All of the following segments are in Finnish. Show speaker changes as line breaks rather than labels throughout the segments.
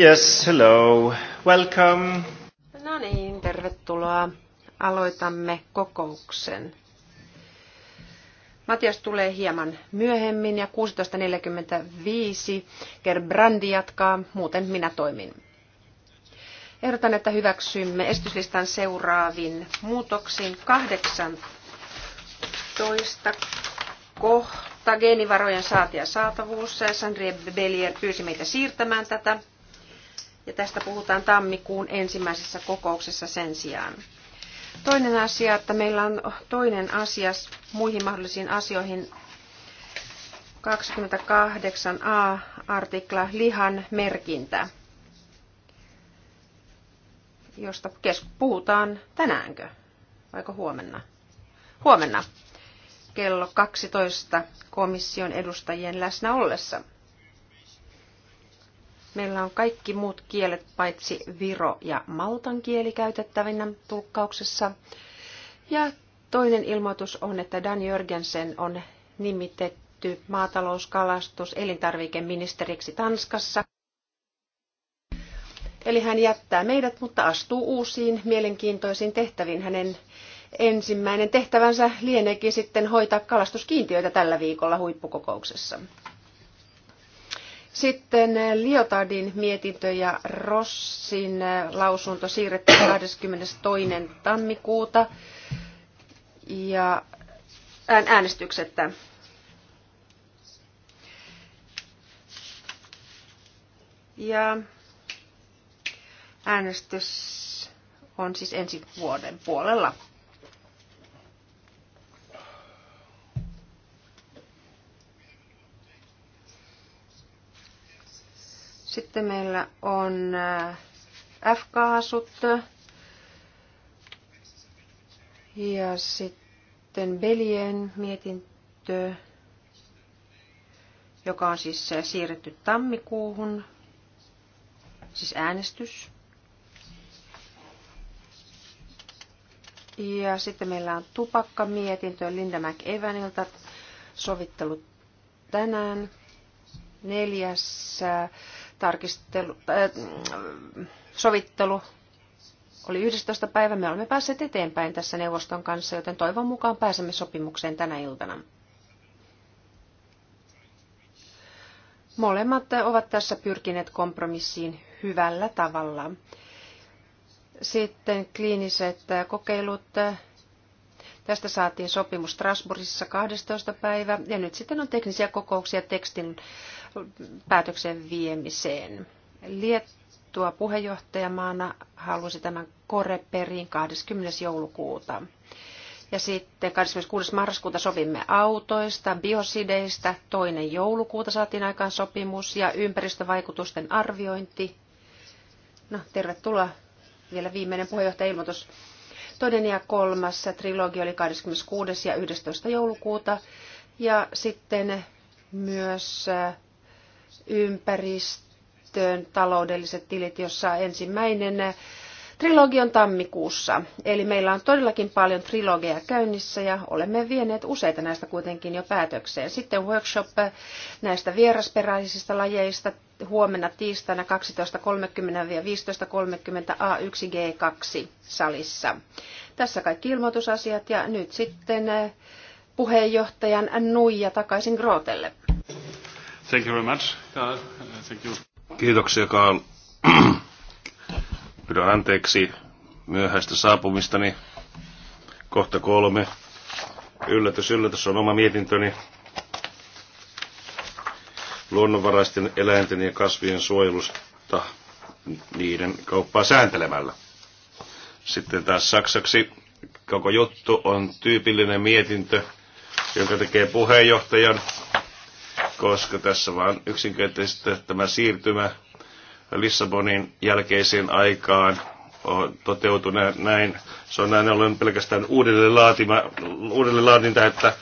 Yes, hello. Welcome.
No niin, tervetuloa. Aloitamme kokouksen. Matias tulee hieman myöhemmin ja 16.45 Gerbrandi jatkaa, muuten minä toimin. Ehdotan, että hyväksymme estyslistan seuraavin muutoksiin 18 kohta geenivarojen saati ja saatavuus. Sandrine Belier pyysi meitä siirtämään tätä ja tästä puhutaan tammikuun ensimmäisessä kokouksessa sen sijaan. Toinen asia, että meillä on toinen asia muihin mahdollisiin asioihin 28a artikla lihan merkintä, josta puhutaan tänäänkö, vaiko huomenna? Huomenna kello 12 komission edustajien läsnä ollessa. Meillä on kaikki muut kielet paitsi viro- ja maltan kieli käytettävinä tulkkauksessa. Ja toinen ilmoitus on, että Dan Jörgensen on nimitetty maatalouskalastus elintarvikeministeriksi Tanskassa. Eli hän jättää meidät, mutta astuu uusiin mielenkiintoisiin tehtäviin. Hänen ensimmäinen tehtävänsä lieneekin sitten hoitaa kalastuskiintiöitä tällä viikolla huippukokouksessa. Sitten eh, Liotardin mietintö ja Rossin eh, lausunto siirrettiin 22. tammikuuta ja äänestyksettä. Ja äänestys on siis ensi vuoden puolella. Sitten meillä on äh, F-kaasut ja sitten Belien mietintö, joka on siis äh, siirretty tammikuuhun, siis äänestys. Ja sitten meillä on tupakkamietintö Linda McEvanilta sovittelu tänään neljäs äh, tarkistelu, äh, sovittelu oli 11. päivä. Me olemme päässeet eteenpäin tässä neuvoston kanssa, joten toivon mukaan pääsemme sopimukseen tänä iltana. Molemmat ovat tässä pyrkineet kompromissiin hyvällä tavalla. Sitten kliiniset kokeilut. Tästä saatiin sopimus Strasbourgissa 12. päivä ja nyt sitten on teknisiä kokouksia tekstin päätöksen viemiseen. Liettua puheenjohtajamaana halusi tämän koreperin 20. joulukuuta. Ja sitten 26. marraskuuta sovimme autoista, biosideistä, toinen joulukuuta saatiin aikaan sopimus ja ympäristövaikutusten arviointi. No, tervetuloa. Vielä viimeinen puheenjohtajailmoitus. Toinen ja kolmas trilogi oli 26. ja 11. joulukuuta. Ja sitten myös ympäristöön taloudelliset tilit, jossa ensimmäinen trilogi on tammikuussa. Eli meillä on todellakin paljon trilogeja käynnissä ja olemme vieneet useita näistä kuitenkin jo päätökseen. Sitten workshop näistä vierasperäisistä lajeista huomenna tiistaina 12.30-15.30 A1G2 salissa. Tässä kaikki ilmoitusasiat ja nyt sitten puheenjohtajan Nuija takaisin Grootelle.
Thank you very much, Carl. Thank you. Kiitoksia, Carl. Pyydän anteeksi myöhäistä saapumistani. Kohta kolme. Yllätys, yllätys on oma mietintöni. Luonnonvaraisten eläinten ja kasvien suojelusta niiden kauppaa sääntelemällä. Sitten taas saksaksi koko juttu on tyypillinen mietintö, jonka tekee puheenjohtajan koska tässä vaan yksinkertaisesti tämä siirtymä Lissabonin jälkeiseen aikaan on toteutunut näin. Se on näin ollen pelkästään uudelle laatima, laadinta, että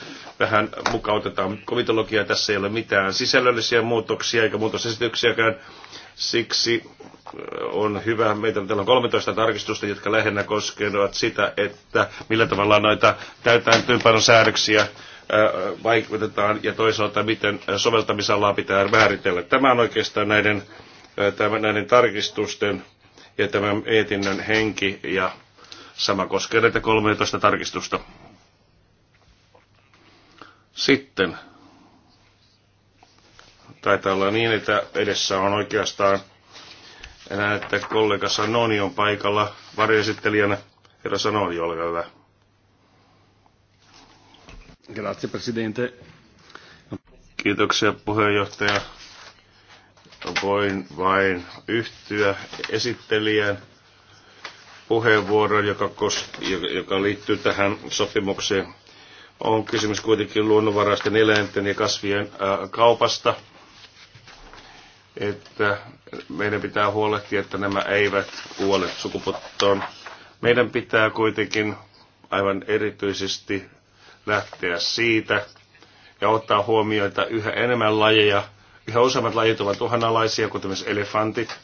vähän mukautetaan komitologiaa. Tässä ei ole mitään sisällöllisiä muutoksia eikä muutosesityksiäkään. Siksi äh, on hyvä, meitä täällä on 13 tarkistusta, jotka lähinnä koskevat sitä, että millä tavalla noita täytäntöönpanosäädöksiä säädöksiä vaikutetaan ja toisaalta miten soveltamisalaa pitää määritellä. Tämä on oikeastaan näiden, tämän, näiden tarkistusten ja tämän mietinnön henki ja sama koskee näitä 13 tarkistusta. Sitten taitaa olla niin, että edessä on oikeastaan enää, että kollega Sanoni on paikalla varjoesittelijänä. Herra Sanoni, olkaa hyvä. Grazie, presidente. Kiitoksia puheenjohtaja. Voin vain yhtyä esittelijän puheenvuoroon, joka, koski, joka liittyy tähän sopimukseen. On kysymys kuitenkin luonnonvaraisten eläinten ja kasvien äh, kaupasta, että meidän pitää huolehtia, että nämä eivät kuole sukupuuttoon. Meidän pitää kuitenkin aivan erityisesti lähteä siitä ja ottaa huomioon, että yhä enemmän lajeja, yhä useammat lajit ovat uhanalaisia, kuten myös elefantit.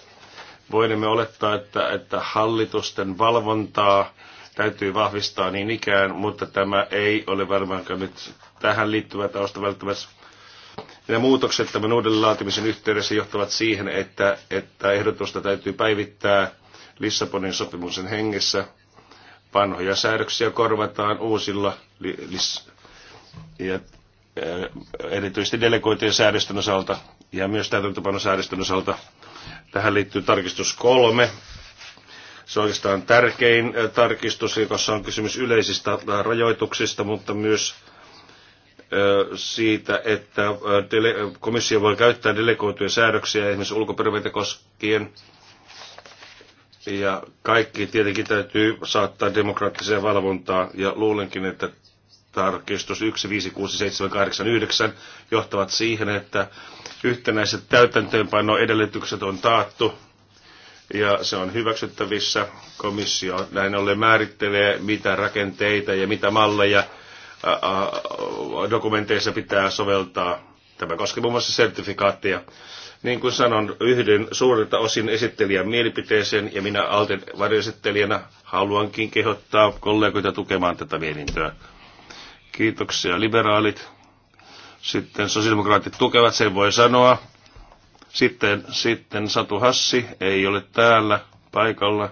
Voimme olettaa, että, että hallitusten valvontaa täytyy vahvistaa niin ikään, mutta tämä ei ole varmaankaan nyt tähän liittyvä tausta välttämättä. Nämä muutokset tämän uuden laatimisen yhteydessä johtavat siihen, että, että ehdotusta täytyy päivittää Lissabonin sopimuksen hengessä vanhoja säädöksiä korvataan uusilla ja erityisesti delegoitujen säädösten osalta ja myös täytäntöpanosäädösten osalta. Tähän liittyy tarkistus kolme. Se on oikeastaan tärkein tarkistus, jossa on kysymys yleisistä rajoituksista, mutta myös siitä, että komissio voi käyttää delegoituja säädöksiä esimerkiksi ulkoperveitä koskien ja kaikki tietenkin täytyy saattaa demokraattiseen valvontaan ja luulenkin, että tarkistus 1, 5, 6, 7, 8, 9 johtavat siihen, että yhtenäiset täytäntöönpanoedellytykset on taattu ja se on hyväksyttävissä. Komissio näin ollen määrittelee, mitä rakenteita ja mitä malleja dokumenteissa pitää soveltaa. Tämä koskee muun muassa sertifikaattia. Niin kuin sanon, yhden suurelta osin esittelijän mielipiteeseen ja minä Alten varjoesittelijänä haluankin kehottaa kollegoita tukemaan tätä mietintöä. Kiitoksia liberaalit. Sitten sosiaalidemokraatit tukevat, sen voi sanoa. Sitten, sitten Satu Hassi ei ole täällä paikalla.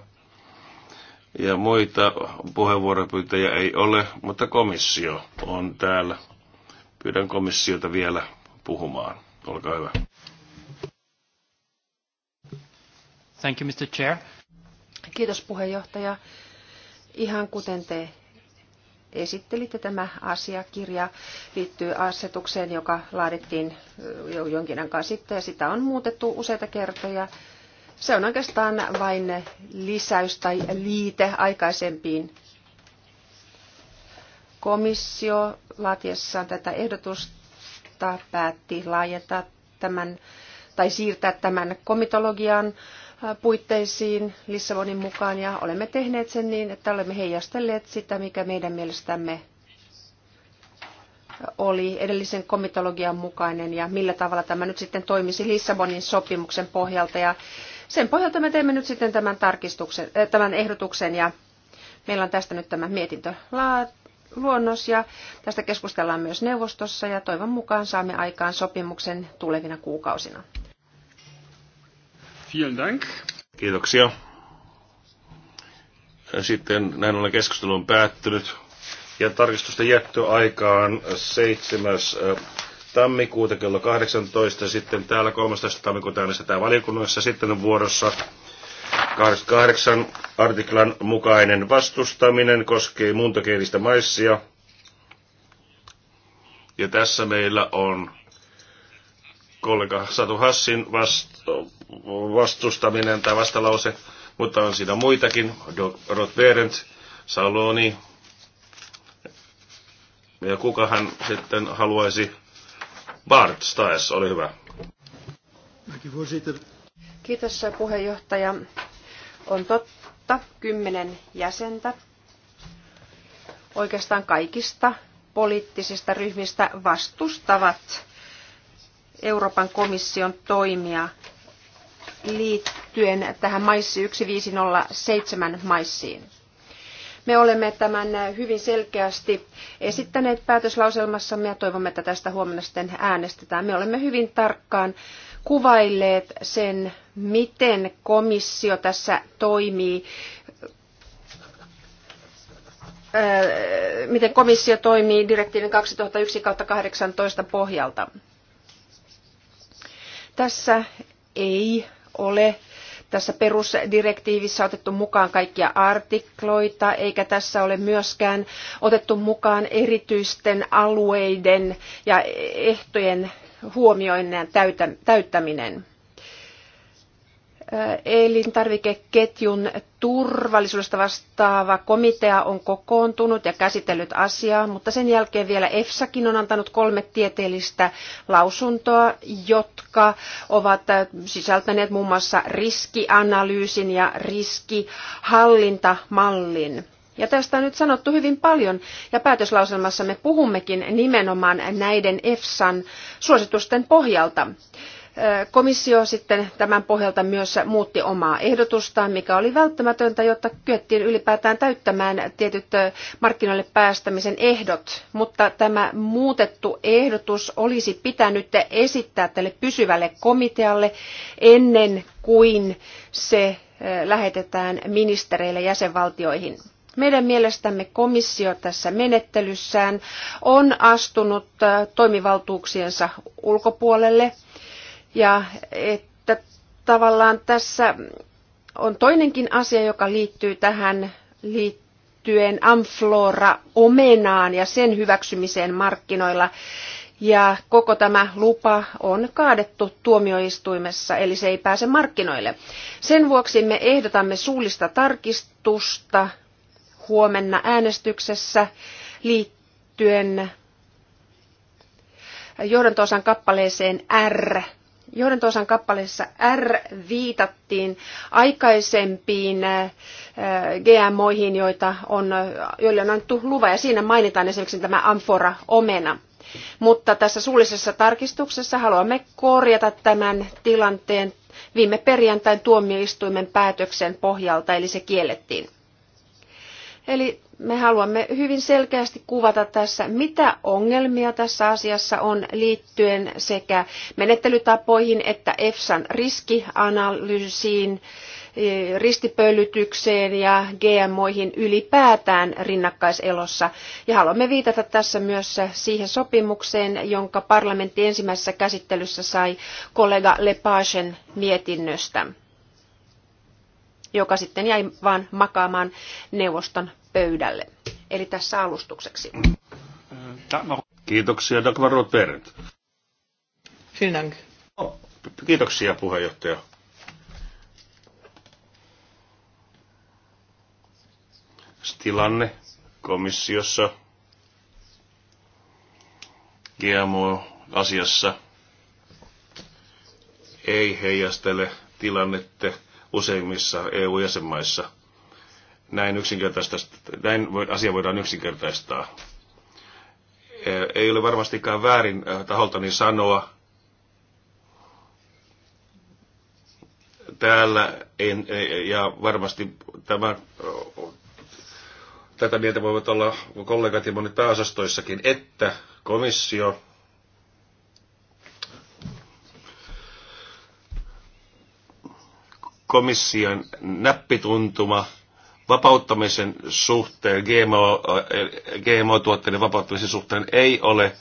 Ja muita puheenvuoropyyntöjä ei ole, mutta komissio on täällä. Pyydän komissiota vielä puhumaan. Olkaa hyvä. Thank you, Mr. Chair.
Kiitos puheenjohtaja. Ihan kuten te esittelitte tämä asiakirja, liittyy asetukseen, joka laadittiin jo jonkin aikaa sitten ja sitä on muutettu useita kertoja. Se on oikeastaan vain lisäys tai liite aikaisempiin. Komissio laatiessaan tätä ehdotusta päätti laajentaa tämän tai siirtää tämän komitologian puitteisiin Lissabonin mukaan ja olemme tehneet sen niin, että olemme heijastelleet sitä, mikä meidän mielestämme oli edellisen komitologian mukainen ja millä tavalla tämä nyt sitten toimisi Lissabonin sopimuksen pohjalta. Ja sen pohjalta me teemme nyt sitten tämän, tarkistuksen, äh, tämän ehdotuksen ja meillä on tästä nyt tämä mietintö luonnos ja tästä keskustellaan myös neuvostossa ja toivon mukaan saamme aikaan sopimuksen tulevina kuukausina.
Vielen Dank. Kiitoksia. Sitten näin ollen keskustelu on päättynyt. Ja tarkistusten jättöaikaan 7. tammikuuta kello 18. Sitten täällä 13. tammikuuta äänestetään valiokunnassa. Sitten on vuorossa 28 artiklan mukainen vastustaminen koskee muuntokielistä maissia. Ja tässä meillä on kollega Satu Hassin vast, vastustaminen tai vastalause, mutta on siinä muitakin, Rod Berendt, Saloni, ja kuka hän sitten haluaisi, Bart Staes, oli hyvä.
Kiitos puheenjohtaja. On totta, kymmenen jäsentä oikeastaan kaikista poliittisista ryhmistä vastustavat Euroopan komission toimia liittyen tähän maissi 1507 maissiin. Me olemme tämän hyvin selkeästi esittäneet päätöslauselmassamme ja toivomme, että tästä huomenna sitten äänestetään. Me olemme hyvin tarkkaan kuvailleet sen, miten komissio tässä toimii, öö, miten komissio toimii direktiivin 2001-18 pohjalta. Tässä ei ole tässä perusdirektiivissä otettu mukaan kaikkia artikloita, eikä tässä ole myöskään otettu mukaan erityisten alueiden ja ehtojen huomioinnin täyttäminen elintarvikeketjun turvallisuudesta vastaava komitea on kokoontunut ja käsitellyt asiaa, mutta sen jälkeen vielä EFSAkin on antanut kolme tieteellistä lausuntoa, jotka ovat sisältäneet muun muassa riskianalyysin ja riskihallintamallin. Ja tästä on nyt sanottu hyvin paljon, ja päätöslauselmassa me puhummekin nimenomaan näiden EFSAn suositusten pohjalta. Komissio sitten tämän pohjalta myös muutti omaa ehdotustaan, mikä oli välttämätöntä, jotta kyettiin ylipäätään täyttämään tietyt markkinoille päästämisen ehdot. Mutta tämä muutettu ehdotus olisi pitänyt esittää tälle pysyvälle komitealle ennen kuin se lähetetään ministereille jäsenvaltioihin. Meidän mielestämme komissio tässä menettelyssään on astunut toimivaltuuksiensa ulkopuolelle ja että tavallaan tässä on toinenkin asia, joka liittyy tähän liittyen Amflora-omenaan ja sen hyväksymiseen markkinoilla. Ja koko tämä lupa on kaadettu tuomioistuimessa, eli se ei pääse markkinoille. Sen vuoksi me ehdotamme suullista tarkistusta huomenna äänestyksessä liittyen johdanto kappaleeseen R johdantoosan kappaleessa R viitattiin aikaisempiin äh, GMOihin, joita on, joille on annettu luva, ja siinä mainitaan esimerkiksi tämä amfora-omena. Mutta tässä suullisessa tarkistuksessa haluamme korjata tämän tilanteen viime perjantain tuomioistuimen päätöksen pohjalta, eli se kiellettiin. Eli me haluamme hyvin selkeästi kuvata tässä, mitä ongelmia tässä asiassa on liittyen sekä menettelytapoihin että EFSAn riskianalyysiin, e, ristipölytykseen ja GMOihin ylipäätään rinnakkaiselossa. Ja haluamme viitata tässä myös siihen sopimukseen, jonka parlamentti ensimmäisessä käsittelyssä sai kollega Lepagen mietinnöstä joka sitten jäi vain makaamaan neuvoston pöydälle. Eli tässä alustukseksi.
Kiitoksia Dagmar Rothberg. Oh, kiitoksia puheenjohtaja. Tilanne komissiossa GMO-asiassa ei heijastele tilannetta useimmissa EU-jäsenmaissa. Näin, yksinkertaista, näin asia voidaan yksinkertaistaa. E, ei ole varmastikaan väärin äh, taholtani sanoa, täällä, en, e, e, ja varmasti tämä, äh, tätä mieltä voivat olla kollegat ja monet pääosastoissakin, että komissio komission näppituntuma vapauttamisen suhteen, GMO, GMO-tuotteiden vapauttamisen suhteen ei ole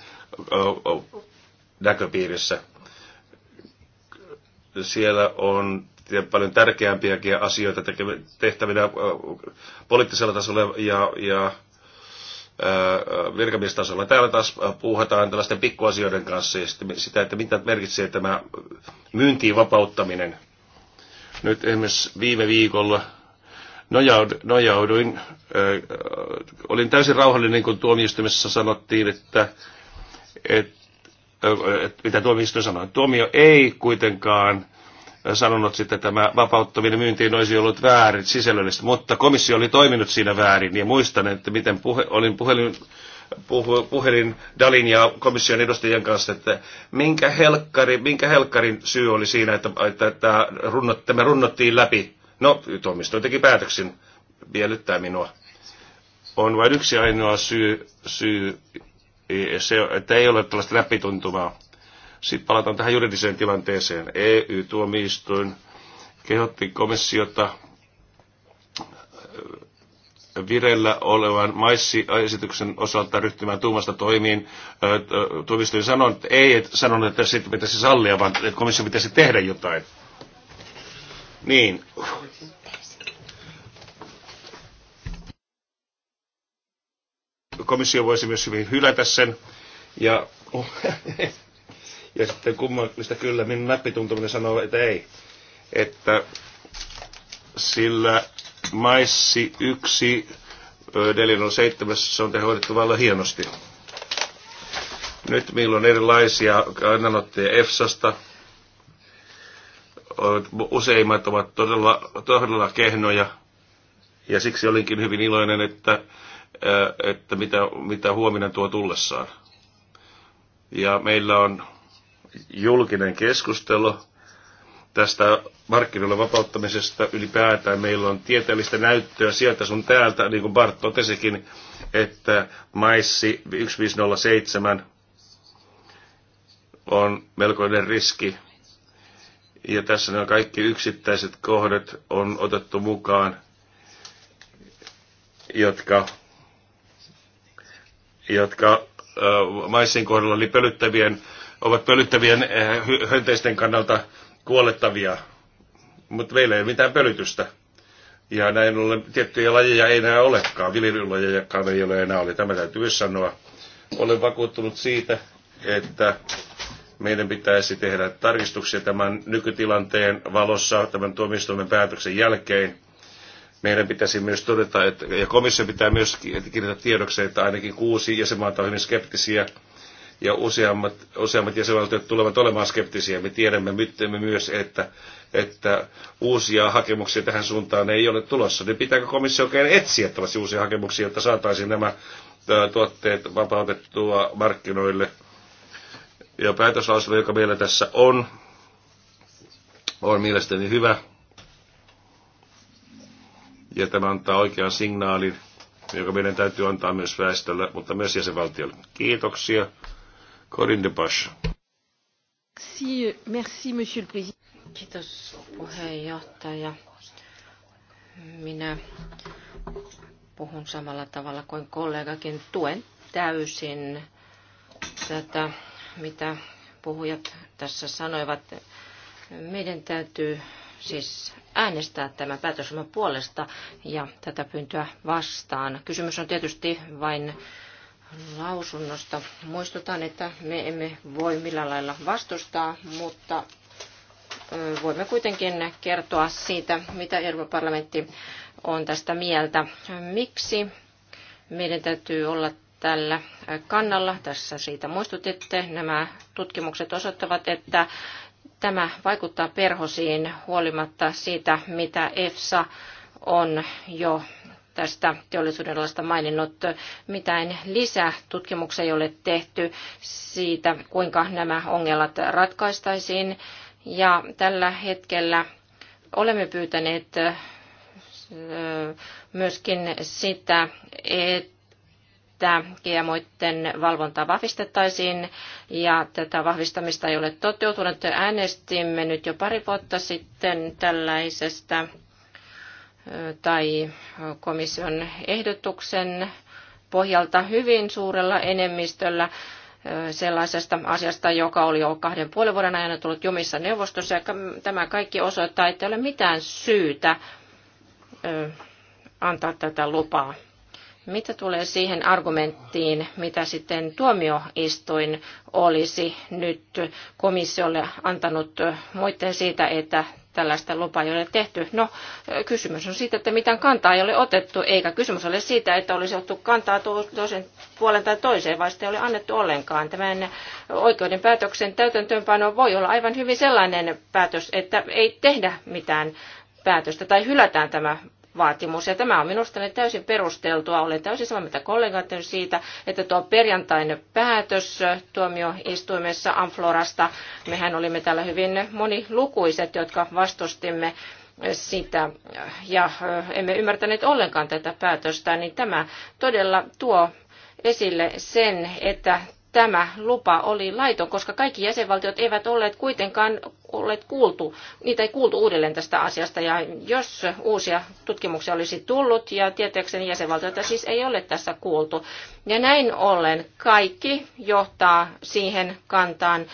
näköpiirissä. Siellä on paljon tärkeämpiäkin asioita tehtävinä poliittisella tasolla ja, ja virkamiestasolla. Täällä taas puhutaan tällaisten pikkuasioiden kanssa ja sitä, että mitä merkitsee tämä myyntiin vapauttaminen – nyt esimerkiksi viime viikolla nojauduin, Äh, olin täysin rauhallinen, kun tuomioistuimessa sanottiin, että, et, et, mitä tuomioistuin sanoi. Tuomio ei kuitenkaan sanonut sitten, että tämä vapauttaminen myyntiin olisi ollut väärin sisällöllistä, mutta komissio oli toiminut siinä väärin ja muistan, että miten puhe, olin puhelin puhelin Dalin ja komission edustajien kanssa, että minkä, helkkari, minkä helkkarin syy oli siinä, että, että, että runnot, tämä runnottiin läpi. No, toimisto teki päätöksen miellyttää minua. On vain yksi ainoa syy, syy se, että ei ole tällaista läpituntumaa. Sitten palataan tähän juridiseen tilanteeseen. EU-tuomioistuin kehotti komissiota vireillä olevan maissiesityksen osalta ryhtymään tuumasta toimiin. Tuomistuin sanoi, että ei et sanonut, että sitä pitäisi sallia, vaan että komissio pitäisi tehdä jotain. Niin. Komissio voisi myös hyvin hylätä sen. Ja, ja sitten kummallista kyllä, minun näppituntuminen sanoo, että ei. Että sillä Maissi 1, 407, se on hoidettu vallan hienosti. Nyt meillä on erilaisia kannanottoja EFSAsta. Useimmat ovat todella, todella kehnoja. Ja siksi olinkin hyvin iloinen, että, että mitä, mitä huominen tuo tullessaan. Ja meillä on julkinen keskustelu tästä markkinoilla vapauttamisesta ylipäätään. Meillä on tieteellistä näyttöä sieltä sun täältä, niin kuin Bart totesikin, että maissi 1507 on melkoinen riski. Ja tässä nämä kaikki yksittäiset kohdat on otettu mukaan, jotka, jotka maissin kohdalla oli pölyttävien, ovat pölyttävien hönteisten kannalta kuolettavia, mutta meillä ei ole mitään pölytystä. Ja näin ollen tiettyjä lajeja ei enää olekaan, viljelylajejakaan ei ole enää ole. Tämä täytyy myös sanoa. Olen vakuuttunut siitä, että meidän pitäisi tehdä tarkistuksia tämän nykytilanteen valossa, tämän tuomioistuimen päätöksen jälkeen. Meidän pitäisi myös todeta, että, ja komissio pitää myös kirjata tiedokseen, että ainakin kuusi jäsenmaata on hyvin skeptisiä ja useammat, useammat jäsenvaltiot tulevat olemaan skeptisiä. Me tiedämme me myös, että, että uusia hakemuksia tähän suuntaan ei ole tulossa. Niin pitääkö komissio oikein etsiä tällaisia uusia hakemuksia, jotta saataisiin nämä tuotteet vapautettua markkinoille? Ja päätöslausuma, joka meillä tässä on, on mielestäni hyvä. Ja tämä antaa oikean signaalin, joka meidän täytyy antaa myös väestölle, mutta myös jäsenvaltiolle. Kiitoksia. Corinne
Merci, merci, monsieur le président. Kiitos puheenjohtaja. Minä puhun samalla tavalla kuin kollegakin. Tuen täysin tätä, mitä puhujat tässä sanoivat. Meidän täytyy siis äänestää tämän päätösryhmän puolesta ja tätä pyyntöä vastaan. Kysymys on tietysti vain lausunnosta. Muistutan, että me emme voi millään lailla vastustaa, mutta voimme kuitenkin kertoa siitä, mitä Euroopan parlamentti on tästä mieltä. Miksi meidän täytyy olla tällä kannalla. Tässä siitä muistutitte. Nämä tutkimukset osoittavat, että tämä vaikuttaa perhosiin huolimatta siitä, mitä EFSA on jo tästä teollisuuden alasta maininnut. Mitään lisätutkimuksia ei ole tehty siitä, kuinka nämä ongelmat ratkaistaisiin. Ja tällä hetkellä olemme pyytäneet myöskin sitä, että että GMOiden valvontaa vahvistettaisiin ja tätä vahvistamista ei ole toteutunut. Äänestimme nyt jo pari vuotta sitten tällaisesta tai komission ehdotuksen pohjalta hyvin suurella enemmistöllä sellaisesta asiasta, joka oli jo kahden puolen vuoden ajan tullut jumissa neuvostossa. Ja tämä kaikki osoittaa, että ei ole mitään syytä antaa tätä lupaa. Mitä tulee siihen argumenttiin, mitä sitten tuomioistuin olisi nyt komissiolle antanut muiden siitä, että tällaista lupaa ei ole tehty. No, kysymys on siitä, että mitään kantaa ei ole otettu, eikä kysymys ole siitä, että olisi otettu kantaa toisen puolen tai toiseen, vaan sitä ei ole annettu ollenkaan. Tämän oikeuden päätöksen täytäntöönpano voi olla aivan hyvin sellainen päätös, että ei tehdä mitään päätöstä tai hylätään tämä vaatimus. Ja tämä on minusta nyt täysin perusteltua. Olen täysin samaa mitä kollegat siitä, että tuo perjantainen päätös tuomioistuimessa Amflorasta, mehän olimme täällä hyvin monilukuiset, jotka vastustimme sitä ja emme ymmärtäneet ollenkaan tätä päätöstä, niin tämä todella tuo esille sen, että tämä lupa oli laiton, koska kaikki jäsenvaltiot eivät olleet kuitenkaan olleet kuultu, niitä ei kuultu uudelleen tästä asiasta. Ja jos uusia tutkimuksia olisi tullut, ja tietääkseni jäsenvaltioita siis ei ole tässä kuultu. Ja näin ollen kaikki johtaa siihen kantaan,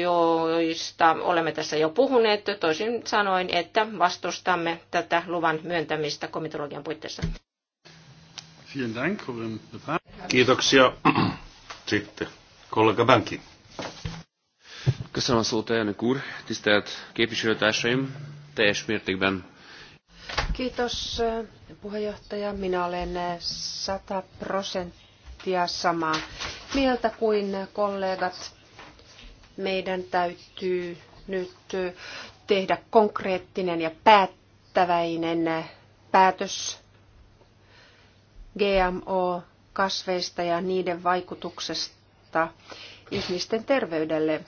joista olemme tässä jo puhuneet, toisin sanoen, että vastustamme tätä luvan myöntämistä komitologian puitteissa.
Kiitoksia. Sitten kollega Banki. Köszönöm a szót, elnök úr. Tisztelt képviselőtársaim, teljes mértékben.
Kiitos puheenjohtaja. Minä olen 100 prosenttia samaa mieltä kuin kollegat. Meidän täytyy nyt tehdä konkreettinen ja päättäväinen päätös GMO kasveista ja niiden vaikutuksesta ihmisten terveydelle.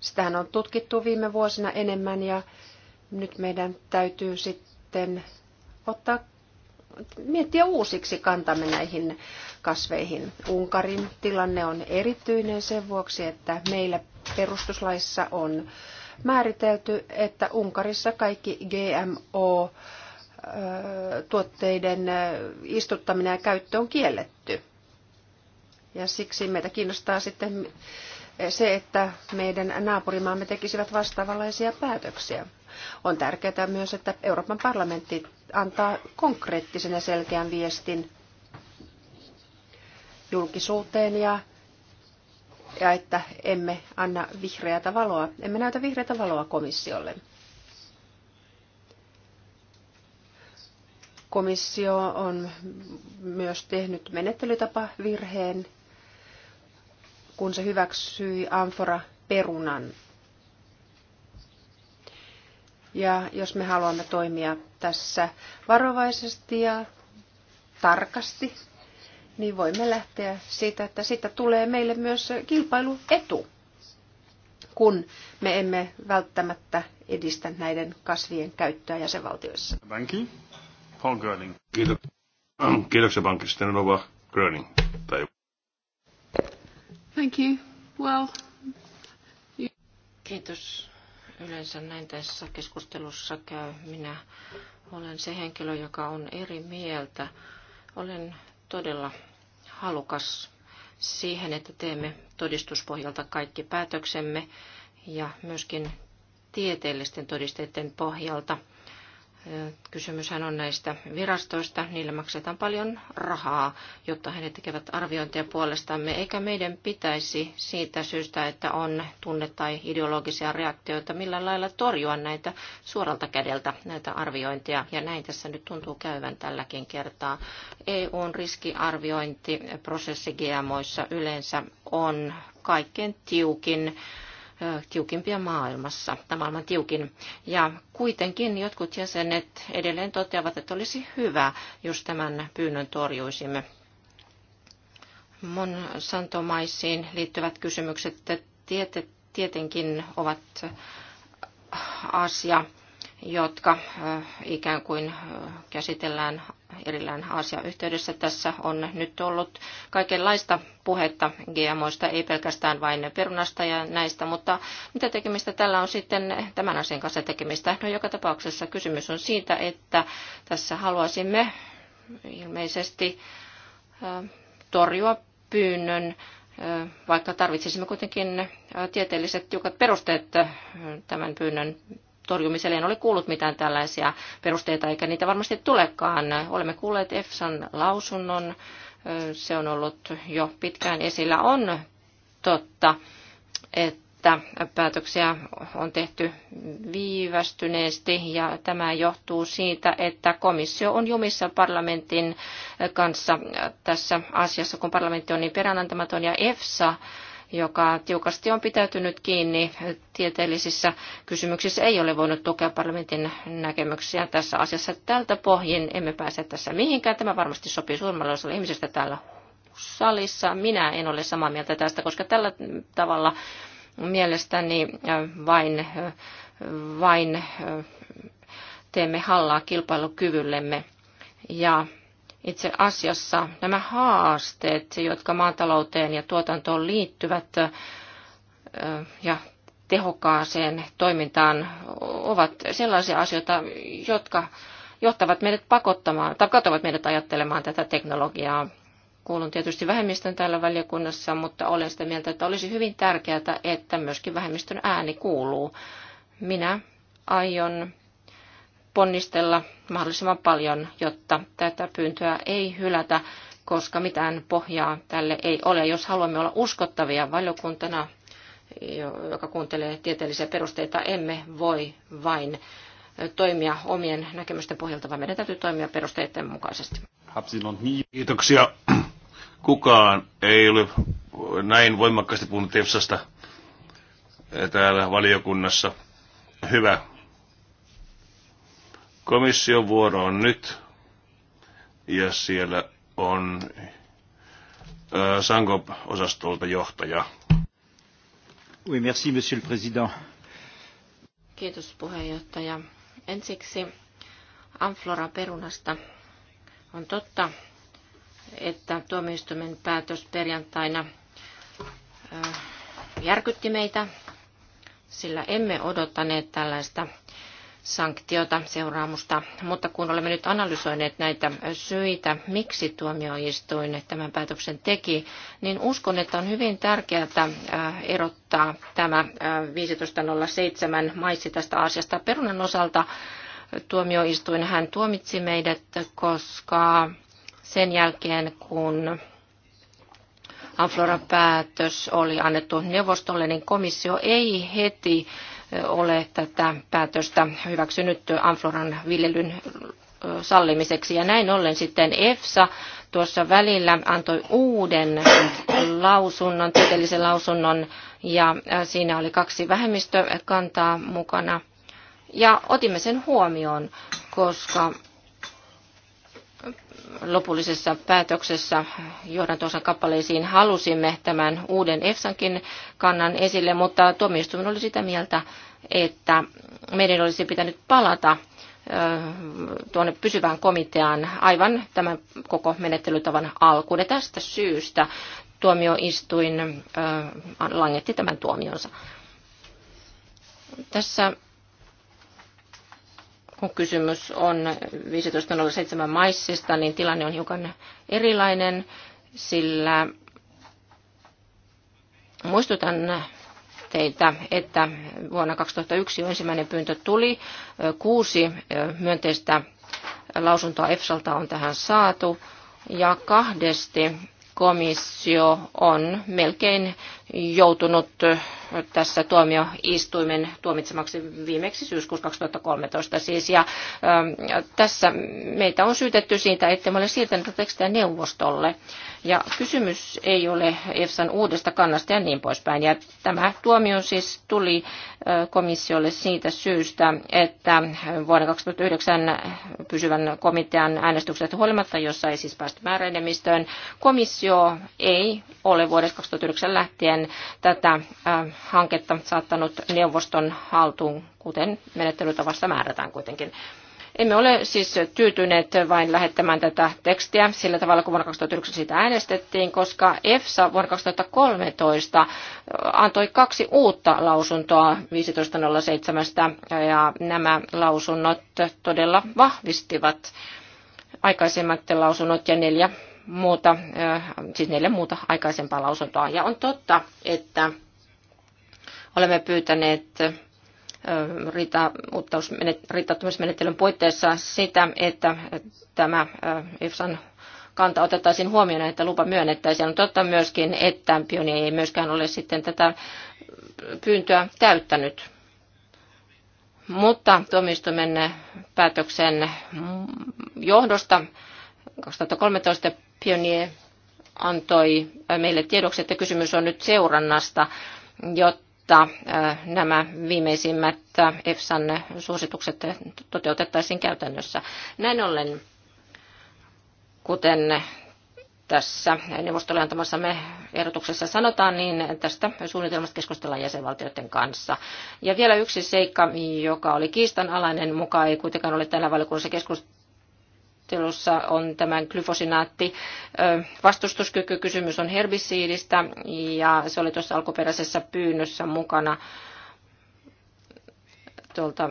Sitähän on tutkittu viime vuosina enemmän ja nyt meidän täytyy sitten ottaa, miettiä uusiksi kantamme näihin kasveihin. Unkarin tilanne on erityinen sen vuoksi, että meillä perustuslaissa on määritelty, että Unkarissa kaikki GMO tuotteiden istuttaminen ja käyttö on kielletty. Ja siksi meitä kiinnostaa sitten se, että meidän naapurimaamme tekisivät vastaavanlaisia päätöksiä. On tärkeää myös, että Euroopan parlamentti antaa konkreettisen ja selkeän viestin julkisuuteen ja, ja että emme anna vihreätä valoa, emme näytä vihreätä valoa komissiolle. Komissio on myös tehnyt menettelytapavirheen, kun se hyväksyi amfora-perunan. Ja jos me haluamme toimia tässä varovaisesti ja tarkasti, niin voimme lähteä siitä, että siitä tulee meille myös kilpailuetu, kun me emme välttämättä edistä näiden kasvien käyttöä jäsenvaltioissa.
Paul Gröning. Kiitos. Kiitoksia pankista. Nova Gröning. Tai...
Thank you. Well, you... Kiitos. Yleensä näin tässä keskustelussa käy. Minä olen se henkilö, joka on eri mieltä. Olen todella halukas siihen, että teemme todistuspohjalta kaikki päätöksemme ja myöskin tieteellisten todisteiden pohjalta Kysymyshän on näistä virastoista. Niille maksetaan paljon rahaa, jotta he tekevät arviointia puolestamme. Eikä meidän pitäisi siitä syystä, että on tunne- tai ideologisia reaktioita, millä lailla torjua näitä suoralta kädeltä, näitä arviointia. Ja näin tässä nyt tuntuu käyvän tälläkin kertaa. EUn riskiarviointiprosessi GMOissa yleensä on kaikkein tiukin tiukimpia maailmassa, tai maailman tiukin. Ja kuitenkin jotkut jäsenet edelleen toteavat, että olisi hyvä, jos tämän pyynnön torjuisimme. Monsanto-maisiin liittyvät kysymykset tietenkin ovat asia, jotka eh, ikään kuin eh, käsitellään erillään Aasia-yhteydessä. Tässä on nyt ollut kaikenlaista puhetta GMOista, ei pelkästään vain perunasta ja näistä, mutta mitä tekemistä tällä on sitten tämän asian kanssa tekemistä? No joka tapauksessa kysymys on siitä, että tässä haluaisimme ilmeisesti eh, torjua pyynnön vaikka tarvitsisimme kuitenkin tieteelliset tiukat perusteet tämän pyynnön torjumiselle en ole kuullut mitään tällaisia perusteita, eikä niitä varmasti tulekaan. Olemme kuulleet EFSAn lausunnon, se on ollut jo pitkään esillä. On totta, että päätöksiä on tehty viivästyneesti ja tämä johtuu siitä, että komissio on jumissa parlamentin kanssa tässä asiassa, kun parlamentti on niin peräänantamaton ja EFSA joka tiukasti on pitäytynyt kiinni tieteellisissä kysymyksissä, ei ole voinut tukea parlamentin näkemyksiä tässä asiassa. Tältä pohjin emme pääse tässä mihinkään. Tämä varmasti sopii suurimmalle osalle ihmisistä täällä salissa. Minä en ole samaa mieltä tästä, koska tällä tavalla mielestäni äh, vain, äh, vain äh, teemme hallaa kilpailukyvyllemme. Ja itse asiassa nämä haasteet, jotka maatalouteen ja tuotantoon liittyvät ja tehokkaaseen toimintaan, ovat sellaisia asioita, jotka johtavat meidät pakottamaan tai katovat meidät ajattelemaan tätä teknologiaa. Kuulun tietysti vähemmistön täällä valiokunnassa, mutta olen sitä mieltä, että olisi hyvin tärkeää, että myöskin vähemmistön ääni kuuluu. Minä aion ponnistella mahdollisimman paljon, jotta tätä pyyntöä ei hylätä, koska mitään pohjaa tälle ei ole. Jos haluamme olla uskottavia valiokuntana, joka kuuntelee tieteellisiä perusteita, emme voi vain toimia omien näkemysten pohjalta, vaan meidän täytyy toimia perusteiden mukaisesti.
Kiitoksia. Kukaan ei ole näin voimakkaasti puhunut EFSAsta täällä valiokunnassa. Hyvä. Komission vuoro on nyt ja siellä on sangop osastolta johtaja. Oui, merci, monsieur le président.
Kiitos puheenjohtaja. Ensiksi Amflora perunasta. On totta, että tuomioistuimen päätös perjantaina järkytti meitä, sillä emme odottaneet tällaista sanktiota, seuraamusta. Mutta kun olemme nyt analysoineet näitä syitä, miksi tuomioistuin tämän päätöksen teki, niin uskon, että on hyvin tärkeää äh, erottaa tämä 15.07 äh, maissi tästä asiasta. Perunan osalta tuomioistuin hän tuomitsi meidät, koska sen jälkeen kun anflora päätös oli annettu neuvostolle, niin komissio ei heti äh, ole tätä päätöstä hyväksynyt amfloran viljelyn sallimiseksi. Ja näin ollen sitten EFSA tuossa välillä antoi uuden lausunnon, tieteellisen lausunnon, ja siinä oli kaksi vähemmistökantaa mukana. Ja otimme sen huomioon, koska lopullisessa päätöksessä johdantonsa kappaleisiin halusimme tämän uuden EFSAnkin kannan esille, mutta tuomioistuin oli sitä mieltä, että meidän olisi pitänyt palata tuonne pysyvään komiteaan aivan tämän koko menettelytavan alkuun. Ja tästä syystä tuomioistuin langetti tämän tuomionsa. Tässä kun kysymys on 15.07 maissista, niin tilanne on hiukan erilainen, sillä muistutan teitä, että vuonna 2001 jo ensimmäinen pyyntö tuli. Kuusi myönteistä lausuntoa EFSAlta on tähän saatu ja kahdesti komissio on melkein joutunut tässä tuomioistuimen tuomitsemaksi viimeksi syyskuussa 2013 siis. Ja, ähm, ja tässä meitä on syytetty siitä, että me ole siirtäneet tekstiä neuvostolle. Ja kysymys ei ole EFSAn uudesta kannasta ja niin poispäin. Ja tämä tuomio siis tuli äh, komissiolle siitä syystä, että vuonna 2009 pysyvän komitean äänestyksestä huolimatta, jossa ei siis päästy määräenemmistöön, komissio ei ole vuodesta 2009 lähtien tätä äh, hanketta saattanut neuvoston haltuun, kuten menettelytavassa määrätään kuitenkin. Emme ole siis tyytyneet vain lähettämään tätä tekstiä sillä tavalla, kun vuonna 2001 sitä äänestettiin, koska EFSA vuonna 2013 antoi kaksi uutta lausuntoa 15.07 ja nämä lausunnot todella vahvistivat aikaisemmat lausunnot ja neljä muuta, siis neljä muuta aikaisempaa lausuntoa. Ja on totta, että Olemme pyytäneet riittautumismenettelyn puitteissa sitä, että tämä EFSAn kanta otettaisiin huomioon, että lupa myönnettäisiin. On totta myöskin, että Pioni ei myöskään ole sitten tätä pyyntöä täyttänyt. Mutta tuomioistuimen päätöksen johdosta 2013 Pionier antoi meille tiedoksi, että kysymys on nyt seurannasta, jotta jotta nämä viimeisimmät EFSAn suositukset toteutettaisiin käytännössä. Näin ollen, kuten tässä neuvostolle antamassamme ehdotuksessa sanotaan, niin tästä suunnitelmasta keskustellaan jäsenvaltioiden kanssa. Ja vielä yksi seikka, joka oli kiistanalainen, mukaan ei kuitenkaan ole täällä valiokunnassa keskustelussa on tämän glyfosinaatti Vastustuskykykysymys on herbisiidistä ja se oli tuossa alkuperäisessä pyynnössä mukana tuolta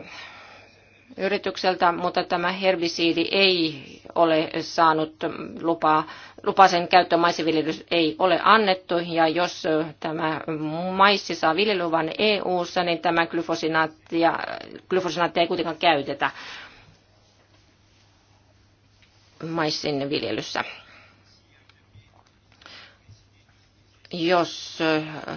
yritykseltä, mutta tämä herbisiidi ei ole saanut lupaa, lupa sen käyttö maisiviljelys ei ole annettu, ja jos tämä maissi saa viljelyvan EU-ssa, niin tämä glyfosinaattia, glyfosinaattia ei kuitenkaan käytetä maissin viljelyssä. jos äh,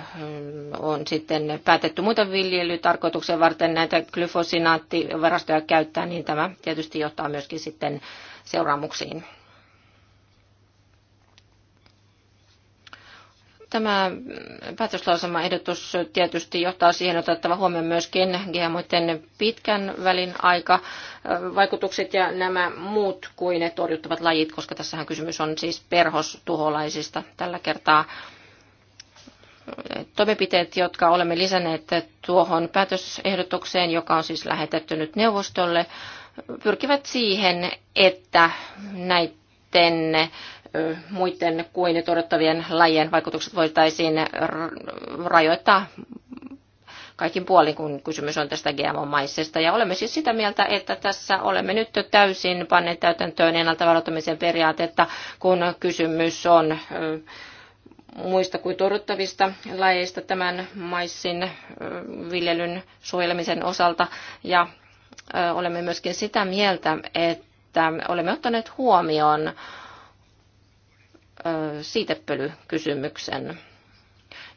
on sitten päätetty muita viljelytarkoituksia varten näitä glyfosinaattivarastoja käyttää, niin tämä tietysti johtaa myöskin sitten seuraamuksiin. Tämä päätöslauselmaehdotus tietysti johtaa siihen otettava huomioon myöskin GMOiden pitkän välin aika vaikutukset ja nämä muut kuin ne torjuttavat lajit, koska tässähän kysymys on siis perhostuholaisista tällä kertaa toimenpiteet, jotka olemme lisänneet tuohon päätösehdotukseen, joka on siis lähetetty nyt neuvostolle, pyrkivät siihen, että näiden muiden kuin nyt odottavien lajien vaikutukset voitaisiin rajoittaa kaikin puolin, kun kysymys on tästä GMO-maisesta. Ja olemme siis sitä mieltä, että tässä olemme nyt täysin panneet täytäntöön ennalta varoittamisen periaatetta, kun kysymys on muista kuin torjuttavista lajeista tämän maissin viljelyn suojelemisen osalta. Ja olemme myöskin sitä mieltä, että olemme ottaneet huomioon siitepölykysymyksen.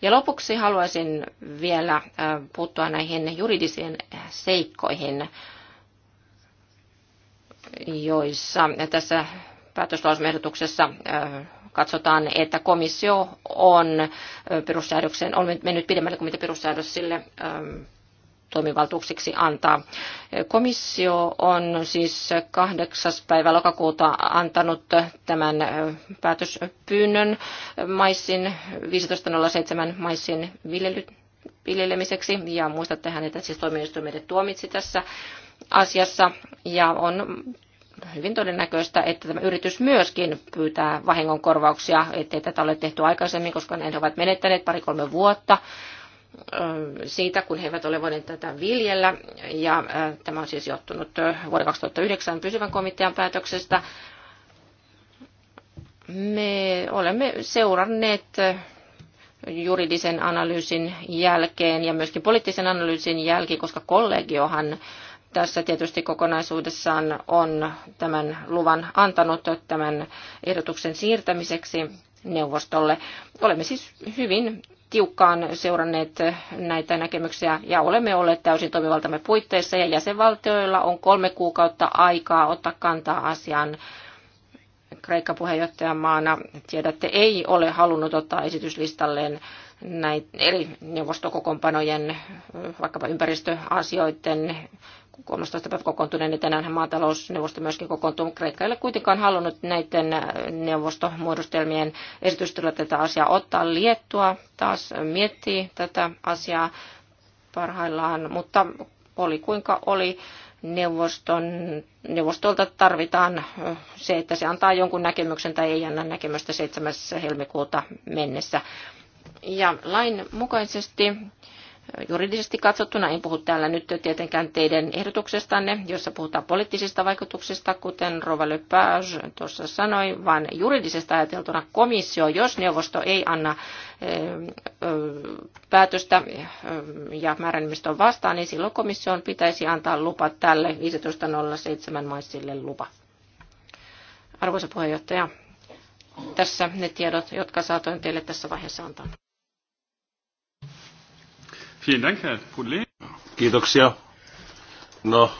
Ja lopuksi haluaisin vielä puuttua näihin juridisiin seikkoihin, joissa tässä päätöslausmehdotuksessa katsotaan, että komissio on perussäädöksen, on mennyt pidemmälle kuin mitä perussäädös sille toimivaltuuksiksi antaa. Komissio on siis 8. päivä lokakuuta antanut tämän päätöspyynnön maissin 15.07 maissin viljely, viljelemiseksi ja muistattehan, että siis toimijoistuimet tuomitsi tässä asiassa ja on hyvin todennäköistä, että tämä yritys myöskin pyytää vahingonkorvauksia, ettei tätä ole tehty aikaisemmin, koska ne ovat menettäneet pari-kolme vuotta siitä, kun he eivät ole voineet tätä viljellä. Ja tämä on siis johtunut vuoden 2009 pysyvän komitean päätöksestä. Me olemme seuranneet juridisen analyysin jälkeen ja myöskin poliittisen analyysin jälkeen, koska kollegiohan tässä tietysti kokonaisuudessaan on tämän luvan antanut tämän ehdotuksen siirtämiseksi neuvostolle. Olemme siis hyvin tiukkaan seuranneet näitä näkemyksiä ja olemme olleet täysin toimivaltamme puitteissa ja jäsenvaltioilla on kolme kuukautta aikaa ottaa kantaa asiaan. Kreikka puheenjohtajamaana, tiedätte, ei ole halunnut ottaa esityslistalleen näitä eri neuvostokokonpanojen vaikkapa ympäristöasioiden, 13. päivä kokoontuneen, niin tänään maatalousneuvosto myöskin kokoontuu. Kreikka ei ole kuitenkaan halunnut näiden neuvostomuodostelmien esitystyllä tätä asiaa ottaa. Liettua taas miettii tätä asiaa parhaillaan, mutta oli kuinka oli neuvoston, neuvostolta tarvitaan se, että se antaa jonkun näkemyksen tai ei anna näkemystä 7. helmikuuta mennessä. Ja lain mukaisesti juridisesti katsottuna. En puhu täällä nyt tietenkään teidän ehdotuksestanne, jossa puhutaan poliittisista vaikutuksista, kuten Rova Lepage tuossa sanoi, vaan juridisesti ajateltuna komissio, jos neuvosto ei anna eh, eh, päätöstä eh, ja määräenemmistön vastaan, niin silloin komission pitäisi antaa lupa tälle 15.07 maissille lupa. Arvoisa puheenjohtaja, tässä ne tiedot, jotka saatoin teille tässä vaiheessa antaa.
Vielen Dank, Herr Kiitoksia. No,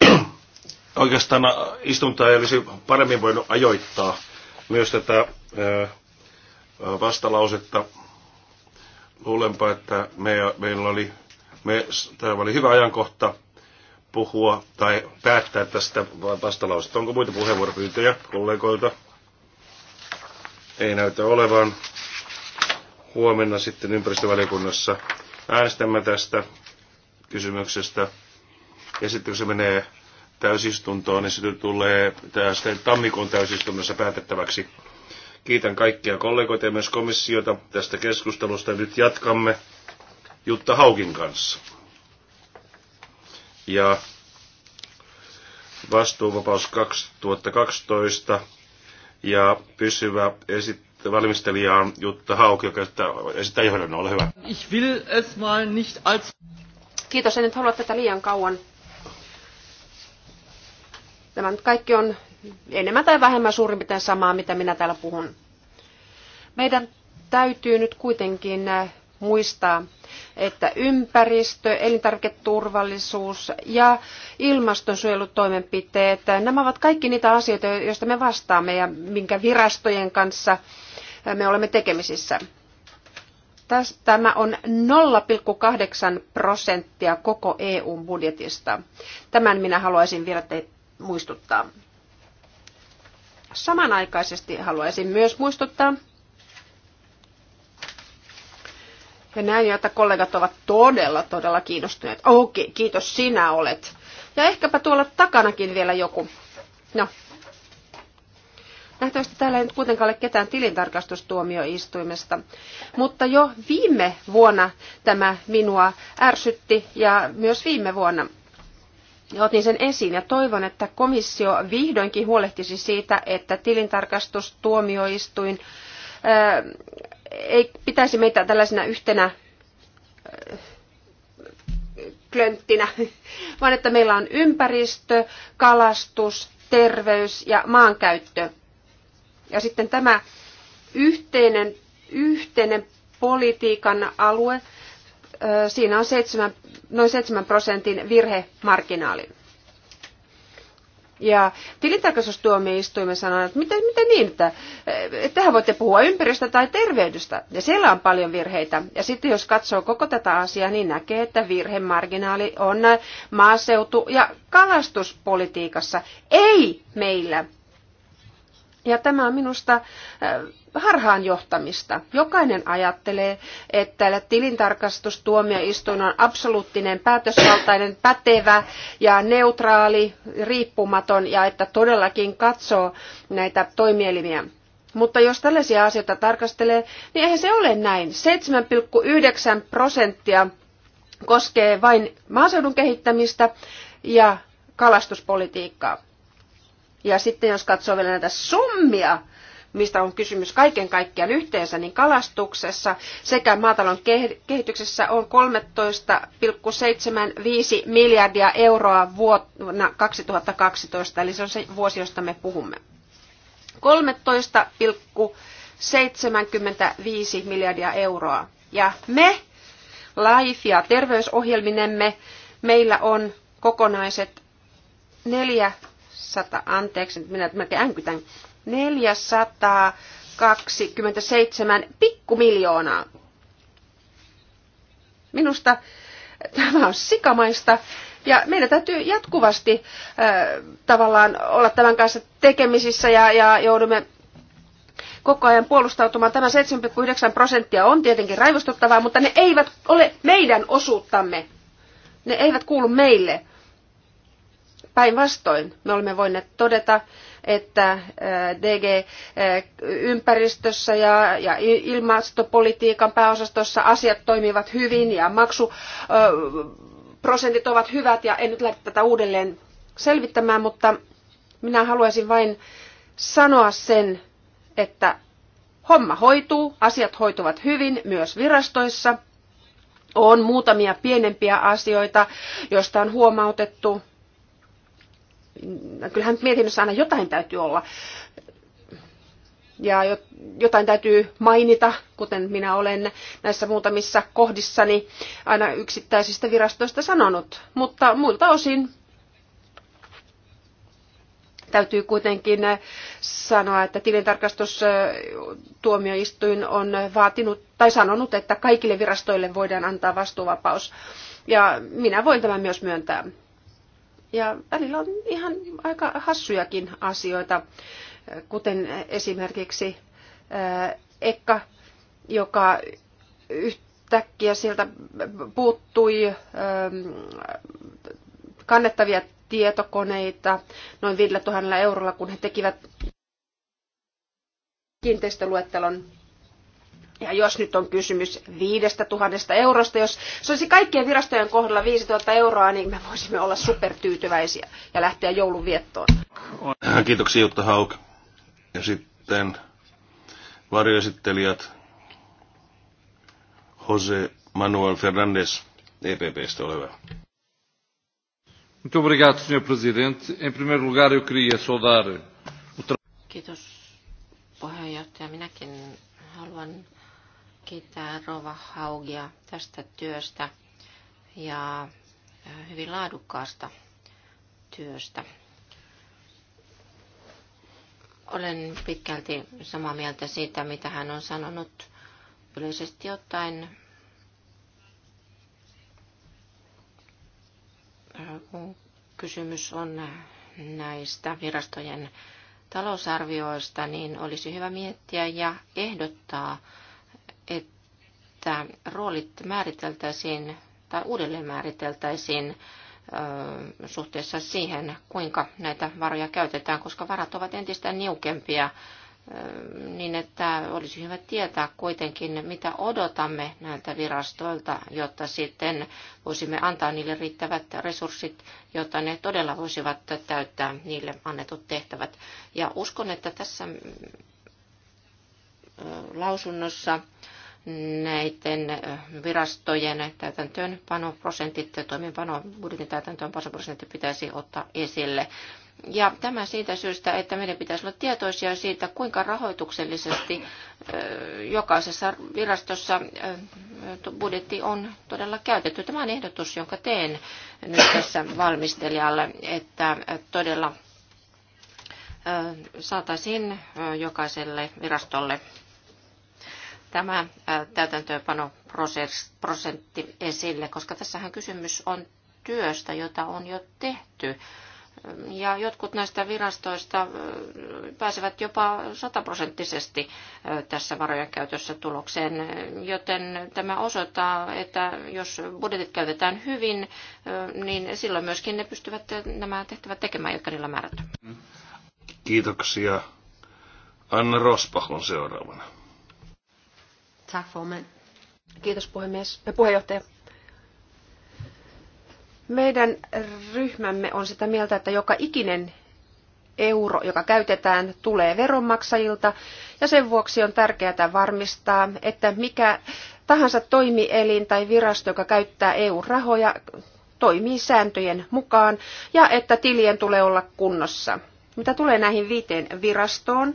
oikeastaan istuntoa ei olisi paremmin voinut ajoittaa myös tätä vastalausetta. Luulenpa, että me, meillä oli, me, tämä oli hyvä ajankohta puhua tai päättää tästä vastalausesta. Onko muita puheenvuoropyyntöjä kollegoilta? Ei näytä olevan huomenna sitten ympäristövaliokunnassa äänestämme tästä kysymyksestä. Ja sitten kun se menee täysistuntoon, niin se tulee tästä tammikuun täysistunnossa päätettäväksi. Kiitän kaikkia kollegoita ja myös komissiota tästä keskustelusta. Nyt jatkamme Jutta Haukin kanssa. Ja vastuuvapaus 2012 ja pysyvä esittely valmistelija on Jutta Hauki, joka esittää, esittää Ole hyvä.
Ich will es mal nicht als...
Kiitos, en nyt halua tätä liian kauan. Tämä nyt kaikki on enemmän tai vähemmän suurin piirtein samaa, mitä minä täällä puhun. Meidän täytyy nyt kuitenkin äh, muistaa, että ympäristö, elintarviketurvallisuus ja ilmastonsuojelutoimenpiteet, äh, nämä ovat kaikki niitä asioita, joista me vastaamme ja minkä virastojen kanssa – me olemme tekemisissä. Tämä on 0,8 prosenttia koko EUn budjetista. Tämän minä haluaisin vielä muistuttaa. Samanaikaisesti haluaisin myös muistuttaa, ja näin, että kollegat ovat todella, todella kiinnostuneet. Okei, oh, kiitos, sinä olet. Ja ehkäpä tuolla takanakin vielä joku. No, Nähtävästi täällä ei nyt kuitenkaan ole ketään tilintarkastustuomioistuimesta. Mutta jo viime vuonna tämä minua ärsytti ja myös viime vuonna ja otin sen esiin ja toivon, että komissio vihdoinkin huolehtisi siitä, että tilintarkastustuomioistuin ää, ei pitäisi meitä tällaisena yhtenä ää, klönttinä, vaan että meillä on ympäristö, kalastus, terveys ja maankäyttö ja sitten tämä yhteinen, yhteinen politiikan alue, siinä on 7, noin 7 prosentin virhemarginaali. Ja tilintarkastustuomioistuimen sanoi, että miten, miten niin, että tähän voitte puhua ympäristöstä tai terveydestä. Ja siellä on paljon virheitä. Ja sitten jos katsoo koko tätä asiaa, niin näkee, että virhemarginaali on maaseutu- ja kalastuspolitiikassa. Ei meillä. Ja tämä on minusta äh, harhaan johtamista. Jokainen ajattelee, että tilintarkastustuomioistuin on absoluuttinen, päätösvaltainen, pätevä ja neutraali, riippumaton ja että todellakin katsoo näitä toimielimiä. Mutta jos tällaisia asioita tarkastelee, niin eihän se ole näin. 7,9 prosenttia koskee vain maaseudun kehittämistä ja kalastuspolitiikkaa. Ja sitten jos katsoo vielä näitä summia, mistä on kysymys kaiken kaikkiaan yhteensä, niin kalastuksessa sekä maatalon kehityksessä on 13,75 miljardia euroa vuonna 2012, eli se on se vuosi, josta me puhumme. 13,75 miljardia euroa. Ja me, life- ja terveysohjelminemme, meillä on kokonaiset neljä sata, anteeksi, nyt minä melkein änkytän, 427 pikkumiljoonaa. Minusta tämä on sikamaista ja meidän täytyy jatkuvasti äh, tavallaan olla tämän kanssa tekemisissä ja, ja joudumme koko ajan puolustautumaan. Tämä 7,9 prosenttia on tietenkin raivostuttavaa, mutta ne eivät ole meidän osuuttamme. Ne eivät kuulu meille. Päinvastoin me olemme voineet todeta, että äh, DG-ympäristössä äh, ja, ilmastopolitiikan pääosastossa asiat toimivat hyvin ja maksuprosentit äh, ovat hyvät ja en nyt lähde tätä uudelleen selvittämään, mutta minä haluaisin vain sanoa sen, että homma hoituu, asiat hoituvat hyvin myös virastoissa. On muutamia pienempiä asioita, joista on huomautettu, No, kyllähän mietinnössä aina jotain täytyy olla. Ja jotain täytyy mainita, kuten minä olen näissä muutamissa kohdissani aina yksittäisistä virastoista sanonut. Mutta muilta osin täytyy kuitenkin sanoa, että tilintarkastustuomioistuin on vaatinut tai sanonut, että kaikille virastoille voidaan antaa vastuuvapaus. Ja minä voin tämän myös myöntää. Ja välillä on ihan aika hassujakin asioita, kuten esimerkiksi Ekka, joka yhtäkkiä sieltä puuttui kannettavia tietokoneita noin 5000 eurolla, kun he tekivät kiinteistöluettelon ja jos nyt on kysymys 5000 eurosta, jos se olisi kaikkien virastojen kohdalla 5000 euroa, niin me voisimme olla supertyytyväisiä ja lähteä joulunviettoon.
Kiitoksia Jutta Hauk. Ja sitten varjoesittelijät Jose Manuel Fernandes EPPstä, ole hyvä. Muito obrigado, Senhor Presidente. Em primeiro lugar, eu queria saudar o
Kiitos puheenjohtaja. Minäkin haluan kiittää Rova Haugia tästä työstä ja hyvin laadukkaasta työstä. Olen pitkälti samaa mieltä siitä, mitä hän on sanonut yleisesti ottaen. Kun kysymys on näistä virastojen talousarvioista, niin olisi hyvä miettiä ja ehdottaa että roolit määriteltäisiin tai uudelleen määriteltäisiin suhteessa siihen, kuinka näitä varoja käytetään, koska varat ovat entistä niukempia, niin että olisi hyvä tietää kuitenkin, mitä odotamme näiltä virastoilta, jotta sitten voisimme antaa niille riittävät resurssit, jotta ne todella voisivat täyttää niille annetut tehtävät. Ja uskon, että tässä lausunnossa näiden eh, virastojen täytäntöönpanoprosentit ja toimeenpano budjetin täytäntöönpanoprosentti pitäisi ottaa esille. Ja tämä siitä syystä, että meidän pitäisi olla tietoisia siitä, kuinka rahoituksellisesti eh, jokaisessa virastossa eh, budjetti on todella käytetty. Tämä on ehdotus, jonka teen nyt tässä valmistelijalle, että todella saataisiin jokaiselle virastolle tämä täytäntöönpanoprosentti esille, koska tässähän kysymys on työstä, jota on jo tehty. Ja jotkut näistä virastoista pääsevät jopa sataprosenttisesti tässä varojen käytössä tulokseen, joten tämä osoittaa, että jos budjetit käytetään hyvin, niin silloin myöskin ne pystyvät nämä tehtävät tekemään, jotka niillä määrätty.
Kiitoksia. Anna Rosbach on seuraavana.
Tack formen. Kiitos
puhemies, puheenjohtaja. Meidän ryhmämme on sitä mieltä, että joka ikinen euro, joka käytetään, tulee veronmaksajilta ja sen vuoksi on tärkeää varmistaa, että mikä tahansa toimielin tai virasto, joka käyttää EU-rahoja, toimii sääntöjen mukaan ja että tilien tulee olla kunnossa. Mitä tulee näihin viiteen virastoon,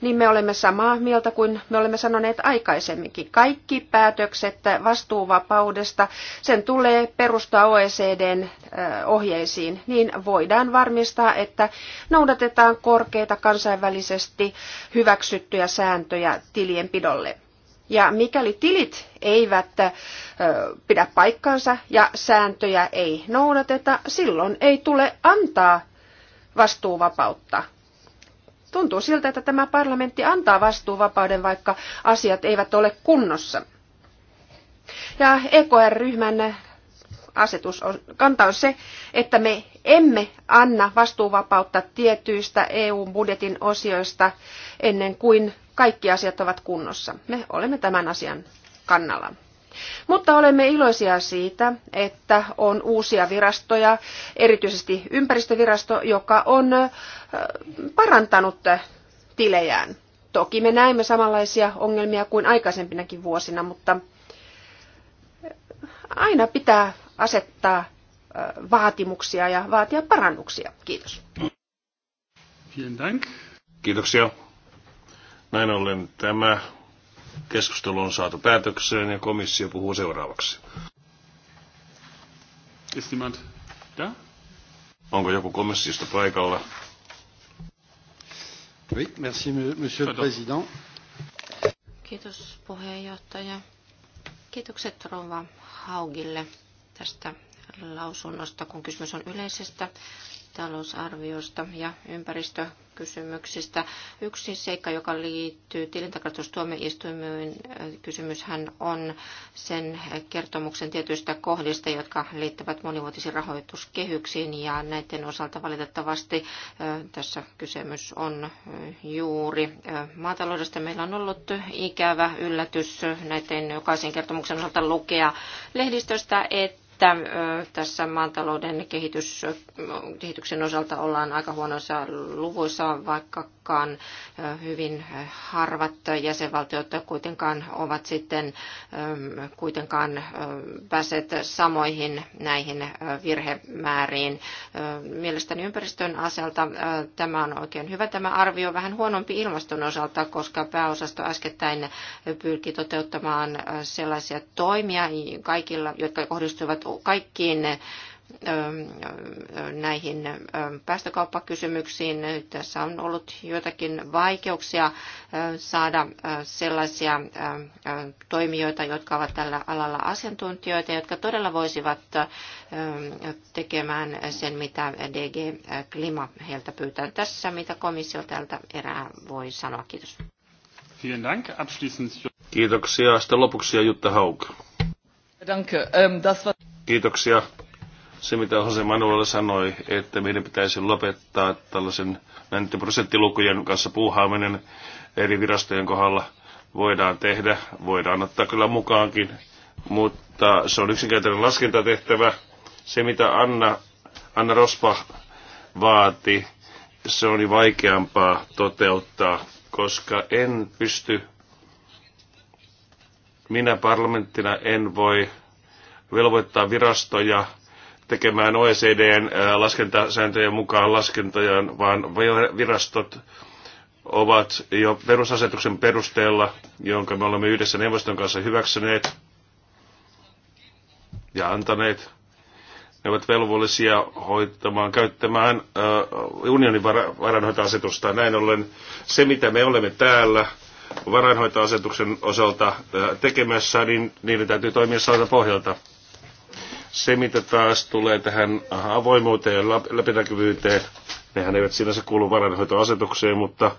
niin me olemme samaa mieltä kuin me olemme sanoneet aikaisemminkin. Kaikki päätökset vastuuvapaudesta, sen tulee perustaa OECDn ohjeisiin, niin voidaan varmistaa, että noudatetaan korkeita kansainvälisesti hyväksyttyjä sääntöjä tilien pidolle. Ja mikäli tilit eivät pidä paikkansa ja sääntöjä ei noudateta, silloin ei tule antaa vastuuvapautta Tuntuu siltä, että tämä parlamentti antaa vastuuvapauden, vaikka asiat eivät ole kunnossa. Ja EKR-ryhmän asetus on, kanta on se, että me emme anna vastuuvapautta tietyistä EU-budjetin osioista ennen kuin kaikki asiat ovat kunnossa. Me olemme tämän asian kannalla. Mutta olemme iloisia siitä, että on uusia virastoja, erityisesti ympäristövirasto, joka on parantanut tilejään. Toki me näemme samanlaisia ongelmia kuin aikaisempinakin vuosina, mutta aina pitää asettaa vaatimuksia ja vaatia parannuksia. Kiitos.
Vielen Kiitoksia. Näin ollen tämä Keskustelu on saatu päätökseen ja komissio puhuu seuraavaksi. Onko joku komissiosta paikalla? Oui, merci, monsieur le président.
Kiitos puheenjohtaja. Kiitokset Rova Haugille tästä lausunnosta, kun kysymys on yleisestä talousarviosta ja ympäristö kysymyksistä. Yksi seikka, joka liittyy tilintarkastustuomioistuimeen, äh, kysymyshän on sen kertomuksen tietyistä kohdista, jotka liittyvät monivuotisiin rahoituskehyksiin ja näiden osalta valitettavasti äh, tässä kysymys on äh, juuri maataloudesta. Meillä on ollut ikävä yllätys näiden jokaisen kertomuksen osalta lukea lehdistöstä, että että tässä maantalouden kehitys, kehityksen osalta ollaan aika huonoissa luvuissa, vaikka mukaan. Hyvin harvat jäsenvaltiot kuitenkaan ovat sitten kuitenkaan päässeet samoihin näihin virhemääriin. Mielestäni ympäristön aselta tämä on oikein hyvä tämä arvio, vähän huonompi ilmaston osalta, koska pääosasto äskettäin pyrki toteuttamaan sellaisia toimia kaikilla, jotka kohdistuvat kaikkiin näihin päästökauppakysymyksiin. Tässä on ollut joitakin vaikeuksia saada sellaisia toimijoita, jotka ovat tällä alalla asiantuntijoita, jotka todella voisivat tekemään sen, mitä DG Klima heiltä pyytää. Tässä, mitä komissio tältä erää voi sanoa.
Kiitos. Kiitoksia. Sitten lopuksi Jutta Hauk. Ähm, Kiitoksia se, mitä Jose Manuel sanoi, että meidän pitäisi lopettaa tällaisen näiden prosenttilukujen kanssa puuhaaminen eri virastojen kohdalla, voidaan tehdä, voidaan ottaa kyllä mukaankin, mutta se on yksinkertainen laskentatehtävä. Se, mitä Anna, Anna Rospa vaati, se oli vaikeampaa toteuttaa, koska en pysty, minä parlamenttina en voi velvoittaa virastoja tekemään OECDn laskentasääntöjen mukaan laskentojaan, vaan virastot ovat jo perusasetuksen perusteella, jonka me olemme yhdessä neuvoston kanssa hyväksyneet ja antaneet. Ne ovat velvollisia hoitamaan, käyttämään unionin varainhoitoasetusta. Näin ollen se, mitä me olemme täällä varainhoitoasetuksen osalta tekemässä, niin niiden täytyy toimia saada pohjalta se, mitä taas tulee tähän avoimuuteen ja läpinäkyvyyteen, nehän eivät sinänsä kuulu varainhoitoasetukseen, mutta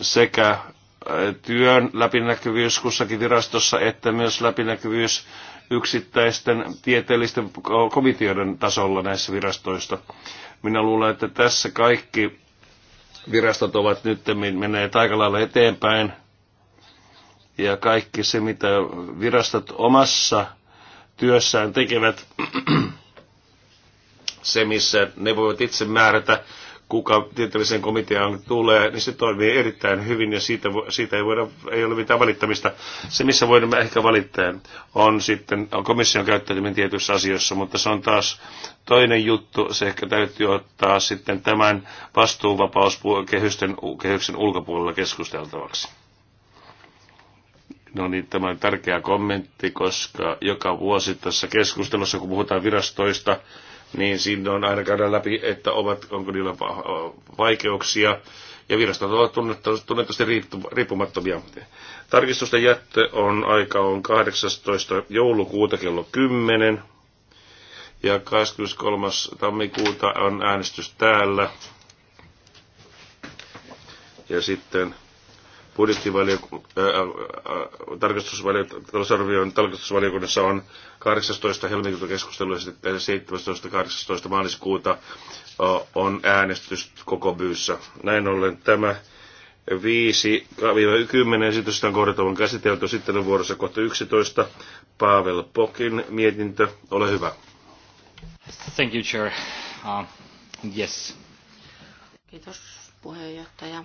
sekä työn läpinäkyvyys kussakin virastossa että myös läpinäkyvyys yksittäisten tieteellisten komiteoiden tasolla näissä virastoista. Minä luulen, että tässä kaikki virastot ovat nyt menneet aika lailla eteenpäin. Ja kaikki se, mitä virastot omassa työssään tekevät. Se, missä ne voivat itse määrätä, kuka tieteelliseen komiteaan tulee, niin se toimii erittäin hyvin ja siitä, siitä ei, voida, ei ole mitään valittamista. Se, missä voidaan ehkä valittaa, on sitten on komission käyttäytyminen tietyissä asioissa, mutta se on taas toinen juttu. Se ehkä täytyy ottaa sitten tämän vastuuvapauskehyksen ulkopuolella keskusteltavaksi. No niin, tämä on tärkeä kommentti, koska joka vuosi tässä keskustelussa, kun puhutaan virastoista, niin siinä on aina käydä läpi, että ovat, onko niillä vaikeuksia. Ja virastot ovat tunnetusti riippumattomia. Tarkistusten jätte on aika on 18. joulukuuta kello 10. Ja 23. tammikuuta on äänestys täällä. Ja sitten Äh, äh, äh, talousarvion tarkastusvaliokunnassa on 18. helmikuuta keskustelu ja sitten 17. 18. maaliskuuta on äänestys koko byyssä. Näin ollen tämä 5-10 esitystä on kohdat käsitelty. Sitten on vuorossa kohta 11. Pavel Pokin mietintö. Ole hyvä. Thank you, Chair. Uh, yes.
Kiitos puheenjohtaja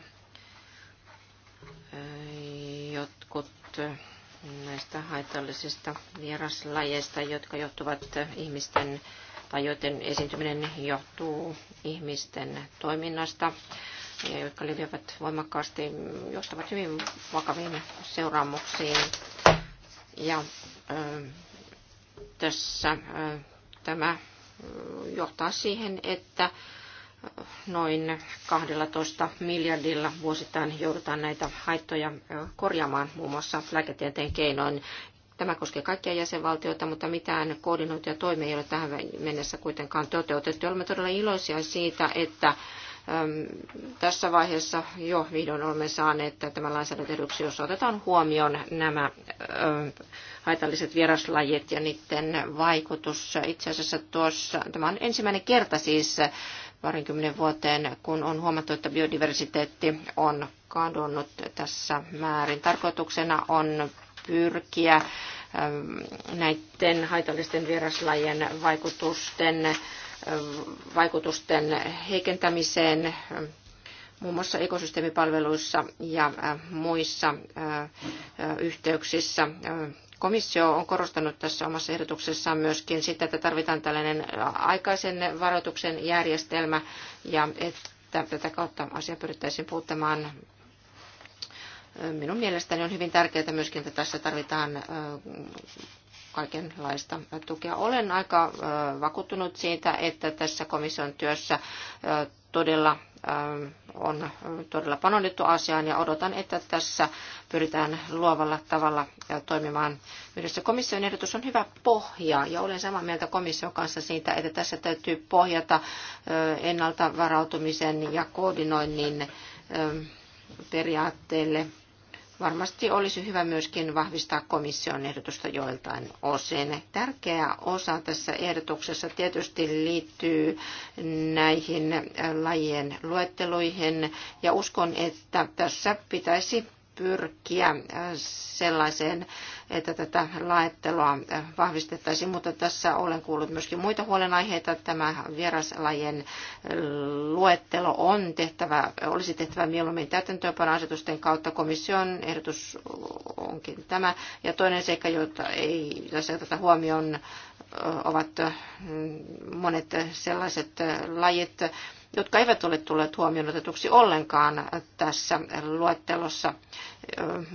jotkut näistä haitallisista vieraslajeista, jotka johtuvat ihmisten tai joiden esiintyminen johtuu ihmisten toiminnasta ja jotka leviävät voimakkaasti, johtavat hyvin vakaviin seuraamuksiin. Ja ö, tässä ö, tämä johtaa siihen, että noin 12 miljardilla vuosittain joudutaan näitä haittoja korjaamaan muun muassa lääketieteen keinoin. Tämä koskee kaikkia jäsenvaltioita, mutta mitään koordinoituja toimia ei ole tähän mennessä kuitenkaan toteutettu. Olemme todella iloisia siitä, että tässä vaiheessa jo vihdoin olemme saaneet tämän lainsäädäntöryksi, jossa otetaan huomioon nämä haitalliset vieraslajit ja niiden vaikutus. Itse asiassa tuossa, tämä on ensimmäinen kerta siis, parinkymmenen vuoteen, kun on huomattu, että biodiversiteetti on kadonnut tässä määrin. Tarkoituksena on pyrkiä ähm, näiden haitallisten vieraslajien vaikutusten, äh, vaikutusten heikentämiseen äh, muun muassa ekosysteemipalveluissa ja äh, muissa yhteyksissä Komissio on korostanut tässä omassa ehdotuksessaan myöskin sitä, että tarvitaan tällainen aikaisen varoituksen järjestelmä ja että tätä kautta asia pyrittäisiin puuttamaan minun mielestäni on hyvin tärkeää myöskin, että tässä tarvitaan kaikenlaista tukea. Olen aika vakuuttunut siitä, että tässä komission työssä todella Ähm, on todella panonnettu asiaan ja odotan, että tässä pyritään luovalla tavalla äh, toimimaan yhdessä. Komission ehdotus on hyvä pohja ja olen samaa mieltä komission kanssa siitä, että tässä täytyy pohjata äh, ennalta varautumisen ja koordinoinnin ähm, periaatteelle Varmasti olisi hyvä myöskin vahvistaa komission ehdotusta joiltain osin. Tärkeä osa tässä ehdotuksessa tietysti liittyy näihin lajien luetteluihin ja uskon, että tässä pitäisi pyrkiä äh, sellaiseen, että tätä laettelua äh, vahvistettaisiin, mutta tässä olen kuullut myöskin muita huolenaiheita. Tämä vieraslajien äh, luettelo on tehtävä, olisi tehtävä mieluummin täytäntöönpanoasetusten kautta. Komission ehdotus onkin tämä. Ja toinen seikka, jota ei tässä tätä huomioon, ovat monet sellaiset lajit, jotka eivät ole tulleet huomioon otetuksi ollenkaan tässä luettelossa.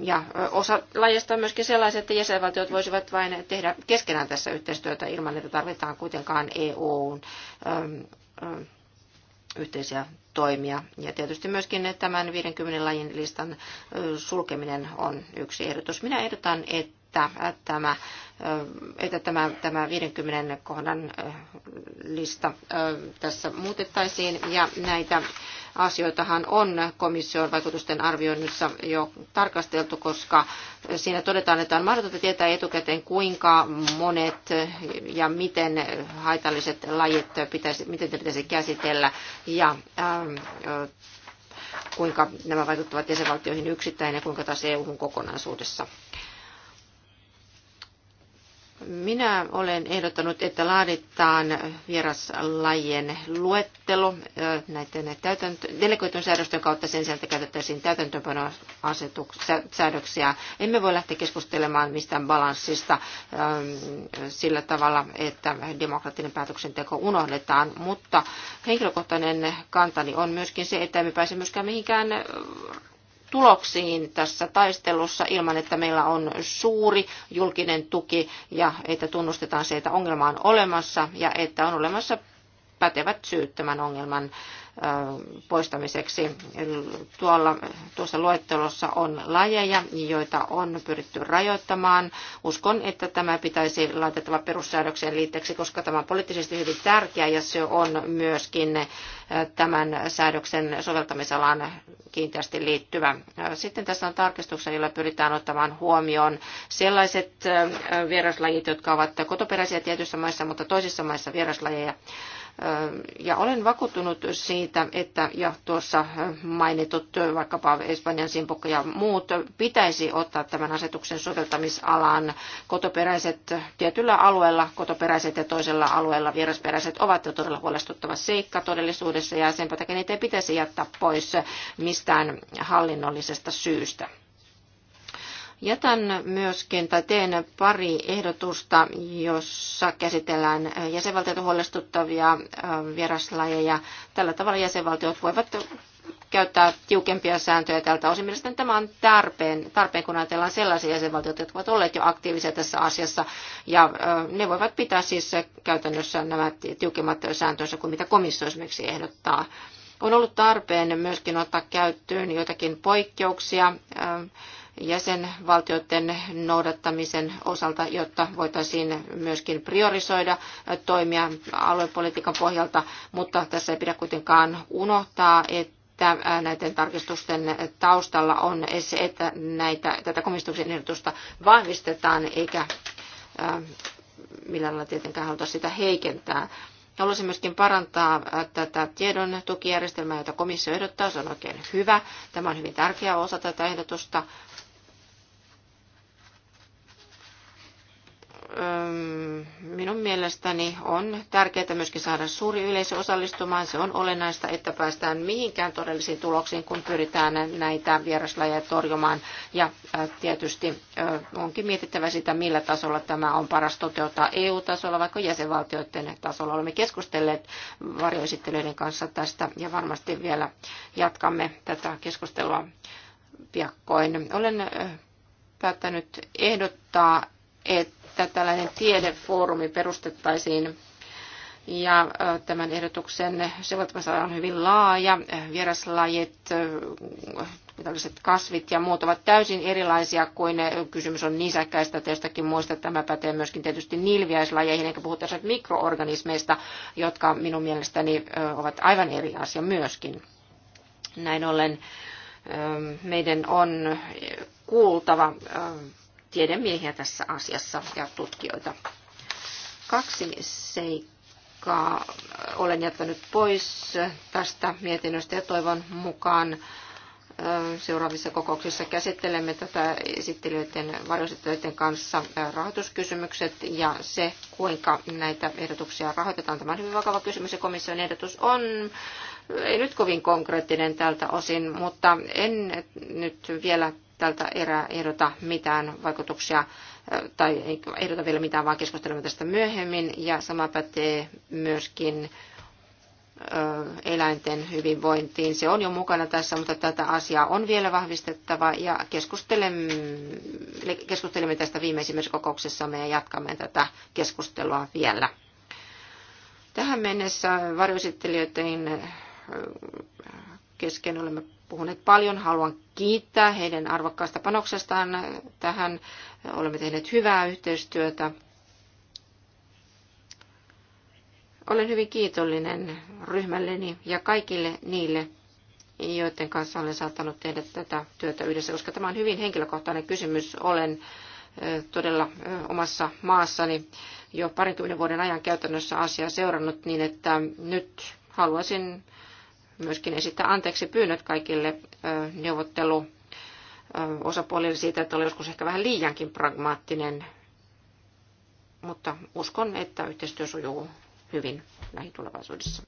Ja osa lajeista on myöskin sellaiset, että jäsenvaltiot voisivat vain tehdä keskenään tässä yhteistyötä ilman, että tarvitaan kuitenkaan EUn ähm, ähm, yhteisiä toimia. Ja tietysti myöskin tämän 50 lajin listan sulkeminen on yksi ehdotus. Minä ehdotan, että että tämä, että tämä, tämä 50 kohdan lista tässä muutettaisiin. Ja näitä asioitahan on komission vaikutusten arvioinnissa jo tarkasteltu, koska siinä todetaan, että on mahdotonta tietää etukäteen, kuinka monet ja miten haitalliset lajit pitäisi, miten te pitäisi käsitellä. Ja, kuinka nämä vaikuttavat jäsenvaltioihin yksittäin ja kuinka taas EU-hun kokonaisuudessa. Minä olen ehdottanut, että laaditaan vieraslajien luettelo näiden täytäntö- delegoitun säädösten kautta sen sieltä käytettäisiin täytäntöpanosäädöksiä. Emme voi lähteä keskustelemaan mistään balanssista sillä tavalla, että demokraattinen päätöksenteko unohdetaan, mutta henkilökohtainen kantani on myöskin se, että emme pääse myöskään mihinkään tuloksiin tässä taistelussa ilman, että meillä on suuri julkinen tuki ja että tunnustetaan se, että ongelma on olemassa ja että on olemassa pätevät syyt tämän ongelman poistamiseksi. Tuolla, tuossa luettelossa on lajeja, joita on pyritty rajoittamaan. Uskon, että tämä pitäisi laitettava perussäädökseen liitteeksi, koska tämä on poliittisesti hyvin tärkeä ja se on myöskin tämän säädöksen soveltamisalaan kiinteästi liittyvä. Sitten tässä on tarkistuksia, joilla pyritään ottamaan huomioon sellaiset vieraslajit, jotka ovat kotoperäisiä tietyissä maissa, mutta toisissa maissa vieraslajeja ja olen vakuuttunut siitä, että ja tuossa mainitut vaikkapa Espanjan simpukka ja muut pitäisi ottaa tämän asetuksen soveltamisalan kotoperäiset tietyllä alueella, kotoperäiset ja toisella alueella vierasperäiset ovat jo todella huolestuttava seikka todellisuudessa ja sen takia niitä ei pitäisi jättää pois mistään hallinnollisesta syystä. Jätän myöskin tai teen pari ehdotusta, jossa käsitellään jäsenvaltioita huolestuttavia vieraslajeja. Tällä tavalla jäsenvaltiot voivat käyttää tiukempia sääntöjä tältä osin. Mielestäni tämä on tarpeen, tarpeen, kun ajatellaan sellaisia jäsenvaltioita, jotka ovat olleet jo aktiivisia tässä asiassa, ja ne voivat pitää siis käytännössä nämä tiukemmat sääntönsä kuin mitä komissio esimerkiksi ehdottaa. On ollut tarpeen myöskin ottaa käyttöön joitakin poikkeuksia jäsenvaltioiden noudattamisen osalta, jotta voitaisiin myöskin priorisoida toimia aluepolitiikan pohjalta, mutta tässä ei pidä kuitenkaan unohtaa, että näiden tarkistusten taustalla on se, että näitä, tätä komistuksen ehdotusta vahvistetaan, eikä millään lailla tietenkään haluta sitä heikentää. Haluaisin myöskin parantaa äh, tätä tiedon tukijärjestelmää, jota komissio ehdottaa. Se on oikein hyvä. Tämä on hyvin tärkeä osa tätä ehdotusta. minun mielestäni on tärkeää myöskin saada suuri yleisö osallistumaan. Se on olennaista, että päästään mihinkään todellisiin tuloksiin, kun pyritään näitä vieraslajeja torjumaan. Ja tietysti onkin mietittävä sitä, millä tasolla tämä on paras toteuttaa EU-tasolla, vaikka jäsenvaltioiden tasolla. Olemme keskustelleet varjoesittelyiden kanssa tästä ja varmasti vielä jatkamme tätä keskustelua piakkoin. Olen päättänyt ehdottaa, että että tällainen tiedefoorumi perustettaisiin ja tämän ehdotuksen seurantamisala on hyvin laaja. Vieraslajit, tällaiset kasvit ja muut ovat täysin erilaisia kuin kysymys on nisäkkäistä tai jostakin muista. Tämä pätee myöskin tietysti nilviäislajeihin, eikä puhuta mikroorganismeista, jotka minun mielestäni ovat aivan eri asia myöskin. Näin ollen meidän on kuultava tiedemiehiä tässä asiassa ja tutkijoita. Kaksi seikkaa olen jättänyt pois tästä mietinnöstä ja toivon mukaan seuraavissa kokouksissa käsittelemme tätä esittelijöiden, varjoesittelijöiden kanssa rahoituskysymykset ja se, kuinka näitä ehdotuksia rahoitetaan. Tämä on hyvin vakava kysymys ja komission ehdotus on ei nyt kovin konkreettinen tältä osin, mutta en nyt vielä tältä erää ehdota mitään vaikutuksia tai ei ehdota vielä mitään, vaan keskustelemme tästä myöhemmin. Ja sama pätee myöskin eläinten hyvinvointiin. Se on jo mukana tässä, mutta tätä asiaa on vielä vahvistettava ja keskustelemme, keskustelemme tästä viimeisimmässä kokouksessa ja jatkamme tätä keskustelua vielä. Tähän mennessä varjoesittelijöiden kesken olemme puhuneet paljon. Haluan kiittää heidän arvokkaasta panoksestaan tähän. Olemme tehneet hyvää yhteistyötä. Olen hyvin kiitollinen ryhmälleni ja kaikille niille, joiden kanssa olen saattanut tehdä tätä työtä yhdessä, koska tämä on hyvin henkilökohtainen kysymys. Olen todella omassa maassani jo parinkymmenen vuoden ajan käytännössä asiaa seurannut niin, että nyt haluaisin myöskin esittää anteeksi pyynnöt kaikille neuvottelu siitä, että oli joskus ehkä vähän liiankin pragmaattinen, mutta uskon, että yhteistyö sujuu hyvin lähitulevaisuudessa.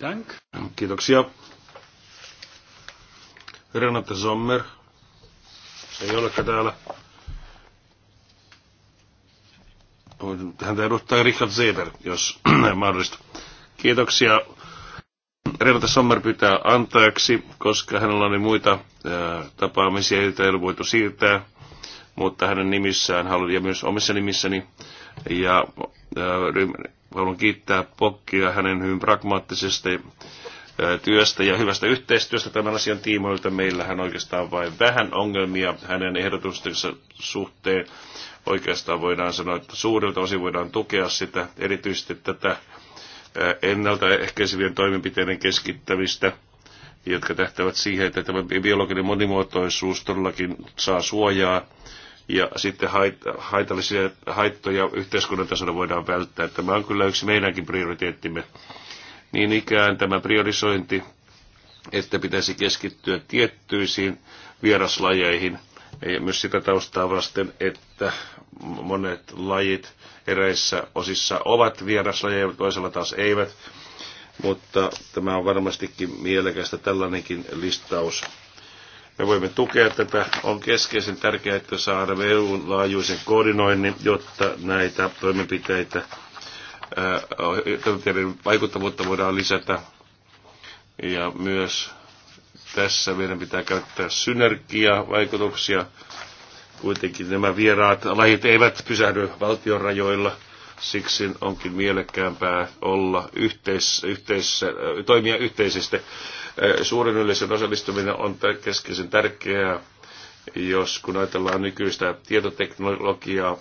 Dank. Kiitoksia. Renate Sommer, ei olekaan täällä. Häntä edustaa Richard Zeber, jos mahdollista. Kiitoksia Renata Sommer pyytää anteeksi, koska hänellä oli muita tapaamisia, joita ei ole voitu siirtää, mutta hänen nimissään haluan ja myös omissa nimissäni. Ja haluan kiittää Pokkia hänen hyvin pragmaattisesta työstä ja hyvästä yhteistyöstä tämän asian tiimoilta. Meillähän oikeastaan vain vähän ongelmia hänen ehdotustensa suhteen. Oikeastaan voidaan sanoa, että suurilta osin voidaan tukea sitä, erityisesti tätä Äh, ennaltaehkäisevien toimenpiteiden keskittämistä, jotka tähtävät siihen, että tämä biologinen monimuotoisuus todellakin saa suojaa ja sitten haitallisia haittoja yhteiskunnan tasolla voidaan välttää. Tämä on kyllä yksi meidänkin prioriteettimme. Niin ikään tämä priorisointi, että pitäisi keskittyä tiettyisiin vieraslajeihin – ja myös sitä taustaa vasten, että monet lajit eräissä osissa ovat vieraslajeja, toisella taas eivät. Mutta tämä on varmastikin mielekästä tällainenkin listaus. Me voimme tukea tätä. On keskeisen tärkeää, että saada EUn laajuisen koordinoinnin, jotta näitä toimenpiteitä, vaikuttavuutta voidaan lisätä. Ja myös tässä meidän pitää käyttää synergiavaikutuksia. Kuitenkin nämä vieraat lajit eivät pysähdy valtion rajoilla. Siksi onkin mielekkäämpää olla yhteis, yhteis, toimia yhteisesti. Äh, Suurin yleisön osallistuminen on keskeisen tärkeää, jos kun ajatellaan nykyistä tietoteknologiaa,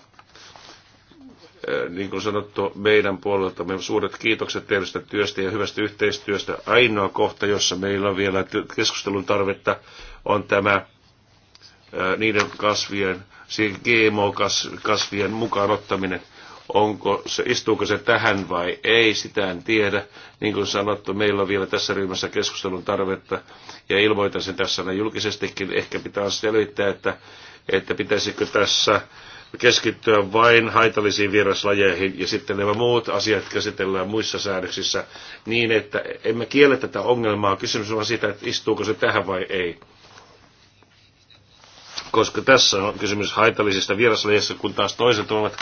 Äh, niin kuin sanottu, meidän puolelta me suuret kiitokset tehdystä työstä ja hyvästä yhteistyöstä. Ainoa kohta, jossa meillä on vielä keskustelun tarvetta, on tämä äh, niiden kasvien, GMO-kasvien mukaan ottaminen. Onko se, istuuko se tähän vai ei, sitä en tiedä. Niin kuin sanottu, meillä on vielä tässä ryhmässä keskustelun tarvetta ja ilmoitan sen tässä julkisestikin. Ehkä pitää selvittää, että, että pitäisikö tässä keskittyä vain haitallisiin vieraslajeihin ja sitten nämä muut asiat käsitellään muissa säädöksissä niin, että emme kiele tätä ongelmaa. Kysymys on siitä, että istuuko se tähän vai ei. Koska tässä on kysymys haitallisista vieraslajeista, kun taas toiset ovat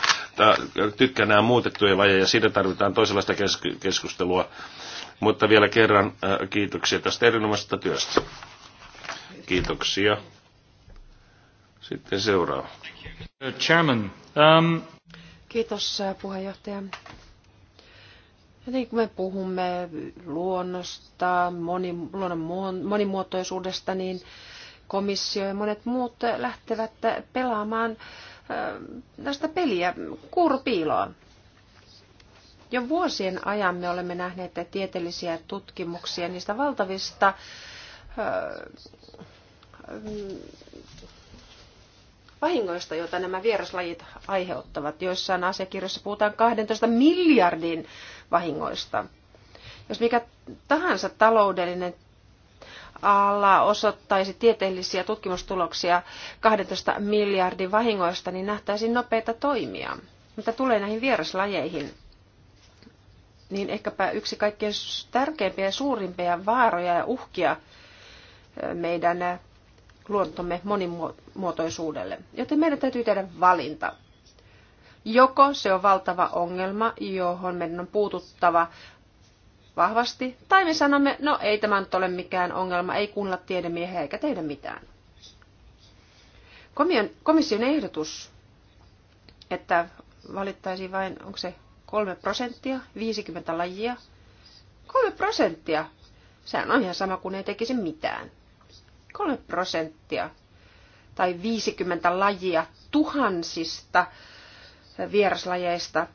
nämä muutettuja lajeja. Siitä tarvitaan toisenlaista keskustelua. Mutta vielä kerran äh, kiitoksia tästä erinomaisesta työstä. Kiitoksia. Sitten seuraava. Chairman. Um...
Kiitos puheenjohtaja. Niin kun me puhumme luonnosta, moni, luonnon monimuotoisuudesta, niin komissio ja monet muut lähtevät pelaamaan tästä peliä kuurupiiloon. Jo vuosien ajan me olemme nähneet tieteellisiä tutkimuksia niistä valtavista vahingoista, joita nämä vieraslajit aiheuttavat. Joissain asiakirjoissa puhutaan 12 miljardin vahingoista. Jos mikä tahansa taloudellinen ala osoittaisi tieteellisiä tutkimustuloksia 12 miljardin vahingoista, niin nähtäisiin nopeita toimia. Mitä tulee näihin vieraslajeihin, niin ehkäpä yksi kaikkein tärkeimpiä ja suurimpia vaaroja ja uhkia meidän luontomme monimuotoisuudelle. Joten meidän täytyy tehdä valinta. Joko se on valtava ongelma, johon meidän on puututtava vahvasti, tai me sanomme, no ei tämä nyt ole mikään ongelma, ei kuunnella tiedemiehiä eikä tehdä mitään. Komission ehdotus, että valittaisiin vain, onko se 3 prosenttia, 50 lajia, 3 prosenttia, sehän on ihan sama kuin ei tekisi mitään. 3 prosenttia tai 50 lajia tuhansista vieraslajeista,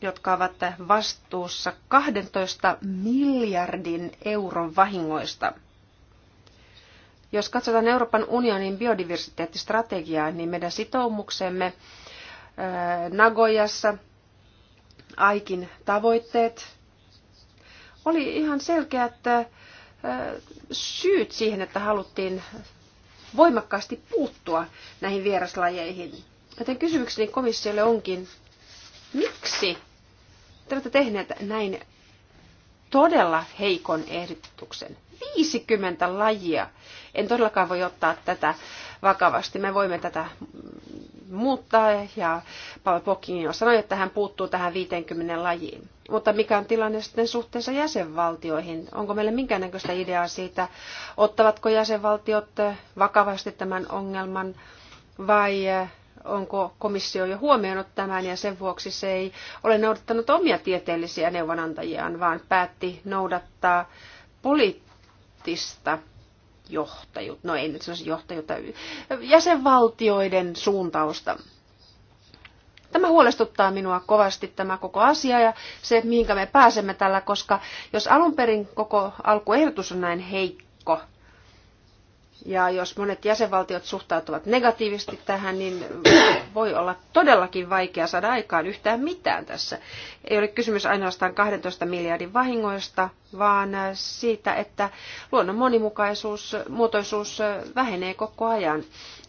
jotka ovat vastuussa 12 miljardin euron vahingoista. Jos katsotaan Euroopan unionin biodiversiteettistrategiaa, niin meidän sitoumuksemme äh, Nagojassa Aikin tavoitteet oli ihan selkeä, että äh, syyt siihen, että haluttiin voimakkaasti puuttua näihin vieraslajeihin. Joten kysymykseni komissiolle onkin, miksi te olette tehneet näin todella heikon ehdotuksen? 50 lajia. En todellakaan voi ottaa tätä vakavasti. Me voimme tätä muuttaa ja Paul Pokkin jo sanoi, että hän puuttuu tähän 50 lajiin. Mutta mikä on tilanne sitten suhteessa jäsenvaltioihin? Onko meillä minkäännäköistä ideaa siitä, ottavatko jäsenvaltiot eh, vakavasti tämän ongelman vai eh, onko komissio jo huomioinut tämän ja sen vuoksi se ei ole noudattanut omia tieteellisiä neuvonantajiaan, vaan päätti noudattaa poliittista johtajuutta, no ei nyt sanoisi johtajuutta, jäsenvaltioiden suuntausta. Tämä huolestuttaa minua kovasti tämä koko asia ja se, mihin me pääsemme tällä, koska jos alun perin koko alkuehdotus on näin heikko, ja jos monet jäsenvaltiot suhtautuvat negatiivisesti tähän, niin voi olla todellakin vaikea saada aikaan yhtään mitään tässä. Ei ole kysymys ainoastaan 12 miljardin vahingoista, vaan siitä, että luonnon monimukaisuus, muotoisuus vähenee koko ajan.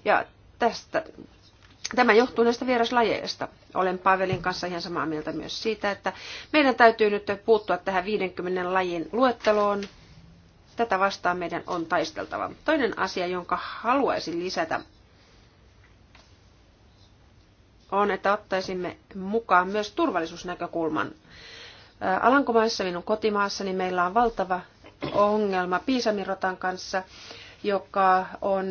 Ja tästä Tämä johtuu näistä vieraslajeista. Olen Pavelin kanssa ihan samaa mieltä myös siitä, että meidän täytyy nyt puuttua tähän 50 lajin luetteloon. Tätä vastaan meidän on taisteltava. Toinen asia, jonka haluaisin lisätä, on, että ottaisimme mukaan myös turvallisuusnäkökulman. Alankomaissa, minun kotimaassani, meillä on valtava ongelma Piisamirotan kanssa, joka on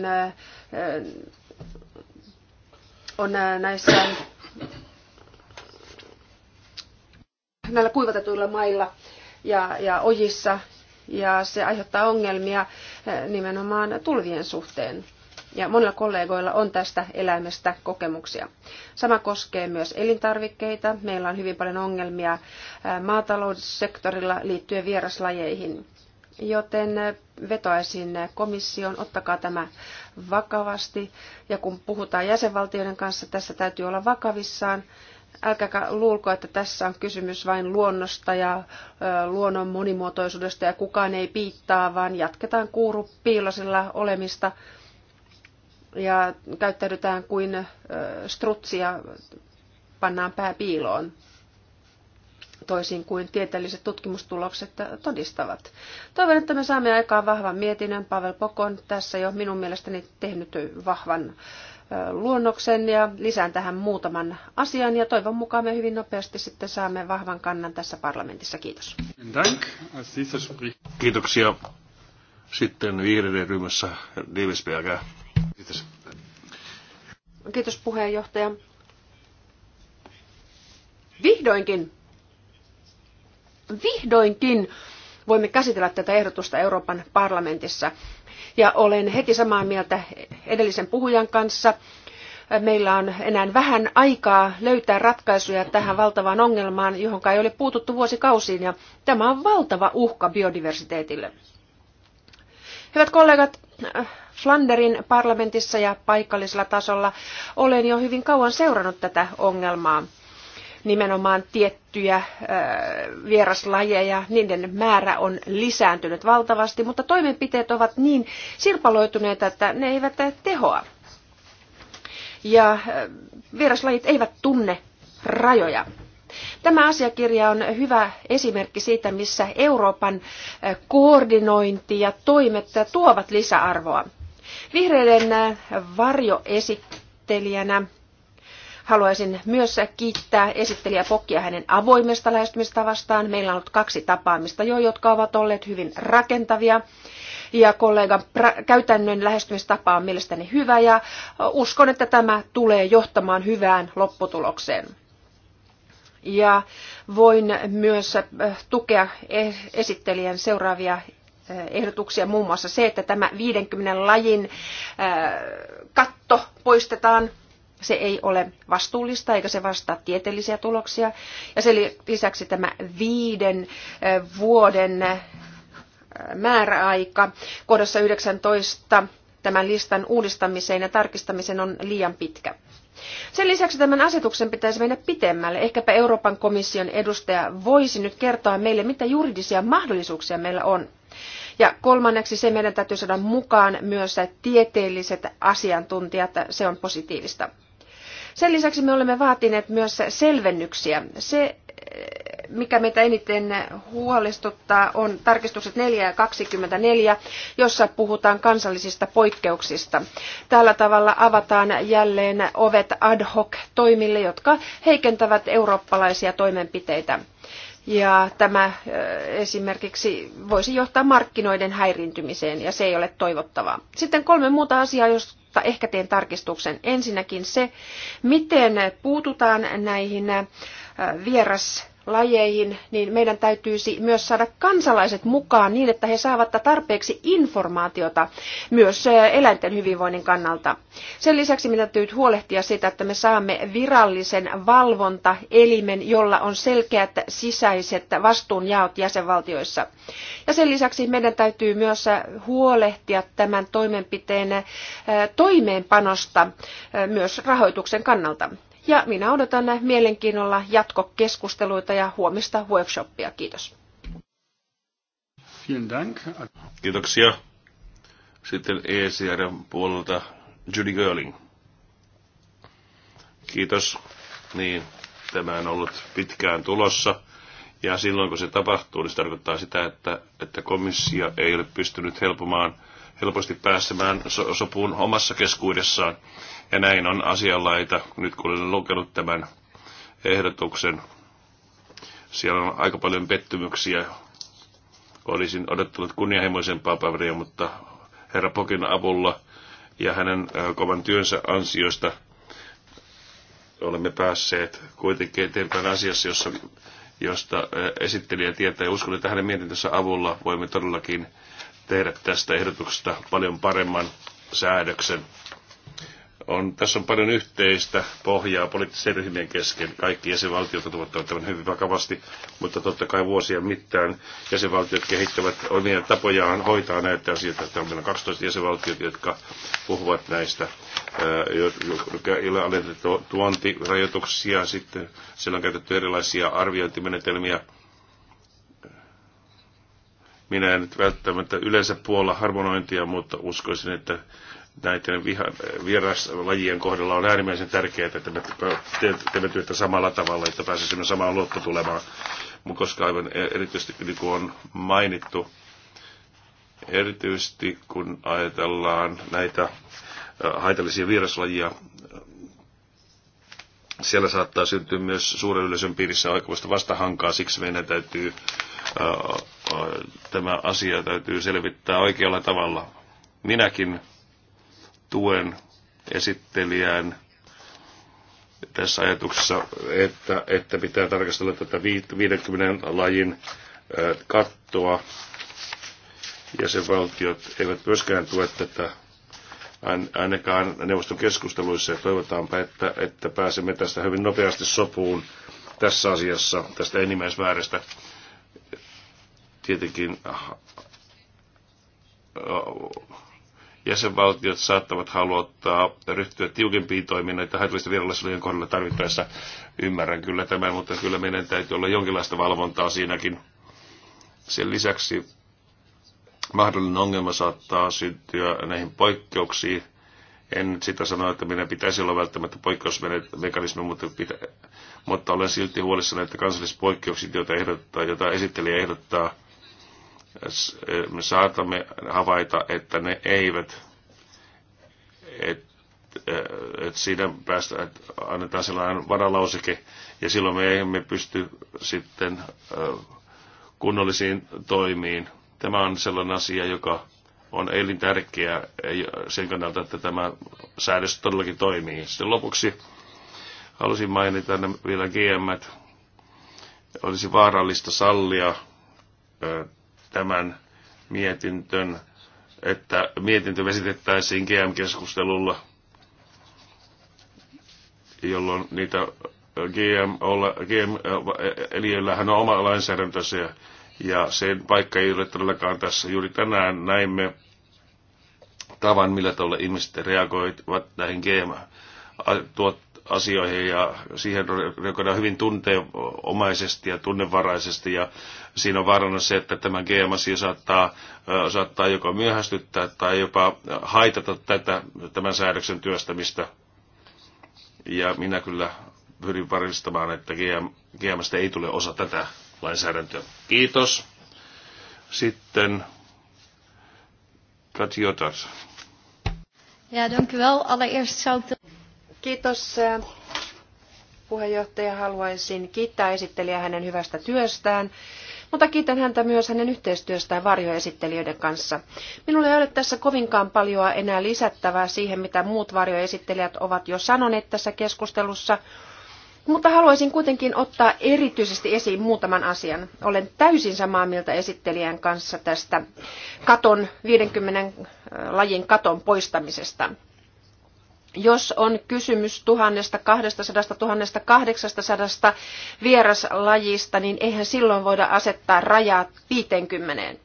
on äh, näissä näillä kuivatetuilla mailla ja, ja ojissa ja se aiheuttaa ongelmia äh, nimenomaan tulvien suhteen. Ja monilla kollegoilla on tästä eläimestä kokemuksia. Sama koskee myös elintarvikkeita. Meillä on hyvin paljon ongelmia äh, maataloussektorilla liittyen vieraslajeihin. Joten vetoaisin komission, ottakaa tämä vakavasti. Ja kun puhutaan jäsenvaltioiden kanssa, tässä täytyy olla vakavissaan. Älkääkä luulko, että tässä on kysymys vain luonnosta ja luonnon monimuotoisuudesta ja kukaan ei piittaa, vaan jatketaan kuuru piilosilla olemista ja käyttäydytään kuin strutsia pannaan pää piiloon toisin kuin tieteelliset tutkimustulokset todistavat. Toivon, että me saamme aikaan vahvan mietinnön. Pavel Pokon tässä jo minun mielestäni tehnyt vahvan luonnoksen ja lisään tähän muutaman asian ja toivon mukaan me hyvin nopeasti sitten saamme vahvan kannan tässä parlamentissa. Kiitos.
Kiitoksia. Sitten vihreiden ryhmässä Davis Kiitos.
Kiitos puheenjohtaja. Vihdoinkin vihdoinkin voimme käsitellä tätä ehdotusta Euroopan parlamentissa. Ja olen heti samaa mieltä edellisen puhujan kanssa. Meillä on enää vähän aikaa löytää ratkaisuja tähän valtavaan ongelmaan, johon ei ole puututtu vuosikausiin, ja tämä on valtava uhka biodiversiteetille. Hyvät kollegat, Flanderin parlamentissa ja paikallisella tasolla olen jo hyvin kauan seurannut tätä ongelmaa nimenomaan tiettyjä vieraslajeja, niiden määrä on lisääntynyt valtavasti, mutta toimenpiteet ovat niin sirpaloituneita, että ne eivät tehoa. Ja vieraslajit eivät tunne rajoja. Tämä asiakirja on hyvä esimerkki siitä, missä Euroopan koordinointi ja toimet tuovat lisäarvoa. Vihreiden varjoesittelijänä Haluaisin myös kiittää esittelijä Pokkia hänen avoimesta lähestymistavastaan. Meillä on ollut kaksi tapaamista jo, jotka ovat olleet hyvin rakentavia. Ja kollegan käytännön lähestymistapa on mielestäni hyvä ja uskon, että tämä tulee johtamaan hyvään lopputulokseen. Ja voin myös äh, tukea eh- esittelijän seuraavia äh, ehdotuksia, muun muassa se, että tämä 50 lajin äh, katto poistetaan se ei ole vastuullista eikä se vastaa tieteellisiä tuloksia. Ja sen lisäksi tämä viiden vuoden määräaika kohdassa 19 tämän listan uudistamiseen ja tarkistamiseen on liian pitkä. Sen lisäksi tämän asetuksen pitäisi mennä pitemmälle. Ehkäpä Euroopan komission edustaja voisi nyt kertoa meille, mitä juridisia mahdollisuuksia meillä on. Ja kolmanneksi se meidän täytyy saada mukaan myös tieteelliset asiantuntijat, se on positiivista. Sen lisäksi me olemme vaatineet myös selvennyksiä. Se, mikä meitä eniten huolestuttaa, on tarkistukset 4 ja 24, jossa puhutaan kansallisista poikkeuksista. Tällä tavalla avataan jälleen ovet ad hoc toimille, jotka heikentävät eurooppalaisia toimenpiteitä. Ja tämä esimerkiksi voisi johtaa markkinoiden häirintymiseen ja se ei ole toivottavaa. Sitten kolme muuta asiaa, jos mutta ehkä teen tarkistuksen. Ensinnäkin se, miten puututaan näihin äh, vieras lajeihin, niin meidän täytyisi myös saada kansalaiset mukaan niin, että he saavat tarpeeksi informaatiota myös eläinten hyvinvoinnin kannalta. Sen lisäksi meidän täytyy huolehtia siitä, että me saamme virallisen valvontaelimen, jolla on selkeät sisäiset vastuunjaot jäsenvaltioissa. Ja sen lisäksi meidän täytyy myös huolehtia tämän toimenpiteen toimeenpanosta myös rahoituksen kannalta. Ja minä odotan mielenkiinnolla jatkokeskusteluita ja huomista workshoppia. Kiitos.
Kiitoksia. Sitten ECR puolelta Judy Girling. Kiitos. Niin, tämä on ollut pitkään tulossa. Ja silloin kun se tapahtuu, niin se tarkoittaa sitä, että, että komissio ei ole pystynyt helpomaan, helposti pääsemään so- sopuun omassa keskuudessaan. Ja näin on asianlaita, nyt kun olen lukenut tämän ehdotuksen. Siellä on aika paljon pettymyksiä. Olisin odottanut kunnianhimoisempaa paperia, mutta herra Pokin avulla ja hänen kovan työnsä ansiosta olemme päässeet kuitenkin eteenpäin asiassa, jossa, josta esittelijä tietää ja uskon, että hänen mietintönsä avulla voimme todellakin tehdä tästä ehdotuksesta paljon paremman säädöksen on, tässä on paljon yhteistä pohjaa poliittisen ryhmien kesken. Kaikki jäsenvaltiot ovat tämän hyvin vakavasti, mutta totta kai vuosien mittaan jäsenvaltiot kehittävät omia tapojaan hoitaa näitä asioita. Täällä on meillä 12 jäsenvaltiot, jotka puhuvat näistä, joilla on annettu tuontirajoituksia, sitten siellä on käytetty erilaisia arviointimenetelmiä. Minä en nyt välttämättä yleensä puolla harmonointia, mutta uskoisin, että näiden viha, vieraslajien kohdalla on äärimmäisen tärkeää, että me teemme työtä samalla tavalla, että pääsisimme samaan lopputulemaan. Koska aivan e-, erityisesti niin kuin on mainittu, erityisesti kun ajatellaan näitä haitallisia vieraslajia, siellä saattaa syntyä myös suuren yleisön piirissä aikamoista vastahankaa, siksi meidän täytyy tämä asia täytyy selvittää oikealla tavalla. Minäkin tuen esittelijään tässä ajatuksessa, että, että pitää tarkastella tätä 50 lajin kattoa. Jäsenvaltiot eivät myöskään tue tätä ainakaan neuvoston keskusteluissa ja toivotaanpa, että, että pääsemme tästä hyvin nopeasti sopuun tässä asiassa, tästä enimmäisväärästä. Tietenkin jäsenvaltiot saattavat haluttaa ryhtyä tiukempiin toimiin näitä haitallisten virallisuuden kohdalla tarvittaessa. Ymmärrän kyllä tämän, mutta kyllä meidän täytyy olla jonkinlaista valvontaa siinäkin. Sen lisäksi mahdollinen ongelma saattaa syntyä näihin poikkeuksiin. En nyt sitä sano, että meidän pitäisi olla välttämättä poikkeusmekanismi, mutta, pitä, mutta olen silti huolissani, että kansalliset poikkeukset, joita, ehdottaa, joita esittelijä ehdottaa, me saatamme havaita, että ne eivät, että et siinä päästä, et annetaan sellainen varalauseke, ja silloin me emme pysty sitten kunnollisiin toimiin. Tämä on sellainen asia, joka on elintärkeä sen kannalta, että tämä säädös todellakin toimii. Sitten lopuksi halusin mainita vielä GM, olisi vaarallista sallia tämän mietintön, että mietintö vesitettäisiin GM-keskustelulla, jolloin niitä GM, GM-eliöillähän on oma lainsäädäntönsä ja, ja sen paikka ei ole todellakaan tässä. Juuri tänään näimme tavan, millä tavalla ihmiset reagoivat näihin GM-tuotteisiin asioihin ja siihen reagoidaan hyvin tunteomaisesti ja tunnevaraisesti ja siinä on vaarana se, että tämä GM-asia saattaa, saattaa joko myöhästyttää tai jopa haitata tätä, tämän säädöksen työstämistä. Ja minä kyllä pyrin varmistamaan, että GM, GMstä ei tule osa tätä lainsäädäntöä. Kiitos. Sitten Katjotas.
Ja,
dank u wel. Allereerst zou ik de Kiitos eh, puheenjohtaja. Haluaisin kiittää esittelijää hänen hyvästä työstään, mutta kiitän häntä myös hänen yhteistyöstään varjoesittelijöiden kanssa. Minulla ei ole tässä kovinkaan paljon enää lisättävää siihen, mitä muut varjoesittelijät ovat jo sanoneet tässä keskustelussa, mutta haluaisin kuitenkin ottaa erityisesti esiin muutaman asian. Olen täysin samaa mieltä esittelijän kanssa tästä katon, 50 eh, lajin katon poistamisesta jos on kysymys tuhannesta, kahdestasadasta, tuhannesta, kahdeksastasadasta vieraslajista, niin eihän silloin voida asettaa rajaa 50.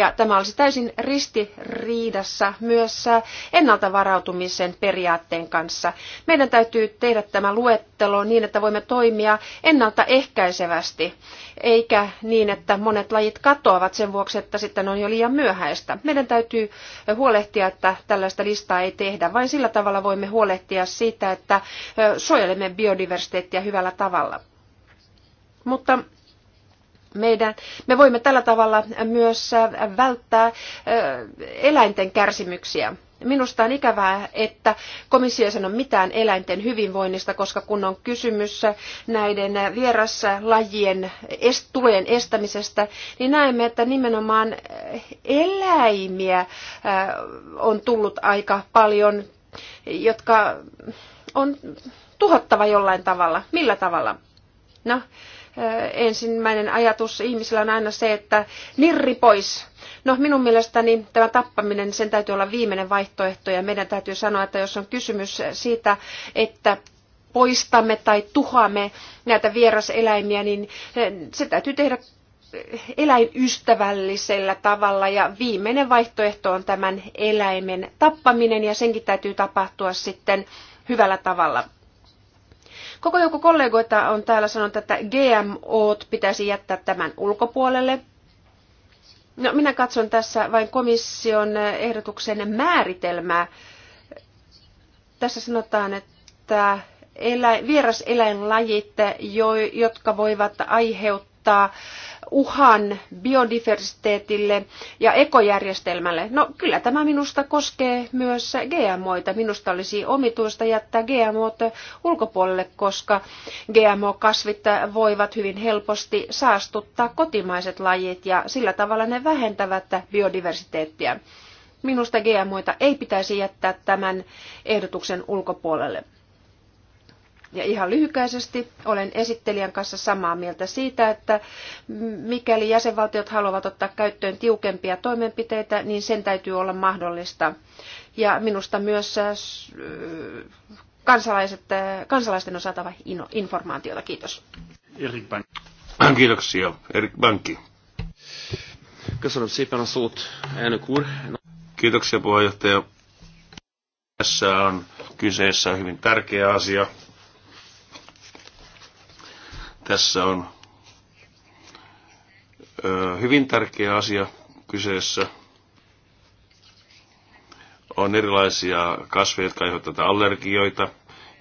Ja tämä olisi täysin ristiriidassa myös äh, ennalta varautumisen periaatteen kanssa. Meidän täytyy tehdä tämä luettelo niin, että voimme toimia ennaltaehkäisevästi, eikä niin, että monet lajit katoavat sen vuoksi, että sitten on jo liian myöhäistä. Meidän täytyy huolehtia, että tällaista listaa ei tehdä. Vain sillä tavalla voimme huolehtia siitä, että äh, suojelemme biodiversiteettiä hyvällä tavalla. Mutta meidän, me voimme tällä tavalla myös äh, välttää äh, eläinten kärsimyksiä. Minusta on ikävää, että komissio ei sano mitään eläinten hyvinvoinnista, koska kun on kysymys näiden vieraslajien est, tulojen estämisestä, niin näemme, että nimenomaan eläimiä äh, on tullut aika paljon, jotka on tuhottava jollain tavalla. Millä tavalla? No, ensimmäinen ajatus ihmisillä on aina se, että nirri pois. No minun mielestäni tämä tappaminen, sen täytyy olla viimeinen vaihtoehto ja meidän täytyy sanoa, että jos on kysymys siitä, että poistamme tai tuhoamme näitä vieraseläimiä, niin se täytyy tehdä eläinystävällisellä tavalla ja viimeinen vaihtoehto on tämän eläimen tappaminen ja senkin täytyy tapahtua sitten hyvällä tavalla. Koko joukko kollegoita on täällä sanonut, että GMOt pitäisi jättää tämän ulkopuolelle. No, minä katson tässä vain komission ehdotuksen määritelmää. Tässä sanotaan, että eläin, vieraseläinlajit, jo, jotka voivat aiheuttaa muodostaa uhan biodiversiteetille ja ekojärjestelmälle. No kyllä tämä minusta koskee myös GMOita. Minusta olisi omituista jättää GMOt ulkopuolelle, koska GMO-kasvit voivat hyvin helposti saastuttaa kotimaiset lajit ja sillä tavalla ne vähentävät biodiversiteettiä. Minusta GMOita ei pitäisi jättää tämän ehdotuksen ulkopuolelle. Ja ihan lyhykäisesti olen esittelijän kanssa samaa mieltä siitä, että mikäli jäsenvaltiot haluavat ottaa käyttöön tiukempia toimenpiteitä, niin sen täytyy olla mahdollista. Ja minusta myös äh, kansalaiset, äh, kansalaisten on saatava informaatiota. Kiitos.
Erik Bank. Kiitoksia. Erik Bankki. Köszönöm szépen a szót, elnök Kiitoksia puheenjohtaja. Tässä on kyseessä hyvin tärkeä asia. Tässä on hyvin tärkeä asia kyseessä. On erilaisia kasveja, jotka aiheuttavat allergioita,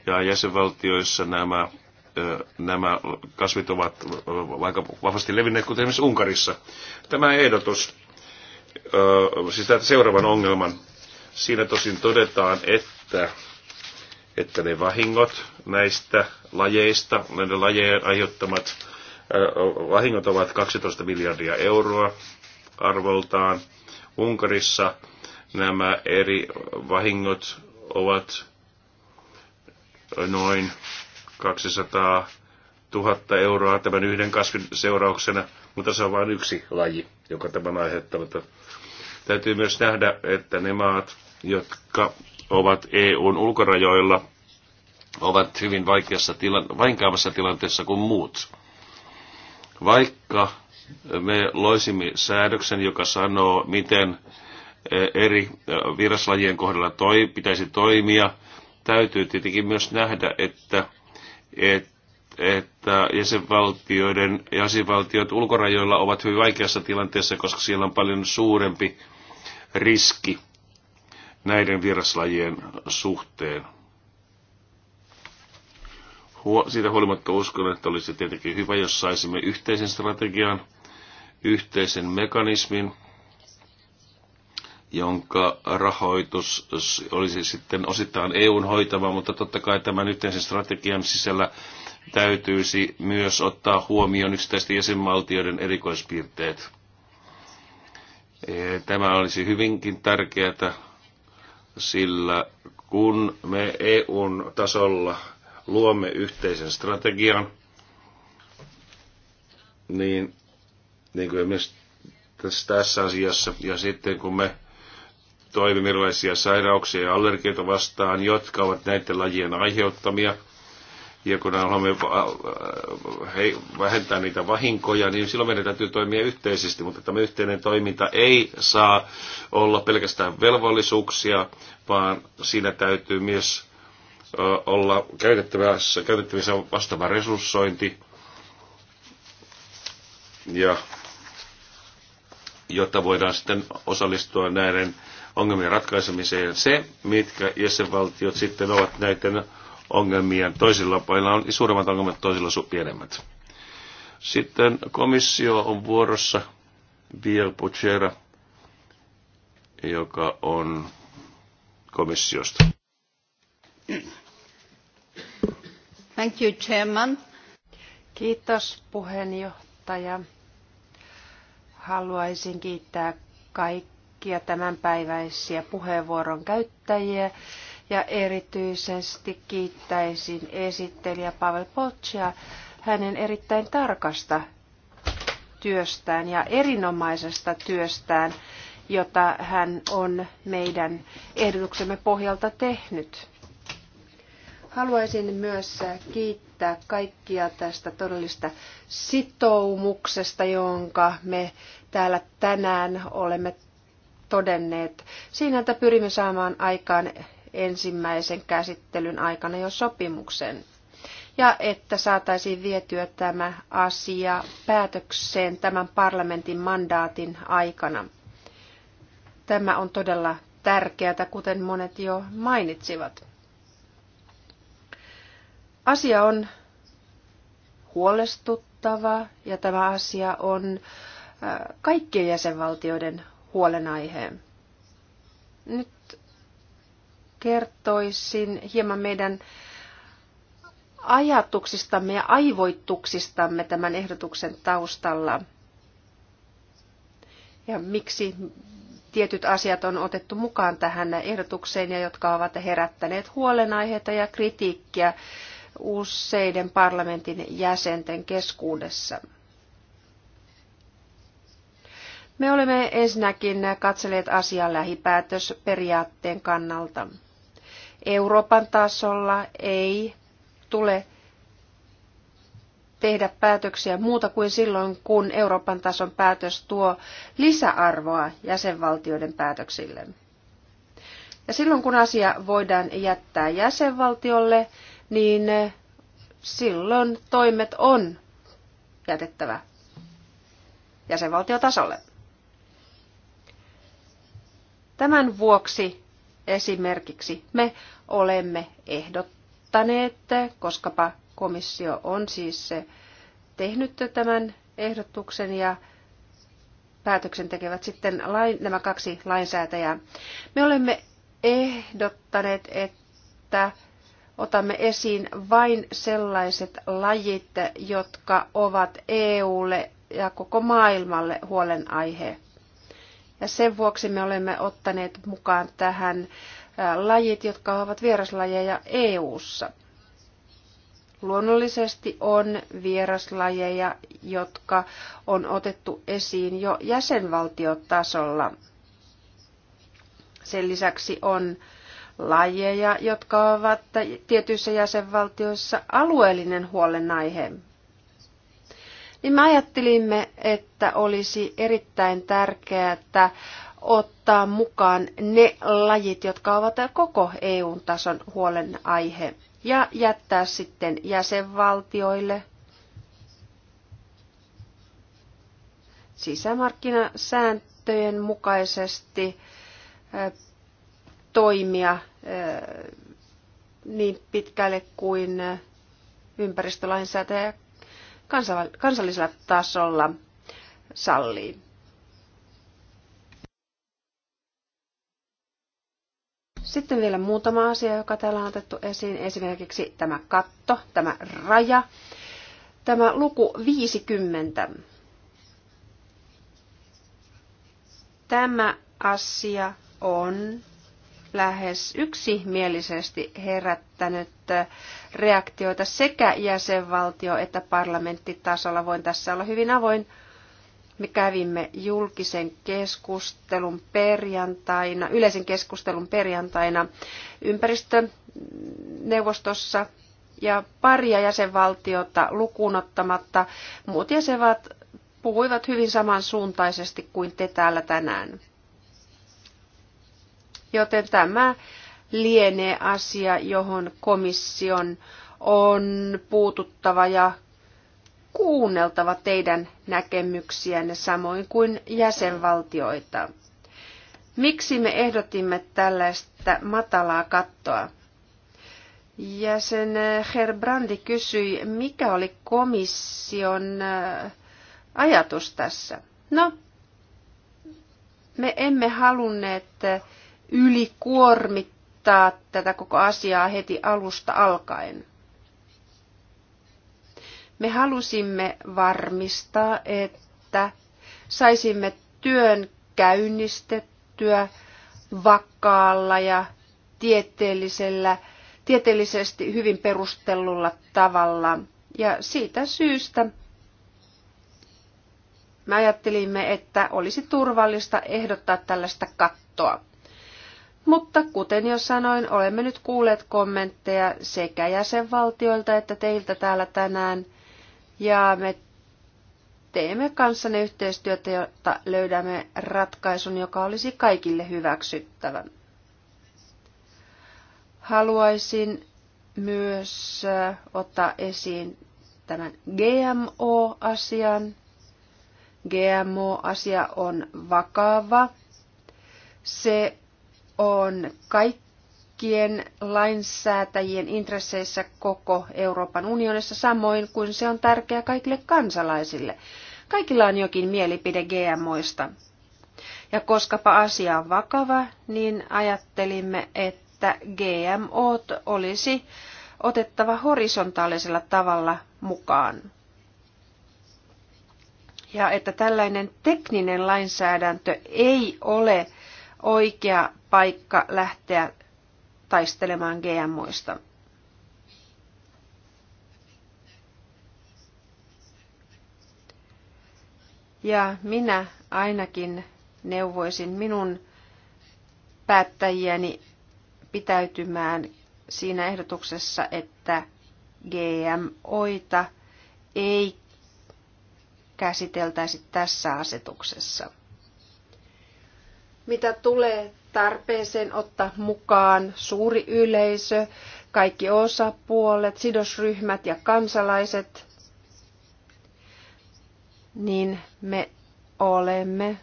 ja jäsenvaltioissa nämä, nämä kasvit ovat aika vahvasti levinneet, kuten esimerkiksi Unkarissa. Tämä ehdotus siis seuraavan ongelman. Siinä tosin todetaan, että että ne vahingot näistä lajeista, näiden lajeen aiheuttamat vahingot ovat 12 miljardia euroa arvoltaan. Unkarissa nämä eri vahingot ovat noin 200 000 euroa tämän yhden kasvin seurauksena, mutta se on vain yksi laji, joka tämän aiheuttaa. Täytyy myös nähdä, että ne maat, jotka ovat EUn ulkorajoilla, ovat hyvin vaikeassa tila- vainkaavassa tilanteessa kuin muut. Vaikka me loisimme säädöksen, joka sanoo, miten e, eri e, viraslajien kohdalla toi, pitäisi toimia, täytyy tietenkin myös nähdä, että, että että jäsenvaltioiden, jäsenvaltiot ulkorajoilla ovat hyvin vaikeassa tilanteessa, koska siellä on paljon suurempi riski näiden vieraslajien suhteen. Huo, siitä huolimatta uskon, että olisi tietenkin hyvä, jos saisimme yhteisen strategian, yhteisen mekanismin, jonka rahoitus olisi sitten osittain EUn hoitava, mutta totta kai tämän yhteisen strategian sisällä täytyisi myös ottaa huomioon yksittäisten jäsenvaltioiden erikoispiirteet. Tämä olisi hyvinkin tärkeää sillä kun me EUn tasolla luomme yhteisen strategian, niin, niin kuin myös tässä, tässä asiassa, ja sitten kun me toimimme erilaisia sairauksia ja allergioita vastaan, jotka ovat näiden lajien aiheuttamia – ja kun haluamme äh, äh, vähentää niitä vahinkoja, niin silloin meidän täytyy toimia yhteisesti, mutta tämä yhteinen toiminta ei saa olla pelkästään velvollisuuksia, vaan siinä täytyy myös olla käytettävissä, käytettävissä vastaava resurssointi, ja jotta voidaan sitten osallistua näiden ongelmien ratkaisemiseen. Se, mitkä jäsenvaltiot sitten ovat näiden ongelmia. Toisilla pailla on suuremmat ongelmat, toisilla on pienemmät. Sitten komissio on vuorossa Biel Puchera, joka on komissiosta.
Thank you, Chairman.
Kiitos puheenjohtaja. Haluaisin kiittää kaikkia tämänpäiväisiä puheenvuoron käyttäjiä ja erityisesti kiittäisin esittelijä Pavel Potsia hänen erittäin tarkasta työstään ja erinomaisesta työstään, jota hän on meidän ehdotuksemme pohjalta tehnyt. Haluaisin myös kiittää kaikkia tästä todellista sitoumuksesta, jonka me täällä tänään olemme todenneet. Siinä, että pyrimme saamaan aikaan ensimmäisen käsittelyn aikana jo sopimuksen ja että saataisiin vietyä tämä asia päätökseen tämän parlamentin mandaatin aikana. Tämä on todella tärkeää, kuten monet jo mainitsivat. Asia on huolestuttava ja tämä asia on äh, kaikkien jäsenvaltioiden huolenaihe. Nyt kertoisin hieman meidän ajatuksistamme ja aivoituksistamme tämän ehdotuksen taustalla ja miksi tietyt asiat on otettu mukaan tähän ehdotukseen ja jotka ovat herättäneet huolenaiheita ja kritiikkiä useiden parlamentin jäsenten keskuudessa. Me olemme ensinnäkin katselleet asiaa lähipäätösperiaatteen kannalta. Euroopan tasolla ei tule tehdä päätöksiä muuta kuin silloin, kun Euroopan tason päätös tuo lisäarvoa jäsenvaltioiden päätöksille. Ja silloin, kun asia voidaan jättää jäsenvaltiolle, niin silloin toimet on jätettävä jäsenvaltiotasolle. Tämän vuoksi Esimerkiksi me olemme ehdottaneet, koskapa komissio on siis tehnyt tämän ehdotuksen ja päätöksen tekevät sitten lain, nämä kaksi lainsäätäjää. Me olemme ehdottaneet, että otamme esiin vain sellaiset lajit, jotka ovat EUlle ja koko maailmalle huolenaihe. Ja sen vuoksi me olemme ottaneet mukaan tähän lajit, jotka ovat vieraslajeja EU-ssa. Luonnollisesti on vieraslajeja, jotka on otettu esiin jo jäsenvaltiotasolla. Sen lisäksi on lajeja, jotka ovat tietyissä jäsenvaltioissa alueellinen huolenaihe, niin me ajattelimme, että olisi erittäin tärkeää, että ottaa mukaan ne lajit, jotka ovat koko EU-tason huolenaihe, ja jättää sitten jäsenvaltioille sisämarkkinasääntöjen mukaisesti toimia niin pitkälle kuin ympäristölainsäätäjä kansallisella tasolla sallii. Sitten vielä muutama asia, joka täällä on otettu esiin. Esimerkiksi tämä katto, tämä raja, tämä luku 50. Tämä asia on lähes yksimielisesti herättänyt äh, reaktioita sekä jäsenvaltio- että parlamenttitasolla. Voin tässä olla hyvin avoin. Me kävimme julkisen keskustelun perjantaina, yleisen keskustelun perjantaina ympäristöneuvostossa ja paria jäsenvaltiota lukuunottamatta muut jäsenvaltiot puhuivat hyvin samansuuntaisesti kuin te täällä tänään. Joten tämä lienee asia, johon komission on puututtava ja kuunneltava teidän näkemyksiänne samoin kuin jäsenvaltioita. Miksi me ehdotimme tällaista matalaa kattoa? Jäsen Brandi kysyi, mikä oli komission äh, ajatus tässä. No, me emme halunneet äh, ylikuormittaa tätä koko asiaa heti alusta alkaen. Me halusimme varmistaa, että saisimme työn käynnistettyä vakaalla ja tieteellisellä, tieteellisesti hyvin perustellulla tavalla. Ja siitä syystä me ajattelimme, että olisi turvallista ehdottaa tällaista kattoa. Mutta kuten jo sanoin, olemme nyt kuulleet kommentteja sekä jäsenvaltioilta että teiltä täällä tänään. Ja me teemme kanssanne yhteistyötä, jotta löydämme ratkaisun, joka olisi kaikille hyväksyttävä. Haluaisin myös äh, ottaa esiin tämän GMO-asian. GMO-asia on vakava. Se on kaikkien lainsäätäjien intresseissä koko Euroopan unionissa, samoin kuin se on tärkeää kaikille kansalaisille. Kaikilla on jokin mielipide GMOista. Ja koskapa asia on vakava, niin ajattelimme, että GMO olisi otettava horisontaalisella tavalla mukaan. Ja että tällainen tekninen lainsäädäntö ei ole oikea paikka lähteä taistelemaan GMOista. Ja minä ainakin neuvoisin minun päättäjiäni pitäytymään siinä ehdotuksessa, että GMOita ei käsiteltäisi tässä asetuksessa mitä tulee tarpeeseen ottaa mukaan suuri yleisö, kaikki osapuolet, sidosryhmät ja kansalaiset, niin me olemme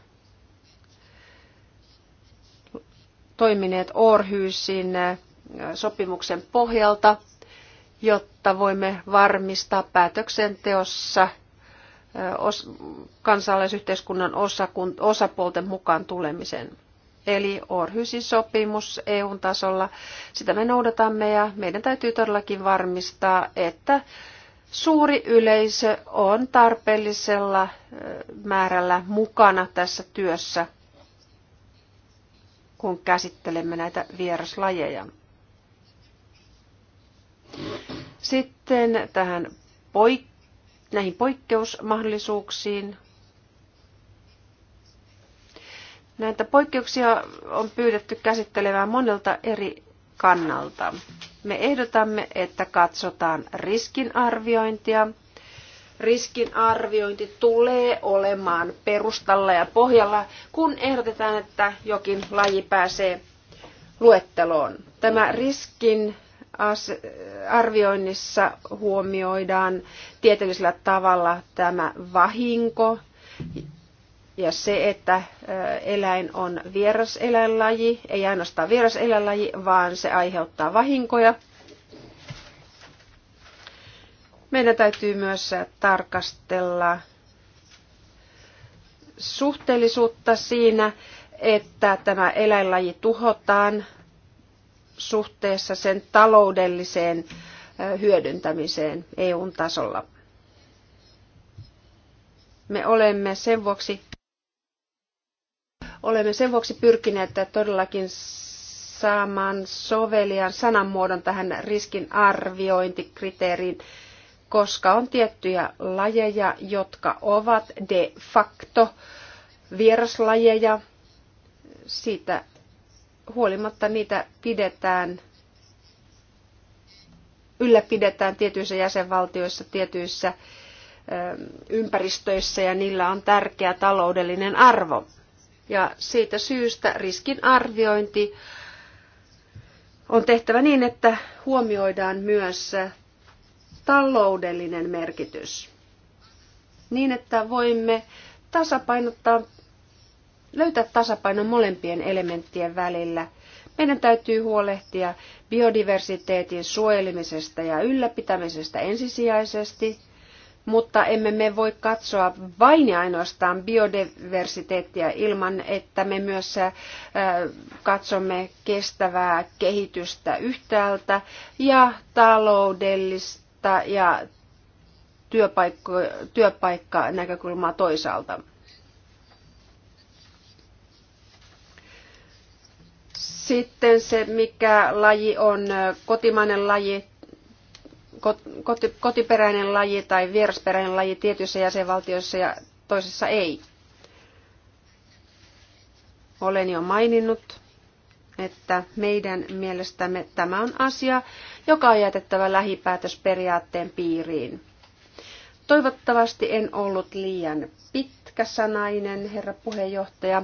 toimineet Orhyysin äh, sopimuksen pohjalta, jotta voimme varmistaa päätöksenteossa kansalaisyhteiskunnan osapuolten mukaan tulemisen. Eli Orhysin sopimus EUn tasolla, sitä me noudatamme ja meidän täytyy todellakin varmistaa, että suuri yleisö on tarpeellisella määrällä mukana tässä työssä, kun käsittelemme näitä vieraslajeja. Sitten tähän poikkeukseen näihin poikkeusmahdollisuuksiin. Näitä poikkeuksia on pyydetty käsittelemään monelta eri kannalta. Me ehdotamme, että katsotaan riskinarviointia. Riskinarviointi tulee olemaan perustalla ja pohjalla, kun ehdotetaan, että jokin laji pääsee luetteloon. Tämä riskin arvioinnissa huomioidaan tieteellisellä tavalla tämä vahinko ja se, että eläin on vieraseläinlaji, ei ainoastaan vieraseläinlaji, vaan se aiheuttaa vahinkoja. Meidän täytyy myös tarkastella suhteellisuutta siinä, että tämä eläinlaji tuhotaan suhteessa sen taloudelliseen hyödyntämiseen EUn tasolla. Me olemme sen vuoksi, olemme sen vuoksi pyrkineet todellakin saamaan sovelian sananmuodon tähän riskin arviointikriteeriin, koska on tiettyjä lajeja, jotka ovat de facto vieraslajeja. Siitä huolimatta niitä pidetään, ylläpidetään tietyissä jäsenvaltioissa, tietyissä ähm, ympäristöissä ja niillä on tärkeä taloudellinen arvo. Ja siitä syystä riskin arviointi on tehtävä niin, että huomioidaan myös taloudellinen merkitys. Niin, että voimme tasapainottaa löytää tasapaino molempien elementtien välillä. Meidän täytyy huolehtia biodiversiteetin suojelemisesta ja ylläpitämisestä ensisijaisesti, mutta emme me voi katsoa vain ja ainoastaan biodiversiteettia ilman, että me myös äh, katsomme kestävää kehitystä yhtäältä ja taloudellista ja työpaikka, työpaikkanäkökulmaa toisaalta. Sitten se, mikä laji on kotimainen laji, koti, kotiperäinen laji tai vierasperäinen laji tietyissä jäsenvaltioissa ja toisessa ei. Olen jo maininnut, että meidän mielestämme tämä on asia, joka on jätettävä lähipäätösperiaatteen piiriin. Toivottavasti en ollut liian pitkäsanainen, herra puheenjohtaja.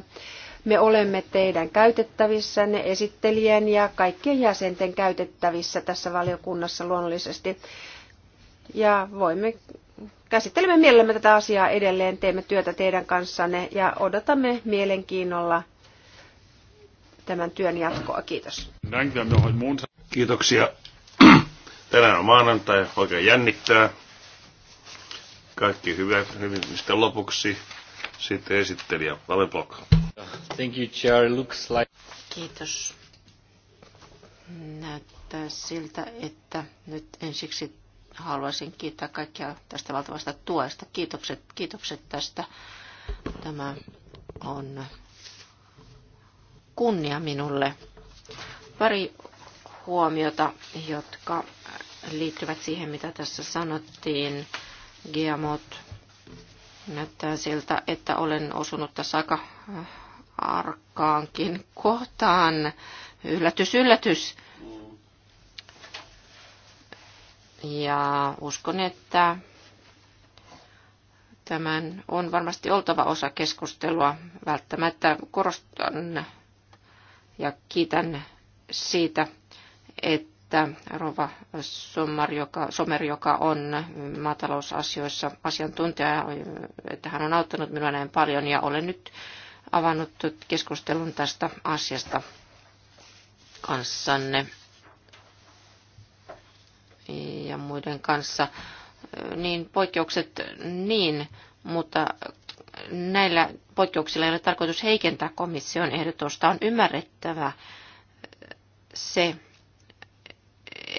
Me olemme teidän käytettävissänne, esittelijän ja kaikkien jäsenten käytettävissä tässä valiokunnassa luonnollisesti. Ja voimme, käsittelemme mielellämme tätä asiaa edelleen, teemme työtä teidän kanssanne ja odotamme mielenkiinnolla tämän työn jatkoa. Kiitos.
Kiitoksia. Tänään on maanantai, oikein jännittää. Kaikki hyvää hyvin sitten lopuksi. Sitten esittelijä Vale Blok.
Kiitos. Näyttää siltä, että nyt ensiksi haluaisin kiittää kaikkia tästä valtavasta tuesta. Kiitokset, kiitokset tästä. Tämä on kunnia minulle. Pari huomiota, jotka liittyvät siihen, mitä tässä sanottiin. Giamot näyttää siltä, että olen osunut tässä aika arkkaankin kohtaan. Yllätys, yllätys. Ja uskon, että tämän on varmasti oltava osa keskustelua. Välttämättä korostan ja kiitän siitä, että Rova Sommer, joka, Sommer, joka on maatalousasioissa asiantuntija, että hän on auttanut minua näin paljon ja olen nyt avannut keskustelun tästä asiasta kanssanne ja muiden kanssa. Niin poikkeukset niin, mutta näillä poikkeuksilla ei ole tarkoitus heikentää komission ehdotusta. On ymmärrettävä se,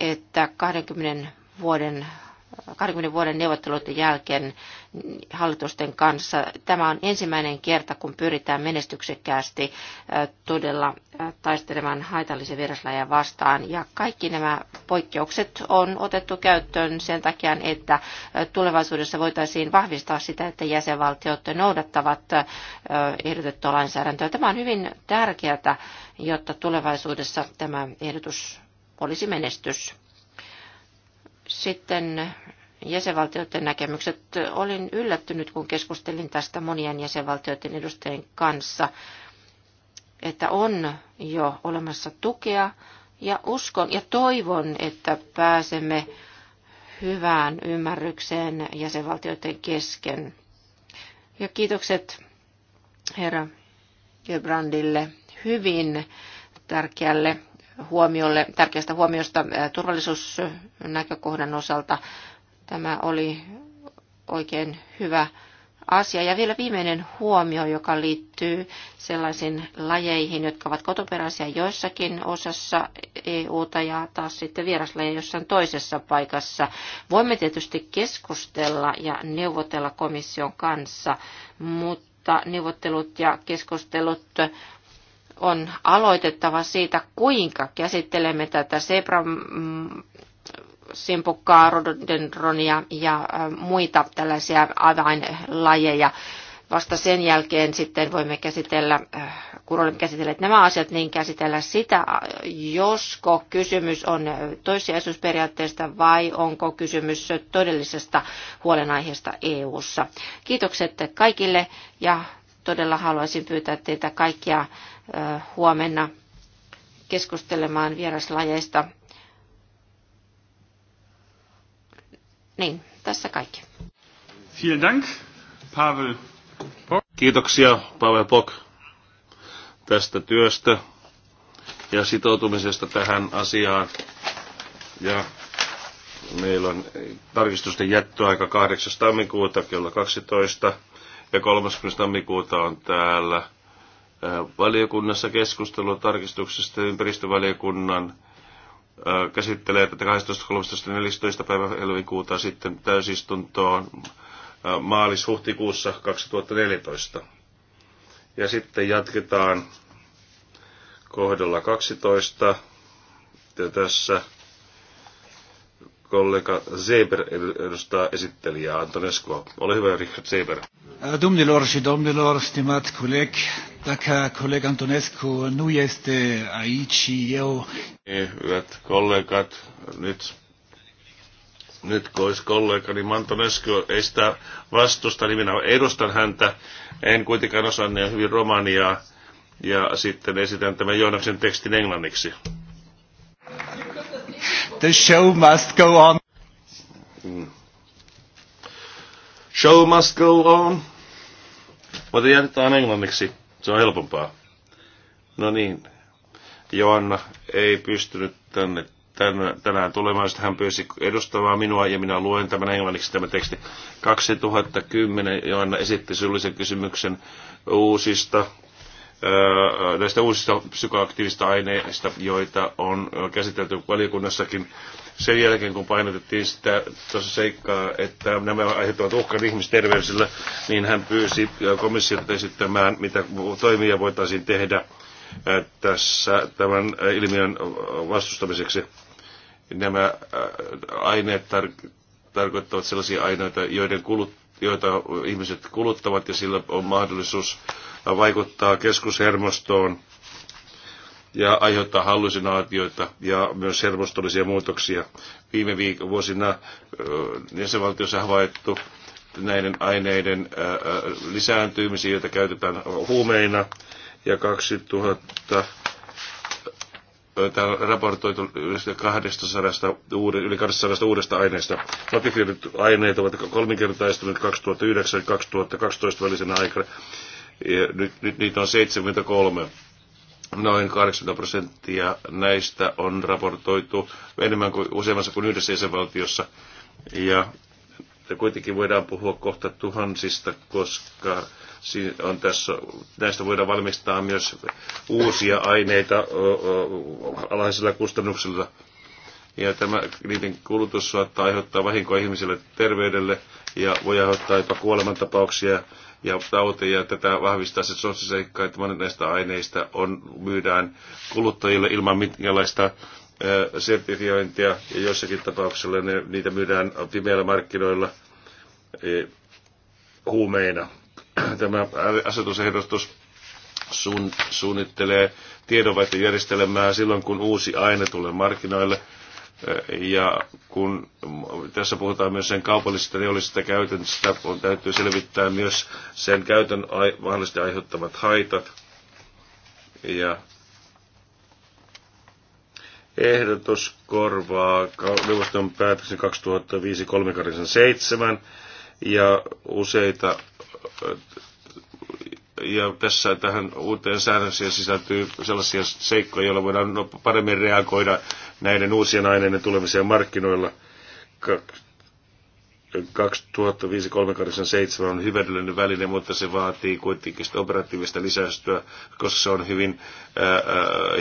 että 20 vuoden 20 vuoden neuvotteluiden jälkeen hallitusten kanssa. Tämä on ensimmäinen kerta, kun pyritään menestyksekkäästi todella taistelemaan haitallisen vieraslajeja vastaan. Ja kaikki nämä poikkeukset on otettu käyttöön sen takia, että tulevaisuudessa voitaisiin vahvistaa sitä, että jäsenvaltiot noudattavat ehdotettua lainsäädäntöä. Tämä on hyvin tärkeää, jotta tulevaisuudessa tämä ehdotus olisi menestys. Sitten jäsenvaltioiden näkemykset. Olin yllättynyt, kun keskustelin tästä monien jäsenvaltioiden edustajien kanssa, että on jo olemassa tukea ja uskon ja toivon, että pääsemme hyvään ymmärrykseen jäsenvaltioiden kesken. Ja kiitokset herra Gebrandille hyvin tärkeälle huomiolle, tärkeästä huomiosta turvallisuusnäkökohdan osalta. Tämä oli oikein hyvä asia. Ja vielä viimeinen huomio, joka liittyy sellaisiin lajeihin, jotka ovat kotoperäisiä joissakin osassa EUta ja taas sitten vieraslajeja jossain toisessa paikassa. Voimme tietysti keskustella ja neuvotella komission kanssa, mutta neuvottelut ja keskustelut on aloitettava siitä, kuinka käsittelemme tätä zebra mm, simpukkaa, rododendronia ja muita tällaisia avainlajeja. Vasta sen jälkeen sitten voimme käsitellä, kun olemme käsitelleet nämä asiat, niin käsitellä sitä, josko kysymys on toissijaisuusperiaatteesta vai onko kysymys todellisesta huolenaiheesta EU-ssa. Kiitokset kaikille ja todella haluaisin pyytää teitä kaikkia huomenna keskustelemaan vieraslajeista. Niin, tässä kaikki.
Vielen Dank, Pavel Kiitoksia, Pavel Pok tästä työstä ja sitoutumisesta tähän asiaan. Ja meillä on tarkistusten jättöaika 8. tammikuuta kello 12 ja 30. tammikuuta on täällä valiokunnassa keskustelua tarkistuksesta ympäristövaliokunnan käsittelee tätä 12.13.14. päivä helmikuuta sitten täysistuntoon maalis-huhtikuussa 2014. Ja sitten jatketaan kohdalla 12. Ja tässä kollega Zeber edustaa esittelijää Antoneskoa. Ole hyvä, Richard Zeber. Äh, domnilor și domnilor, stimați colegi, dacă coleg Antonescu nu este aici, eu... Hyvät kollegat, nyt, nyt kois kollega, niin Antonescu ei sitä vastusta, niin minä edustan häntä. En kuitenkaan osaa niin hyvin romaniaa. Ja sitten esitän tämän Joonaksen tekstin englanniksi. The show must go on. Mm. Show must go on. Mutta jätetään englanniksi, se on helpompaa. No niin, Joanna ei pystynyt tänne tänään, tänään tulemaan, sitten hän pyysi edustamaan minua ja minä luen tämän englanniksi tämä teksti. 2010 Joanna esitti syyllisen kysymyksen uusista äh, näistä uusista psykoaktiivista aineista, joita on käsitelty valiokunnassakin sen jälkeen, kun painotettiin sitä tuossa seikkaa, että nämä aiheuttavat uhkan ihmisterveysillä, niin hän pyysi komissiota esittämään, mitä toimia voitaisiin tehdä tässä tämän ilmiön vastustamiseksi. Nämä aineet tar- tarkoittavat sellaisia aineita, joiden kulut, joita ihmiset kuluttavat ja sillä on mahdollisuus vaikuttaa keskushermostoon ja aiheuttaa hallusinaatioita ja myös hermostollisia muutoksia. Viime viikon vuosina jäsenvaltiossa havaittu näiden aineiden lisääntymisiä, joita käytetään huumeina, ja 2000 täällä on raportoitu yli 200, yli 200 uudesta aineesta. Notifioidut aineet ovat kolminkertaistuneet 2009 ja 2012 välisenä aikana. Ja nyt, nyt niitä on 73 noin 80 prosenttia näistä on raportoitu enemmän kuin useammassa kuin yhdessä jäsenvaltiossa. Ja kuitenkin voidaan puhua kohta tuhansista, koska on tässä, näistä voidaan valmistaa myös uusia aineita alhaisilla kustannuksilla. Ja tämä niiden kulutus saattaa aiheuttaa vahinkoa ihmisille terveydelle ja voi aiheuttaa jopa kuolemantapauksia ja tauteja. Tätä vahvistaa se sosiseikka, että monet näistä aineista on, myydään kuluttajille ilman minkälaista sertifiointia ja joissakin tapauksissa ne, niitä myydään pimeillä markkinoilla e, huumeina. Tämä asetusehdotus suunnittelee tiedonvaihtojärjestelmää silloin, kun uusi aine tulee markkinoille – ja kun tässä puhutaan myös sen kaupallisesta teollisesta käytännöstä, on täytyy selvittää myös sen käytön ai- mahdollisesti aiheuttamat haitat. Ja ehdotus korvaa neuvoston päätöksen 2005 7 ja useita ja tässä tähän uuteen säännökseen sisältyy sellaisia seikkoja, joilla voidaan no, paremmin reagoida näiden uusien aineiden tulemiseen markkinoilla. 2005 37 on hyvädyllinen väline, mutta se vaatii kuitenkin operatiivista lisäystyä, koska se on hyvin ää, ää,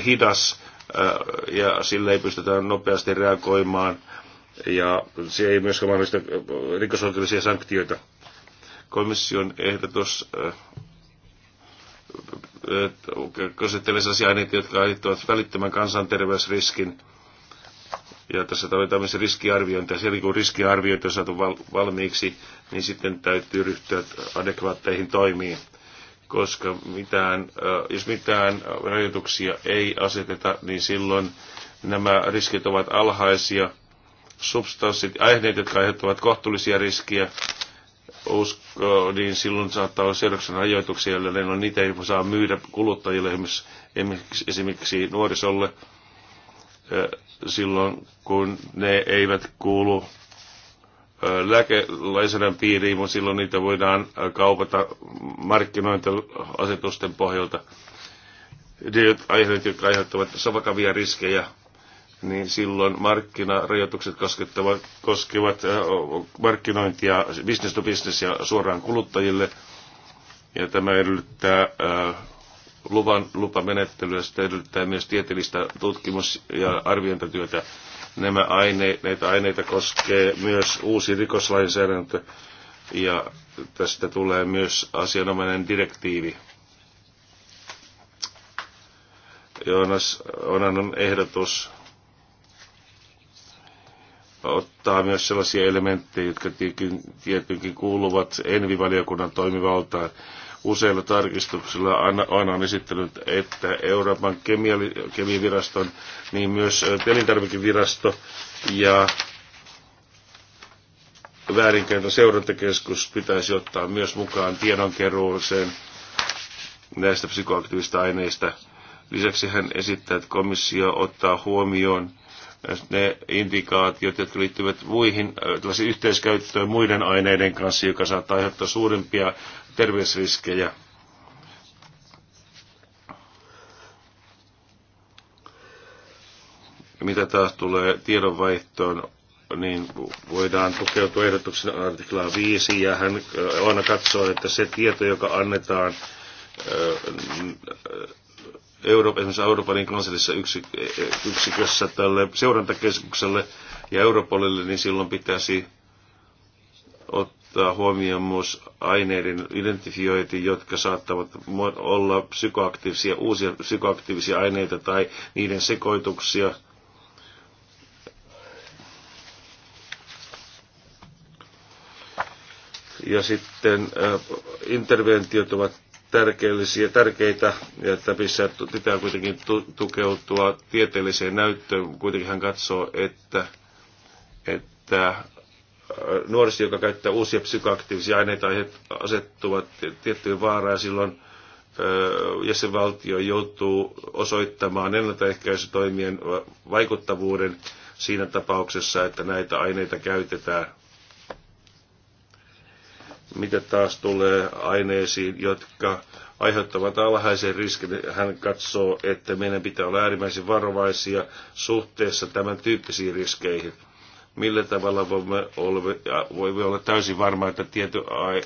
hidas ää, ja sillä ei pystytä nopeasti reagoimaan ja se ei myöskään mahdollista rikosoikeudellisia sanktioita. Komission ehdotus käsittelee sellaisia aineita, jotka aiheuttavat välittömän kansanterveysriskin. Ja tässä tarvitaan myös riskiarviointia. Siellä kun riskiarviointi on saatu valmiiksi, niin sitten täytyy ryhtyä adekvaatteihin toimiin. Koska mitään, äh, jos mitään rajoituksia ei aseteta, niin silloin nämä riskit ovat alhaisia. Substanssit, aineet, jotka aiheuttavat kohtuullisia riskiä, usko, niin silloin saattaa olla seurauksen rajoituksia, joilla on niitä ei saa myydä kuluttajille, esimerkiksi nuorisolle, silloin kun ne eivät kuulu lääkelainsäädännön piiriin, mutta silloin niitä voidaan kaupata markkinointiasetusten pohjalta. Ne aiheet, jotka aiheuttavat vakavia riskejä niin silloin markkinarajoitukset koskettavat, koskevat markkinointia business to business ja suoraan kuluttajille. Ja tämä edellyttää luvan lupamenettelyä, sitä edellyttää myös tieteellistä tutkimus- ja arviointityötä. Nämä aine, näitä aineita koskee myös uusi rikoslainsäädäntö ja tästä tulee myös asianomainen direktiivi. Joonas Onanon ehdotus ottaa myös sellaisia elementtejä, jotka tietenkin kuuluvat Envi-valiokunnan toimivaltaan. Useilla tarkistuksilla aina on esittänyt, että Euroopan kemiaviraston, niin myös elintarvikevirasto ja väärinkäytön seurantakeskus pitäisi ottaa myös mukaan tiedonkeruuseen näistä psykoaktiivista aineista. Lisäksi hän esittää, että komissio ottaa huomioon ne indikaatiot, jotka liittyvät muihin, äh, yhteiskäyttöön muiden aineiden kanssa, joka saattaa aiheuttaa suurimpia terveysriskejä. Mitä taas tulee tiedonvaihtoon, niin voidaan tukeutua ehdotuksen artiklaa 5, ja hän aina äh, katsoo, että se tieto, joka annetaan äh, Euroopan, esimerkiksi Euroopanin kansallisessa yksikössä tälle seurantakeskukselle ja Europolille, niin silloin pitäisi ottaa huomioon myös aineiden identifiointi, jotka saattavat olla psykoaktiivisia, uusia psykoaktiivisia aineita tai niiden sekoituksia. Ja sitten äh, interventiot ovat tärkeellisiä, tärkeitä, ja että missä pitää kuitenkin tukeutua tieteelliseen näyttöön. Kuitenkin hän katsoo, että, että äh, nuorisi, joka käyttää uusia psykoaktiivisia aineita, asettuvat tiettyyn vaaraan silloin äh, jäsenvaltio joutuu osoittamaan ennaltaehkäisytoimien vaikuttavuuden siinä tapauksessa, että näitä aineita käytetään mitä taas tulee aineisiin, jotka aiheuttavat alhaisen riskin, hän katsoo, että meidän pitää olla äärimmäisen varovaisia suhteessa tämän tyyppisiin riskeihin millä tavalla voimme olla, voimme olla täysin varma, että tietty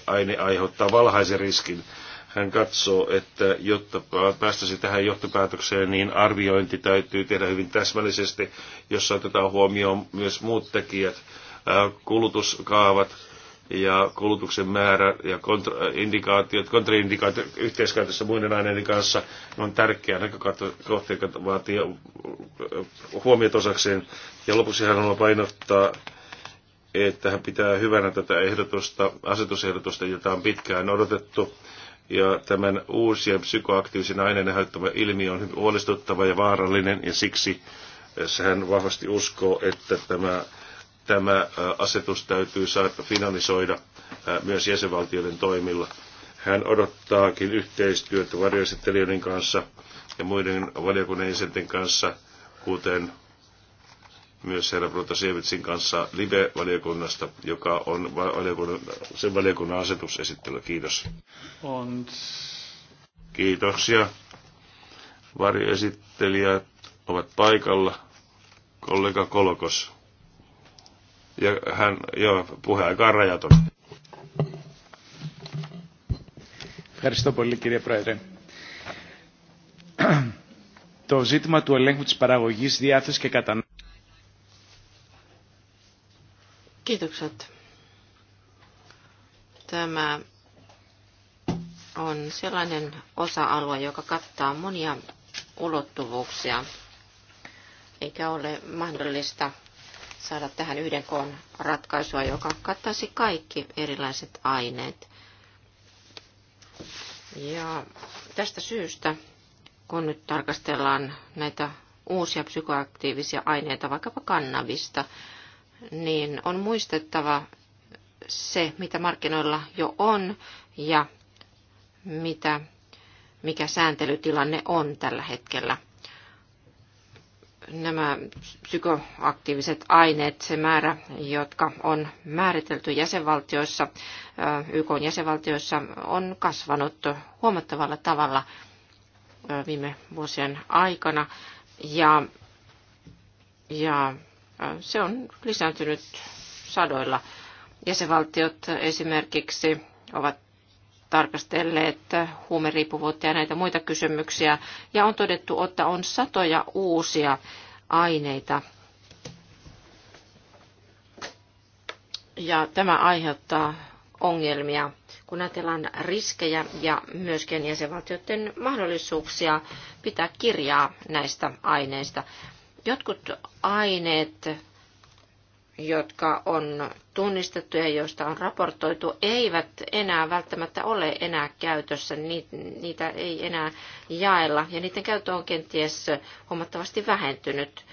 aine aiheuttaa valhaisen riskin. Hän katsoo, että jotta päästäisiin tähän johtopäätökseen, niin arviointi täytyy tehdä hyvin täsmällisesti, jossa otetaan huomioon myös muut tekijät, kulutuskaavat, ja kulutuksen määrä ja kontra- indikaatiot, kontraindikaatiot yhteiskäytössä muiden aineiden kanssa on tärkeä näkökohta, joka vaatii huomiot osakseen. Ja lopuksi hän haluaa painottaa, että hän pitää hyvänä tätä ehdotusta, asetusehdotusta, jota on pitkään odotettu. Ja tämän uusien psykoaktiivisen aineen aiheuttama ilmiö on hyvin huolestuttava ja vaarallinen, ja siksi hän vahvasti uskoo, että tämä tämä asetus täytyy saada finalisoida myös jäsenvaltioiden toimilla. Hän odottaakin yhteistyötä varjoesittelijöiden kanssa ja muiden valiokunnan jäsenten kanssa, kuten myös herra Protasevitsin kanssa live-valiokunnasta, joka on valiokunnan, sen valiokunnan asetusesittely. Kiitos. Und... Kiitoksia. Varjoesittelijät ovat paikalla. Kollega Kolokos. Ja hän, joo, puheaika on rajaton. Ευχαριστώ πολύ κύριε Πρόεδρε. Το ζήτημα του ελέγχου της παραγωγής, διάθεσης και κατανάλωσης.
Kiitokset. Tämä on sellainen osa-alue, joka kattaa monia ulottuvuuksia, eikä ole mahdollista saada tähän yhden koon ratkaisua, joka kattaisi kaikki erilaiset aineet. Ja tästä syystä, kun nyt tarkastellaan näitä uusia psykoaktiivisia aineita, vaikkapa kannabista, niin on muistettava se, mitä markkinoilla jo on ja mitä, mikä sääntelytilanne on tällä hetkellä – nämä psykoaktiiviset aineet, se määrä, jotka on määritelty jäsenvaltioissa, YK jäsenvaltioissa, on kasvanut huomattavalla tavalla viime vuosien aikana. Ja, ja se on lisääntynyt sadoilla. Jäsenvaltiot esimerkiksi ovat tarkastelleet huumeriippuvuutta ja näitä muita kysymyksiä. Ja on todettu, että on satoja uusia aineita. Ja tämä aiheuttaa ongelmia, kun ajatellaan riskejä ja myöskin jäsenvaltioiden mahdollisuuksia pitää kirjaa näistä aineista. Jotkut aineet jotka on tunnistettu ja joista on raportoitu, eivät enää välttämättä ole enää käytössä, niitä ei enää jaella ja niiden käyttö on kenties huomattavasti vähentynyt.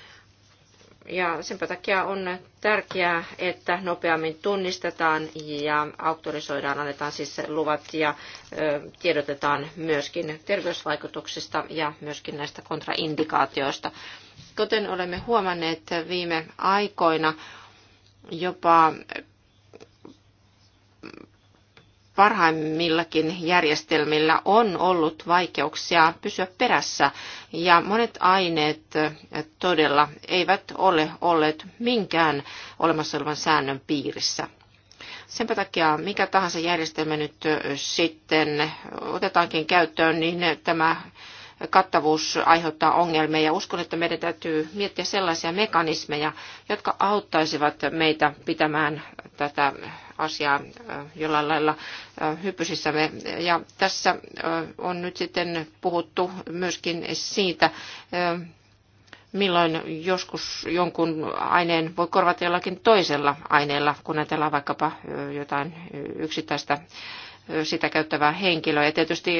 Ja sen takia on tärkeää, että nopeammin tunnistetaan ja auktorisoidaan, annetaan siis luvat ja ö, tiedotetaan myöskin terveysvaikutuksista ja myöskin näistä kontraindikaatioista. Kuten olemme huomanneet viime aikoina, jopa parhaimmillakin järjestelmillä on ollut vaikeuksia pysyä perässä ja monet aineet todella eivät ole olleet minkään olemassa olevan säännön piirissä. Sen takia mikä tahansa järjestelmä nyt sitten otetaankin käyttöön, niin tämä kattavuus aiheuttaa ongelmia ja uskon, että meidän täytyy miettiä sellaisia mekanismeja, jotka auttaisivat meitä pitämään tätä asiaa jollain lailla hypysissämme. Ja tässä on nyt sitten puhuttu myöskin siitä, milloin joskus jonkun aineen voi korvata jollakin toisella aineella, kun ajatellaan vaikkapa jotain yksittäistä sitä käyttävää henkilöä. Ja tietysti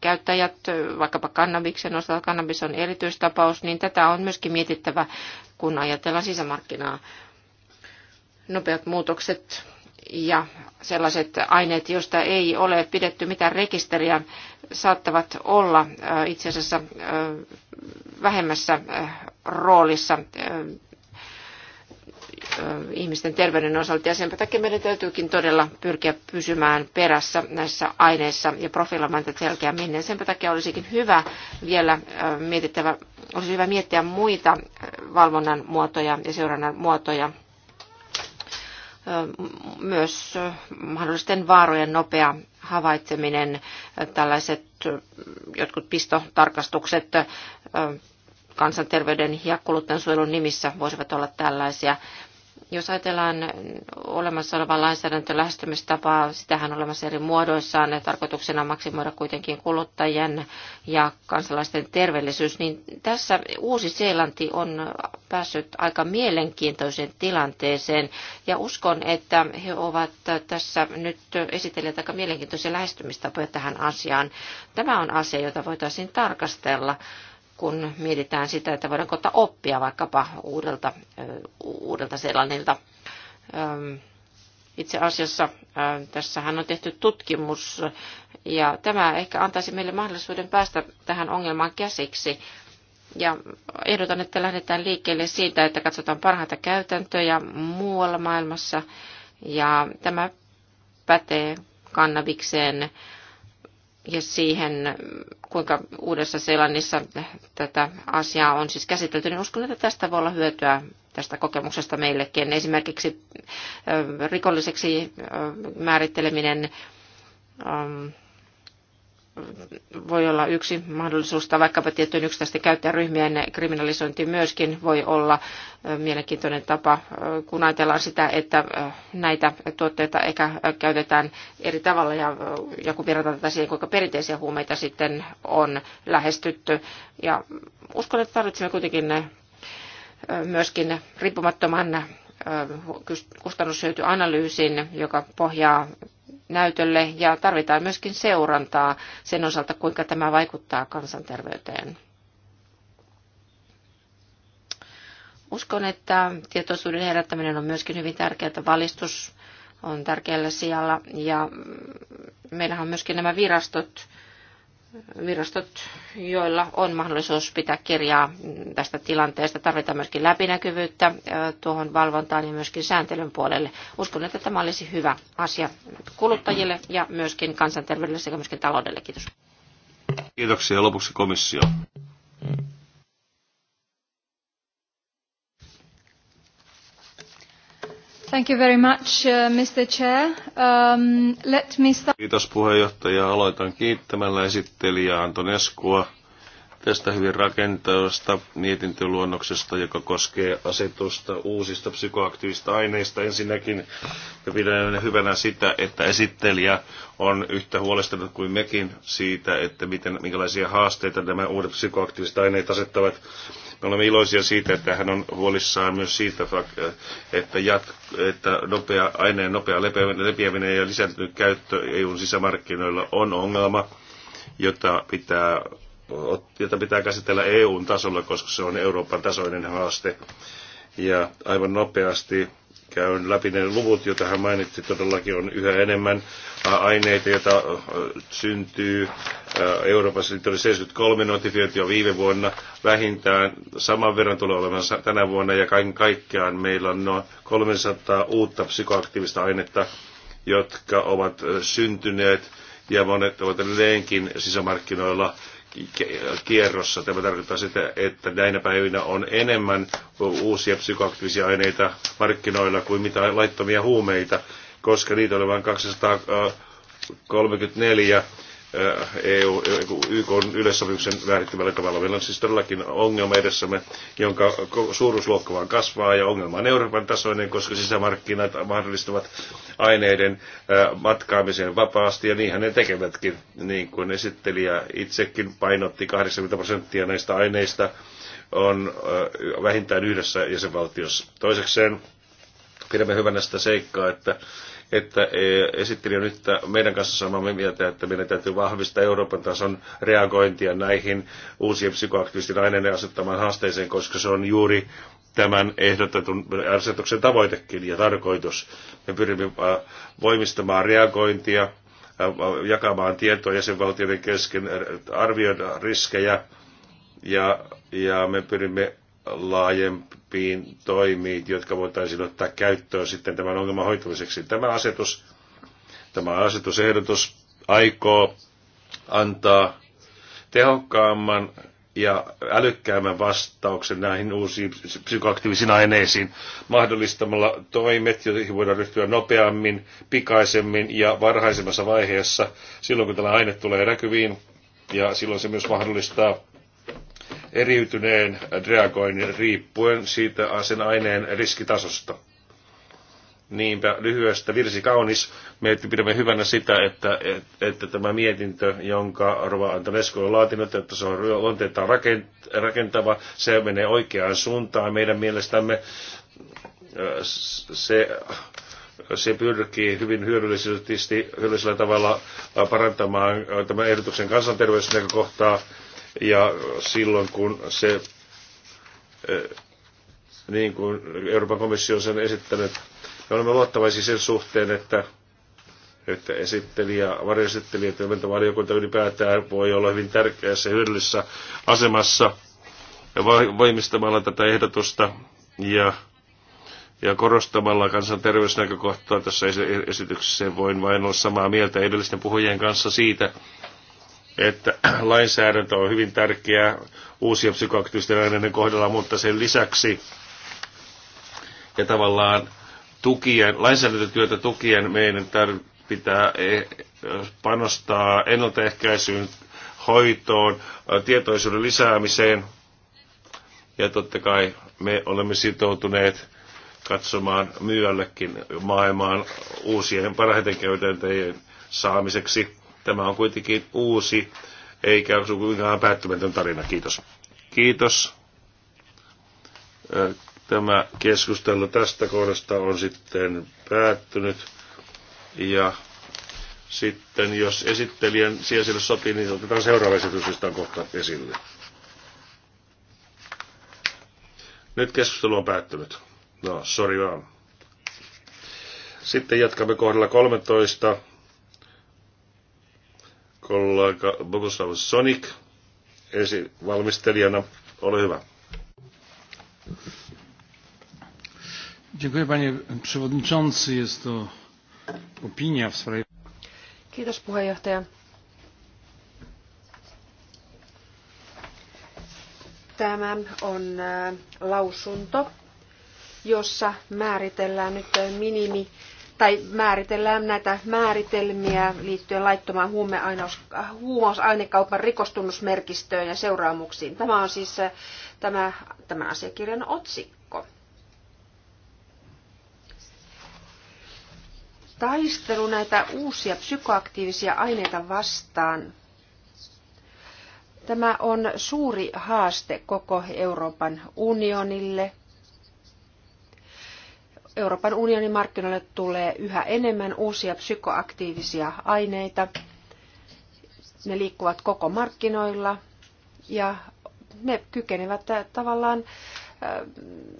käyttäjät, vaikkapa kannabiksen osalta, kannabis on erityistapaus, niin tätä on myöskin mietittävä, kun ajatellaan sisämarkkinaa. Nopeat muutokset ja sellaiset aineet, joista ei ole pidetty mitään rekisteriä, saattavat olla äh, itse asiassa äh, vähemmässä äh, roolissa ihmisten terveyden osalta ja sen takia meidän täytyykin todella pyrkiä pysymään perässä näissä aineissa ja profiloimaan tätä selkeämmin. Ja sen takia olisikin hyvä vielä mietittävä, olisi hyvä miettiä muita valvonnan muotoja ja seurannan muotoja myös mahdollisten vaarojen nopea havaitseminen, tällaiset jotkut pistotarkastukset, kansanterveyden ja kuluttajansuojelun nimissä voisivat olla tällaisia. Jos ajatellaan olemassa olevan lainsäädäntön lähestymistapaa, sitähän on olemassa eri muodoissaan ja tarkoituksena on maksimoida kuitenkin kuluttajien ja kansalaisten terveellisyys, niin tässä Uusi-Seelanti on päässyt aika mielenkiintoiseen tilanteeseen ja uskon, että he ovat tässä nyt esitelleet aika mielenkiintoisia lähestymistapoja tähän asiaan. Tämä on asia, jota voitaisiin tarkastella kun mietitään sitä, että voidaanko ottaa oppia vaikkapa uudelta, uudelta Seelannilta. Itse asiassa tässähän on tehty tutkimus, ja tämä ehkä antaisi meille mahdollisuuden päästä tähän ongelmaan käsiksi. Ja ehdotan, että lähdetään liikkeelle siitä, että katsotaan parhaita käytäntöjä muualla maailmassa, ja tämä pätee kannabikseen ja siihen, kuinka Uudessa Seelannissa tätä asiaa on siis käsitelty, niin uskon, että tästä voi olla hyötyä tästä kokemuksesta meillekin. Esimerkiksi rikolliseksi määritteleminen voi olla yksi mahdollisuus, tai vaikkapa tiettyjen yksittäisten käyttäjäryhmien kriminalisointi myöskin voi olla mielenkiintoinen tapa, kun ajatellaan sitä, että näitä tuotteita ehkä käytetään eri tavalla, ja, ja kun verrataan tätä siihen, kuinka perinteisiä huumeita sitten on lähestytty. Ja uskon, että tarvitsemme kuitenkin myöskin riippumattoman kustannushyötyanalyysin, joka pohjaa näytölle ja tarvitaan myöskin seurantaa sen osalta, kuinka tämä vaikuttaa kansanterveyteen. Uskon, että tietoisuuden herättäminen on myöskin hyvin tärkeää, että valistus on tärkeällä sijalla ja meillähän on myöskin nämä virastot, virastot, joilla on mahdollisuus pitää kirjaa tästä tilanteesta. Tarvitaan myöskin läpinäkyvyyttä tuohon valvontaan ja myöskin sääntelyn puolelle. Uskon, että tämä olisi hyvä asia kuluttajille ja myöskin kansanterveydelle sekä myöskin taloudelle. Kiitos.
Kiitoksia. Lopuksi komissio.
Thank uh, um,
Kiitos puheenjohtaja. Aloitan kiittämällä esittelijää Antoneskua tästä hyvin rakentavasta mietintöluonnoksesta, joka koskee asetusta uusista psykoaktiivista aineista. Ensinnäkin me pidän hyvänä sitä, että esittelijä on yhtä huolestunut kuin mekin siitä, että miten, minkälaisia haasteita nämä uudet psykoaktiiviset aineet asettavat. Me olemme iloisia siitä, että hän on huolissaan myös siitä, että, jat, että nopea, aineen nopea lepiäminen ja lisääntynyt käyttö EUn sisämarkkinoilla on ongelma jota pitää jota pitää käsitellä EUn tasolla, koska se on Euroopan tasoinen haaste. Ja aivan nopeasti käyn läpi ne luvut, joita hän mainitsi, todellakin on yhä enemmän aineita, joita syntyy. Euroopassa oli 73 notifiointia viime vuonna, vähintään saman verran tulee olemaan tänä vuonna ja kaiken kaikkiaan meillä on noin 300 uutta psykoaktiivista ainetta, jotka ovat syntyneet ja monet ovat edelleenkin sisämarkkinoilla kierrossa. Tämä tarkoittaa sitä, että näinä päivinä on enemmän uusia psykoaktiivisia aineita markkinoilla kuin mitä laittomia huumeita, koska niitä oli vain 234 EU, YK yleissopimuksen määrittämällä tavalla. Meillä on siis todellakin ongelma edessämme, jonka suuruusluokka vaan kasvaa ja ongelma on Euroopan tasoinen, koska sisämarkkinat mahdollistavat aineiden matkaamisen vapaasti ja niinhän ne tekevätkin, niin kuin esittelijä itsekin painotti 80 prosenttia näistä aineista on vähintään yhdessä jäsenvaltiossa. Toisekseen pidämme hyvänä sitä seikkaa, että että e, jo nyt meidän kanssa samaa mieltä, että meidän täytyy vahvistaa Euroopan tason reagointia näihin uusien psykoaktiivisten aineiden asettamaan haasteeseen, koska se on juuri tämän ehdotetun asetuksen tavoitekin ja tarkoitus. Me pyrimme äh, voimistamaan reagointia, äh, jakamaan tietoa jäsenvaltioiden kesken, äh, arvioida riskejä ja, ja me pyrimme laajempi tarkempiin toimiin, jotka voitaisiin ottaa käyttöön sitten tämän ongelman hoitamiseksi. Tämä asetus, tämä asetusehdotus aikoo antaa tehokkaamman ja älykkäämmän vastauksen näihin uusiin psykoaktiivisiin aineisiin mahdollistamalla toimet, joihin voidaan ryhtyä nopeammin, pikaisemmin ja varhaisemmassa vaiheessa silloin, kun tällä aine tulee näkyviin. Ja silloin se myös mahdollistaa eriytyneen reagoinnin riippuen siitä sen aineen riskitasosta. Niinpä lyhyestä virsi kaunis. Me pidämme hyvänä sitä, että, että, että tämä mietintö, jonka Rova Antonesko on laatinut, että se on luonteeltaan rakentava, se menee oikeaan suuntaan. Meidän mielestämme äh, se, se pyrkii hyvin hyödyllisesti, hyödyllisellä tavalla parantamaan tämän ehdotuksen kansanterveysnäkökohtaa ja silloin kun se, eh, niin kuin Euroopan komissio on sen esittänyt, me olemme luottavaisia sen suhteen, että, että esittelijä, varjoesittelijä, ja ylipäätään voi olla hyvin tärkeässä hyödyllisessä asemassa ja voimistamalla tätä ehdotusta ja, ja korostamalla kansanterveysnäkökohtaa tässä esityksessä. Voin vain olla samaa mieltä edellisten puhujien kanssa siitä, että lainsäädäntö on hyvin tärkeää uusien psykoaktiivisten aineiden kohdalla, mutta sen lisäksi ja tavallaan tukien, lainsäädäntötyötä tukien meidän tar- pitää eh, panostaa ennaltaehkäisyyn, hoitoon, tietoisuuden lisäämiseen. Ja totta kai me olemme sitoutuneet katsomaan myyjällekin maailmaan uusien parhaiten käytäntöjen saamiseksi Tämä on kuitenkin uusi, eikä ole kuitenkaan päättymätön tarina. Kiitos. Kiitos. Tämä keskustelu tästä kohdasta on sitten päättynyt. Ja sitten jos esittelijän sijaisille sopii, niin otetaan seuraava esitys, josta on kohta esille. Nyt keskustelu on päättynyt. No, sorry vaan. Sitten jatkamme kohdalla 13 kollega Bogoslav Sonik esivalmistelijana. Ole hyvä. Dziękuję panie przewodniczący. Jest to opinia w sprawie...
Kiitos puheenjohtaja. Tämä on lausunto, jossa määritellään nyt minimi tai määritellään näitä määritelmiä liittyen laittomaan huumausainekaupan rikostunnusmerkistöön ja seuraamuksiin. Tämä on siis äh, tämä, tämä asiakirjan otsikko. Taistelu näitä uusia psykoaktiivisia aineita vastaan. Tämä on suuri haaste koko Euroopan unionille – Euroopan unionin markkinoille tulee yhä enemmän uusia psykoaktiivisia aineita. Ne liikkuvat koko markkinoilla ja ne kykenevät äh, tavallaan äh,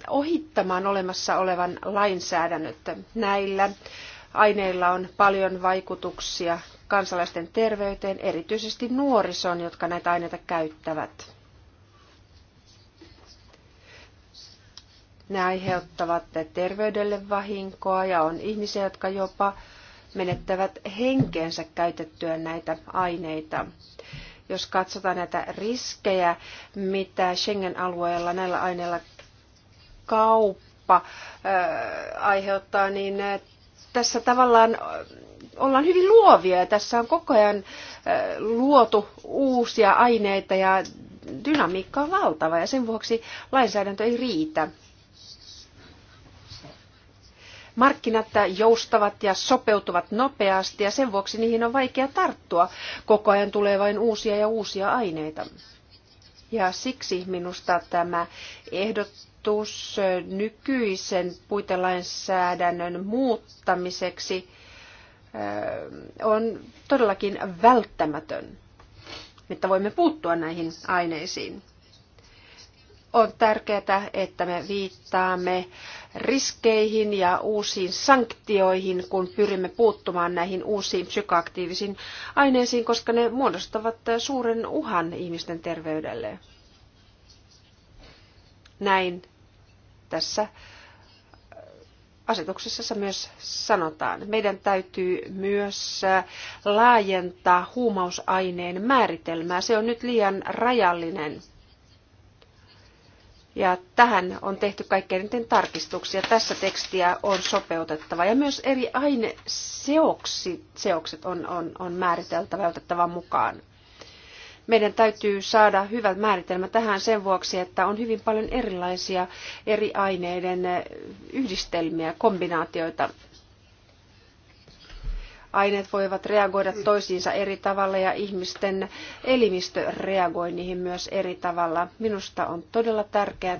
ohittamaan olemassa olevan lainsäädännöt. Näillä aineilla on paljon vaikutuksia kansalaisten terveyteen, erityisesti nuorisoon, jotka näitä aineita käyttävät. Ne aiheuttavat terveydelle vahinkoa ja on ihmisiä, jotka jopa menettävät henkeensä käytettyä näitä aineita. Jos katsotaan näitä riskejä, mitä Schengen-alueella näillä aineilla kauppa äh, aiheuttaa, niin tässä tavallaan ollaan hyvin luovia ja tässä on koko ajan luotu uusia aineita ja dynamiikka on valtava ja sen vuoksi lainsäädäntö ei riitä. Markkinat joustavat ja sopeutuvat nopeasti ja sen vuoksi niihin on vaikea tarttua. Koko ajan tulee vain uusia ja uusia aineita. Ja siksi minusta tämä ehdotus nykyisen puitelainsäädännön muuttamiseksi äh, on todellakin välttämätön, että voimme puuttua näihin aineisiin on tärkeää, että me viittaamme riskeihin ja uusiin sanktioihin, kun pyrimme puuttumaan näihin uusiin psykoaktiivisiin aineisiin, koska ne muodostavat suuren uhan ihmisten terveydelle. Näin tässä asetuksessa myös sanotaan. Meidän täytyy myös laajentaa huumausaineen määritelmää. Se on nyt liian rajallinen ja tähän on tehty kaikkein eniten tarkistuksia. Tässä tekstiä on sopeutettava ja myös eri aineseokset on, on, on määriteltävä ja otettava mukaan. Meidän täytyy saada hyvä määritelmä tähän sen vuoksi, että on hyvin paljon erilaisia eri aineiden yhdistelmiä, kombinaatioita aineet voivat reagoida toisiinsa eri tavalla ja ihmisten elimistö reagoi niihin myös eri tavalla. Minusta on todella tärkeää,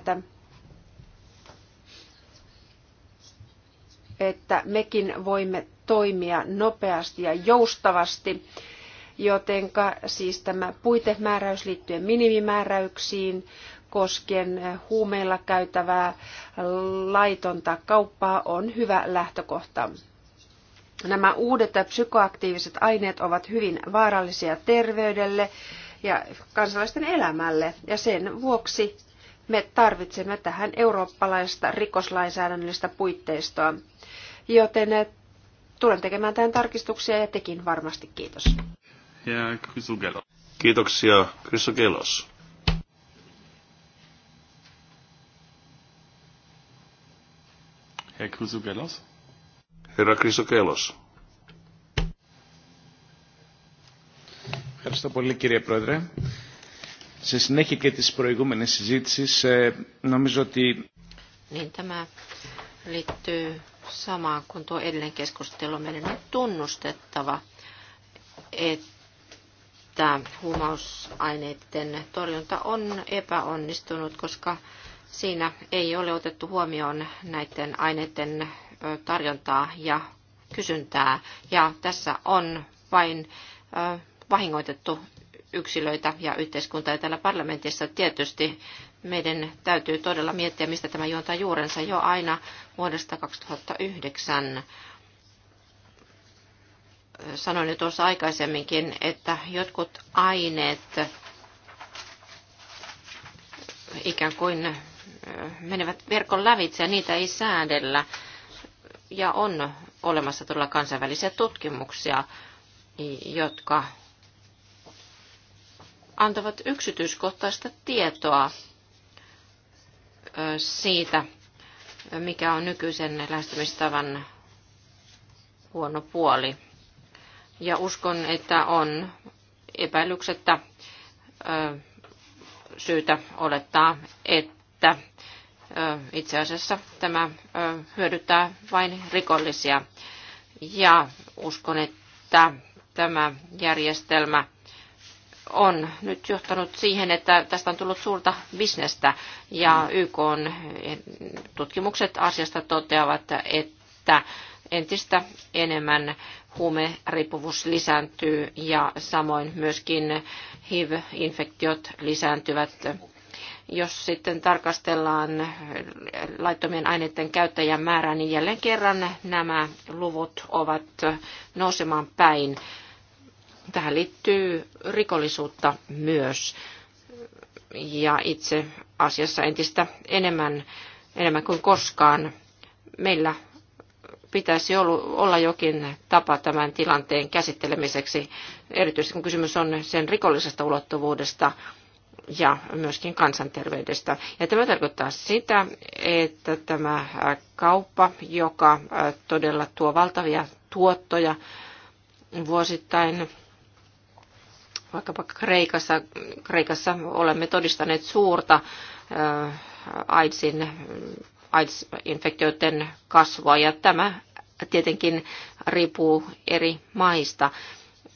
että mekin voimme toimia nopeasti ja joustavasti, jotenka siis tämä puitemääräys liittyen minimimääräyksiin koskien huumeilla käytävää laitonta kauppaa on hyvä lähtökohta. Nämä uudet psykoaktiiviset aineet ovat hyvin vaarallisia terveydelle ja kansalaisten elämälle, ja sen vuoksi me tarvitsemme tähän eurooppalaista rikoslainsäädännöllistä puitteistoa. Joten eh, tulen tekemään tähän tarkistuksia ja tekin varmasti kiitos.
Ja Chrysogelos. Kiitoksia Chrysogelos. Herr Chrysogelos. Herra Kristo Kelos. Ευχαριστώ πολύ κύριε Πρόεδρε. Σε συνέχεια και της προηγούμενης συζήτησης νομίζω ότι...
Niin tämä liittyy samaan kuin tuo edellinen keskustelu. Meidän on tunnustettava, että huumausaineiden torjunta on epäonnistunut, koska siinä ei ole otettu huomioon näiden aineiden tarjontaa ja kysyntää. Ja tässä on vain vahingoitettu yksilöitä ja yhteiskuntaa. Ja täällä parlamentissa tietysti meidän täytyy todella miettiä, mistä tämä juontaa juurensa jo aina vuodesta 2009 sanoin jo tuossa aikaisemminkin, että jotkut aineet ikään kuin menevät verkon lävitse ja niitä ei säädellä ja on olemassa todella kansainvälisiä tutkimuksia, jotka antavat yksityiskohtaista tietoa siitä, mikä on nykyisen lähestymistavan huono puoli. Ja uskon, että on epäilyksettä syytä olettaa, että itse asiassa tämä hyödyttää vain rikollisia. Ja uskon, että tämä järjestelmä on nyt johtanut siihen, että tästä on tullut suurta bisnestä ja YK on eh, tutkimukset asiasta toteavat, että entistä enemmän huumeriippuvuus lisääntyy ja samoin myöskin HIV-infektiot lisääntyvät jos sitten tarkastellaan laittomien aineiden käyttäjän määrää, niin jälleen kerran nämä luvut ovat nousemaan päin. Tähän liittyy rikollisuutta myös ja itse asiassa entistä enemmän, enemmän kuin koskaan. Meillä pitäisi olla jokin tapa tämän tilanteen käsittelemiseksi, erityisesti kun kysymys on sen rikollisesta ulottuvuudesta ja myöskin kansanterveydestä. Ja tämä tarkoittaa sitä, että tämä kauppa, joka todella tuo valtavia tuottoja vuosittain, vaikkapa Kreikassa, Kreikassa olemme todistaneet suurta AIDSin, AIDS-infektioiden kasvua, ja tämä tietenkin riippuu eri maista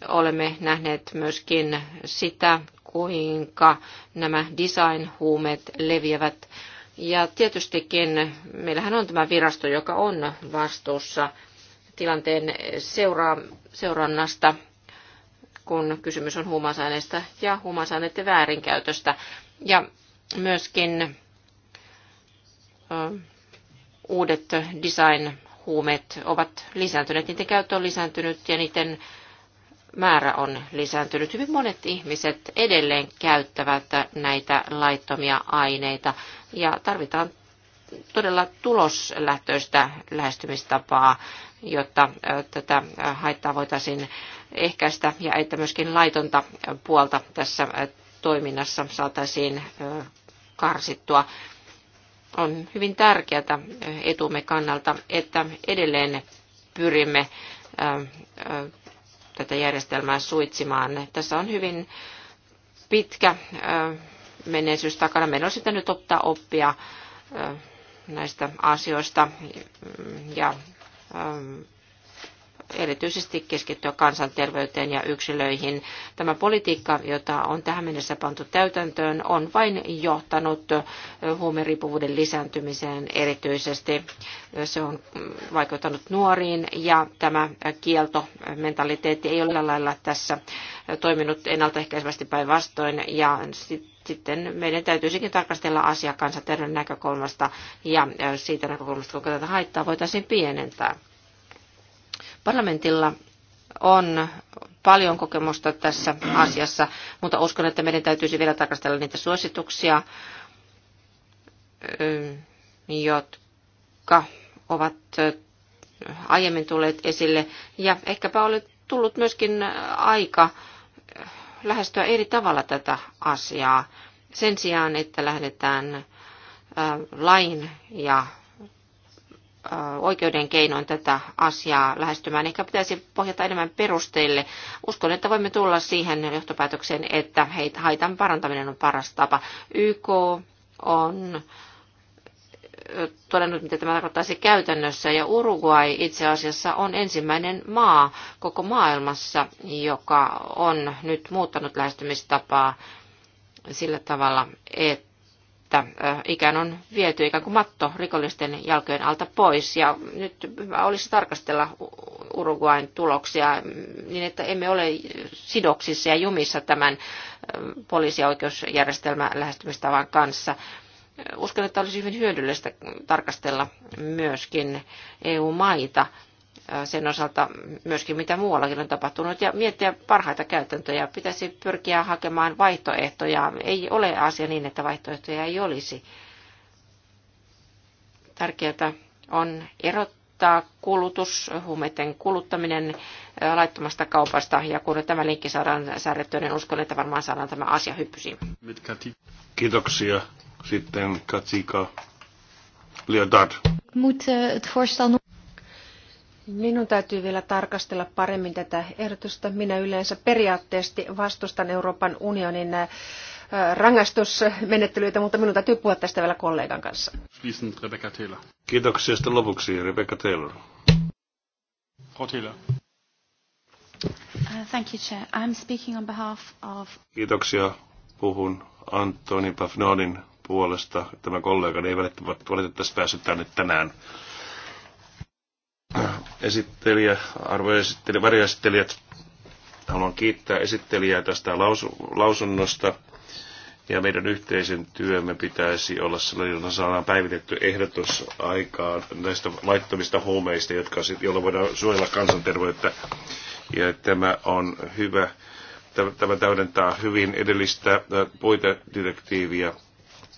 olemme nähneet myöskin sitä, kuinka nämä design-huumeet leviävät. Ja tietystikin meillähän on tämä virasto, joka on vastuussa tilanteen seura- seurannasta, kun kysymys on huumausaineista ja huumausaineiden väärinkäytöstä. Ja myöskin ö, uudet design-huumeet ovat lisääntyneet, niiden käyttö on lisääntynyt ja niiden määrä on lisääntynyt. Hyvin monet ihmiset edelleen käyttävät näitä laittomia aineita ja tarvitaan todella tuloslähtöistä lähestymistapaa, jotta tätä haittaa voitaisiin ehkäistä ja että myöskin laitonta puolta tässä toiminnassa saataisiin karsittua. On hyvin tärkeää etumme kannalta, että edelleen pyrimme tätä järjestelmää suitsimaan. Tässä on hyvin pitkä menneisyys takana. Meidän on sitten nyt ottaa oppia näistä asioista ja erityisesti keskittyä kansanterveyteen ja yksilöihin. Tämä politiikka, jota on tähän mennessä pantu täytäntöön, on vain johtanut huumeriippuvuuden lisääntymiseen erityisesti. Se on vaikuttanut nuoriin ja tämä kielto, mentaliteetti ei ole lailla tässä toiminut ennaltaehkäisevästi päinvastoin ja sitten meidän täytyisikin tarkastella asiaa kansanterveyden näkökulmasta ja siitä näkökulmasta, kuinka tätä haittaa voitaisiin pienentää. Parlamentilla on paljon kokemusta tässä asiassa, mutta uskon, että meidän täytyisi vielä tarkastella niitä suosituksia, jotka ovat aiemmin tulleet esille. Ja ehkäpä oli tullut myöskin aika lähestyä eri tavalla tätä asiaa. Sen sijaan, että lähdetään lain ja oikeuden keinoin tätä asiaa lähestymään. Ehkä pitäisi pohjata enemmän perusteille. Uskon, että voimme tulla siihen johtopäätökseen, että heitä haitan parantaminen on paras tapa. YK on todennut, mitä tämä tarkoittaisi käytännössä. Ja Uruguay itse asiassa on ensimmäinen maa koko maailmassa, joka on nyt muuttanut lähestymistapaa sillä tavalla, että että ikään on viety ikään kuin matto rikollisten jalkojen alta pois. Ja nyt hyvä olisi tarkastella Uruguain tuloksia niin, että emme ole sidoksissa ja jumissa tämän poliisi- ja oikeusjärjestelmän lähestymistavan kanssa. Uskon, että olisi hyvin hyödyllistä tarkastella myöskin EU-maita sen osalta myöskin mitä muuallakin on tapahtunut ja miettiä parhaita käytäntöjä. Pitäisi pyrkiä hakemaan vaihtoehtoja. Ei ole asia niin, että vaihtoehtoja ei olisi. Tärkeää on erottaa kulutus, huumeiden kuluttaminen laittomasta kaupasta. Ja kun tämä linkki saadaan säädettyä, niin uskon, että varmaan saadaan tämä asia hyppysiin.
Kiitoksia. Sitten Katsika Leotard.
Moet eh,
het voorstel nog Minun täytyy vielä tarkastella paremmin tätä ehdotusta. Minä yleensä periaatteesti vastustan Euroopan unionin äh, rangaistusmenettelyitä, mutta minun täytyy puhua tästä vielä kollegan kanssa.
Rebecca Taylor. Kiitoksia sitten lopuksi Rebecca Taylor. Uh,
thank you, Chair. I'm speaking on behalf of...
Kiitoksia. Puhun Antoni Pafnonin puolesta. Tämä kollega ei valitettavasti päässyt tänne tänään esittelijä, arvoesittelijä, esittelijät, Haluan kiittää esittelijää tästä lausunnosta. Ja meidän yhteisen työmme pitäisi olla sellainen, jota saadaan päivitetty ehdotus aikaan näistä laittomista huumeista, jotka, joilla voidaan suojella kansanterveyttä. Ja tämä on hyvä. Tämä täydentää hyvin edellistä puitedirektiiviä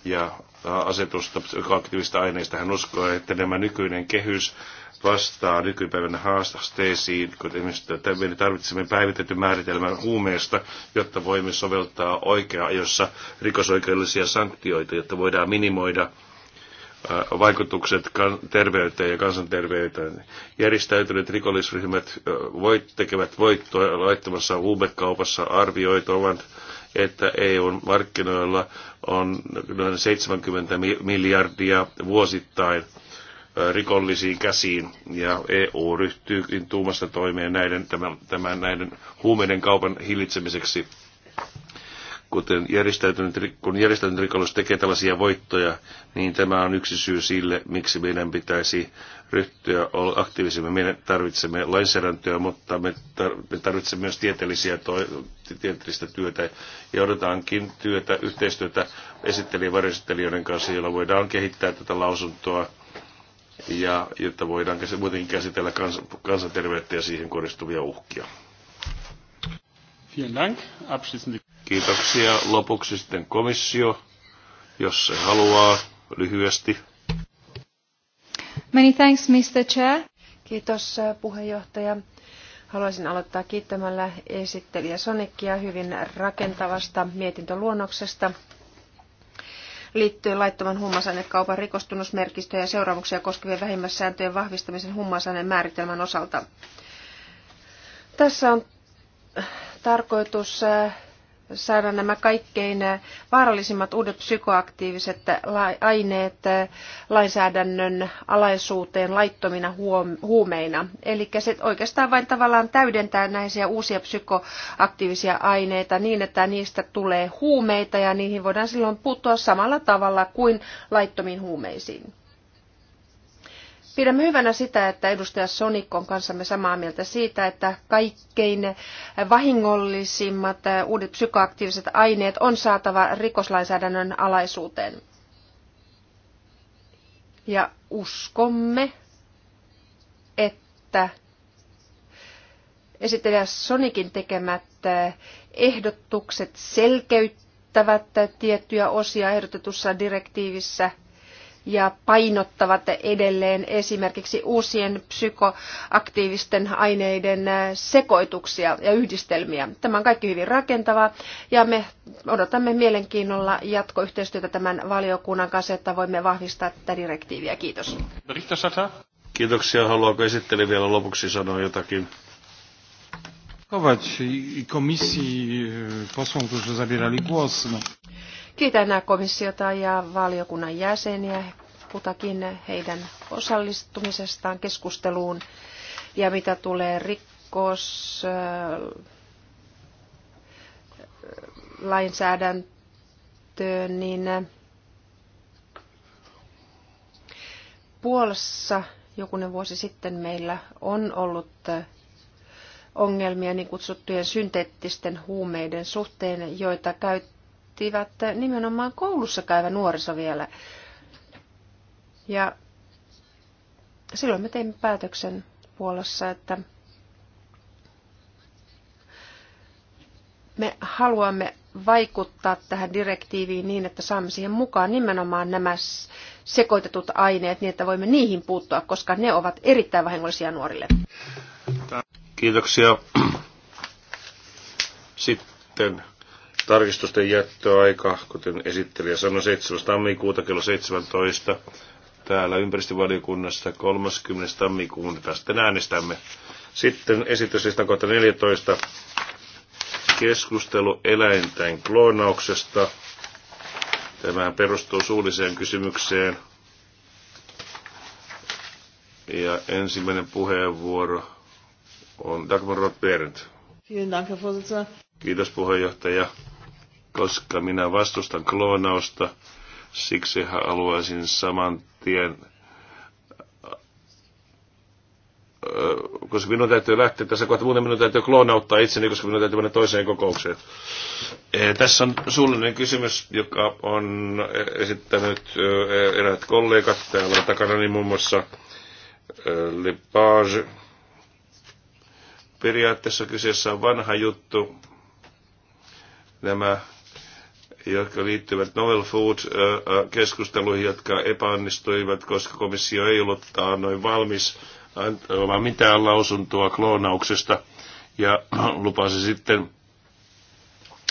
ja asetusta psykoaktiivista aineista. Hän uskoo, että nämä nykyinen kehys vastaa nykypäivän haasteisiin, kun esimerkiksi me tarvitsemme päivitetty määritelmän huumeesta, jotta voimme soveltaa oikea ajossa rikosoikeudellisia sanktioita, jotta voidaan minimoida äh, vaikutukset terveyteen ja kansanterveyteen. Järjestäytyneet rikollisryhmät äh, voit, tekevät voittoa laittomassa huumekaupassa arvioituvan että EUn markkinoilla on noin 70 miljardia vuosittain rikollisiin käsiin ja EU ryhtyy tuumasta toimeen näiden, tämän, tämän, näiden huumeiden kaupan hillitsemiseksi kuten järjestäytynyt, kun järjestäytynyt rikollisuus tekee tällaisia voittoja, niin tämä on yksi syy sille, miksi meidän pitäisi ryhtyä aktiivisemmin. Me tarvitsemme lainsäädäntöä, mutta me tarvitsemme myös tieteellisiä tieteellistä työtä ja odotaankin työtä, yhteistyötä esittelijä- ja varjoesittelijöiden kanssa, jolla voidaan kehittää tätä lausuntoa ja jotta voidaan muutenkin käsitellä kans, kansanterveyttä ja siihen kohdistuvia uhkia. Kiitoksia. Lopuksi sitten komissio, jos se haluaa lyhyesti.
Many thanks,
Mr. Chair. Kiitos äh, puheenjohtaja. Haluaisin aloittaa kiittämällä esittelijä Sonikkia hyvin rakentavasta mietintöluonnoksesta liittyen laittoman huumausainekaupan rikostunnusmerkistöjä ja seuraamuksia koskevien vähimmäissääntöjen vahvistamisen huumausaineen määritelmän osalta. Tässä on tarkoitus äh, saada nämä kaikkein äh, vaarallisimmat uudet psykoaktiiviset äh, aineet lainsäädännön alaisuuteen laittomina huumeina. Eli se oikeastaan vain tavallaan täydentää näisiä uusia psykoaktiivisia aineita niin, että niistä tulee huumeita ja niihin voidaan silloin puuttua samalla tavalla kuin laittomiin huumeisiin. Pidämme hyvänä sitä, että edustaja Sonik on kanssamme samaa mieltä siitä, että kaikkein vahingollisimmat uudet psykoaktiiviset aineet on saatava rikoslainsäädännön alaisuuteen. Ja uskomme, että esittelijä Sonikin tekemät ehdotukset selkeyttävät tiettyjä osia ehdotetussa direktiivissä – ja painottavat edelleen esimerkiksi uusien psykoaktiivisten aineiden äh, sekoituksia ja yhdistelmiä. Tämä on kaikki hyvin rakentavaa ja me odotamme mielenkiinnolla jatkoyhteistyötä tämän valiokunnan kanssa, että voimme vahvistaa tätä direktiiviä. Kiitos.
Kiitoksia. Haluaako esitteli vielä lopuksi sanoa jotakin? Komisji e, posłom, którzy zabierali głos. No.
Kiitän komissiota ja valiokunnan jäseniä kutakin heidän osallistumisestaan keskusteluun ja mitä tulee rikkos äh, lainsäädäntöön, niin äh, Puolassa jokunen vuosi sitten meillä on ollut äh, ongelmia niin kutsuttujen synteettisten huumeiden suhteen, joita käyt, miettivät nimenomaan koulussa käyvä nuoriso vielä. Ja silloin me teimme päätöksen puolessa, että me haluamme vaikuttaa tähän direktiiviin niin, että saamme siihen mukaan nimenomaan nämä sekoitetut aineet niin, että voimme niihin puuttua, koska ne ovat erittäin vahingollisia nuorille.
Kiitoksia. Sitten Tarkistusten jättöaika, kuten esittelijä sanoi, 7. tammikuuta kello 17 täällä ympäristövaliokunnassa 30. tammikuun tästä äänestämme. Sitten esityslistan kohta 14. Keskustelu eläinten kloonauksesta. Tämä perustuu suulliseen kysymykseen. Ja ensimmäinen puheenvuoro on Dagmar Roth-Berendt. Kiitos puheenjohtaja koska minä vastustan kloonausta, siksi haluaisin saman tien koska minun täytyy lähteä tässä kohtaa, muuten minun täytyy kloonauttaa itseni, koska minun täytyy mennä toiseen kokoukseen. E, tässä on suullinen kysymys, joka on esittänyt e, eräät kollegat. Täällä takana niin muun muassa e, Lepage. Periaatteessa kyseessä on vanha juttu. Nämä jotka liittyvät novel food-keskusteluihin, jotka epäonnistuivat, koska komissio ei ollut noin valmis antamaan äh, mitään lausuntoa kloonauksesta. Ja lupasi sitten,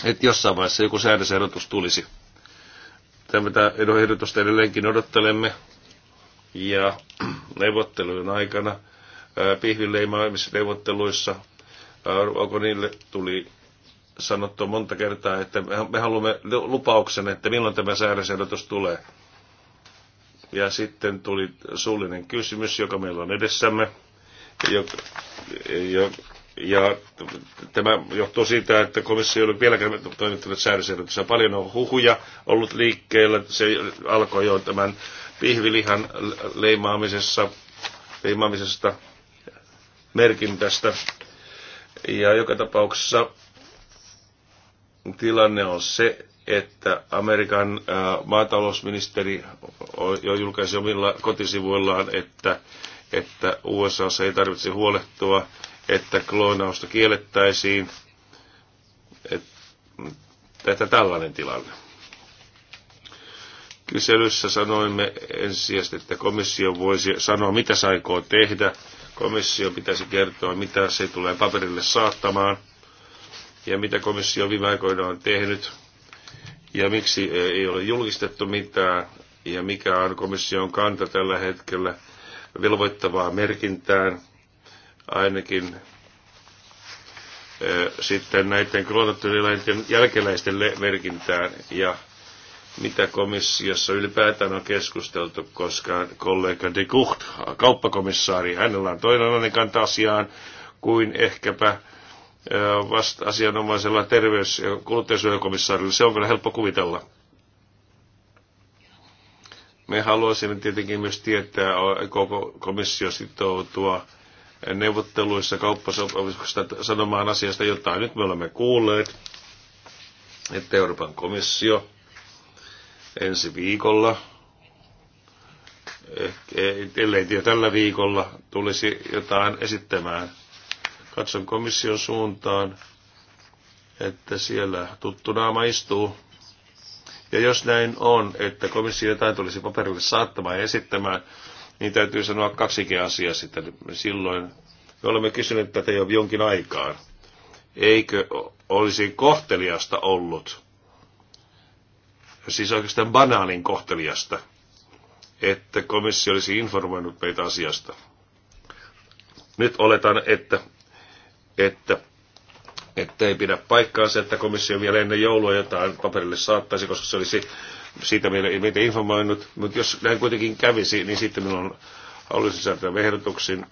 että jossain vaiheessa joku säädösehdotus tulisi. Tämä ehdotusta edelleenkin odottelemme. Ja neuvottelujen aikana, pihvileimaamisneuvotteluissa, onko niille tuli sanottu monta kertaa, että me haluamme lupauksen, että milloin tämä säädösehdotus tulee. Ja sitten tuli suullinen kysymys, joka meillä on edessämme. Ja, ja, ja tämä johtuu siitä, että komissio ei ole vieläkään toimittanut säädösehdotusta. Paljon on huhuja ollut liikkeellä. Se alkoi jo tämän pihvilihan leimaamisessa, leimaamisesta merkintästä. Ja joka tapauksessa tilanne on se, että Amerikan maatalousministeri jo julkaisi omilla kotisivuillaan, että, että USA ei tarvitse huolehtua, että kloonausta kiellettäisiin. Että tällainen tilanne. Kyselyssä sanoimme ensisijaisesti, että komissio voisi sanoa, mitä se aikoo tehdä. Komissio pitäisi kertoa, mitä se tulee paperille saattamaan – ja mitä komissio viime aikoina on tehnyt ja miksi ei ole julkistettu mitään ja mikä on komission kanta tällä hetkellä velvoittavaa merkintään ainakin eh, sitten näiden kloonattelieläinten jälkeläisten merkintään ja mitä komissiossa ylipäätään on keskusteltu, koska kollega de Gucht, kauppakomissaari, hänellä on toinen kanta asiaan kuin ehkäpä vasta asianomaisella terveys- ja kuluttajansuojakomissaarilla. Se on kyllä helppo kuvitella. Me haluaisimme tietenkin myös tietää, koko komissio sitoutua neuvotteluissa kauppasopimuksesta sanomaan asiasta jotain. Nyt me olemme kuulleet, että Euroopan komissio ensi viikolla, eh, ellei tiedä tällä viikolla, tulisi jotain esittämään – Katson komission suuntaan, että siellä tuttu naama istuu. Ja jos näin on, että komissio jotain tulisi paperille saattamaan ja esittämään, niin täytyy sanoa kaksikin asiaa sitten. Silloin me olemme kysyneet tätä jo jonkin aikaan. Eikö olisi kohteliasta ollut, siis oikeastaan banaalin kohteliasta, että komissio olisi informoinut meitä asiasta. Nyt oletan, että että että ei pidä paikkaansa, että komissio vielä ennen joulua jotain paperille saattaisi, koska se olisi siitä meitä informoinut. Mutta jos näin kuitenkin kävisi, niin sitten minulla on haluaisin sisältää ehdotuksiin.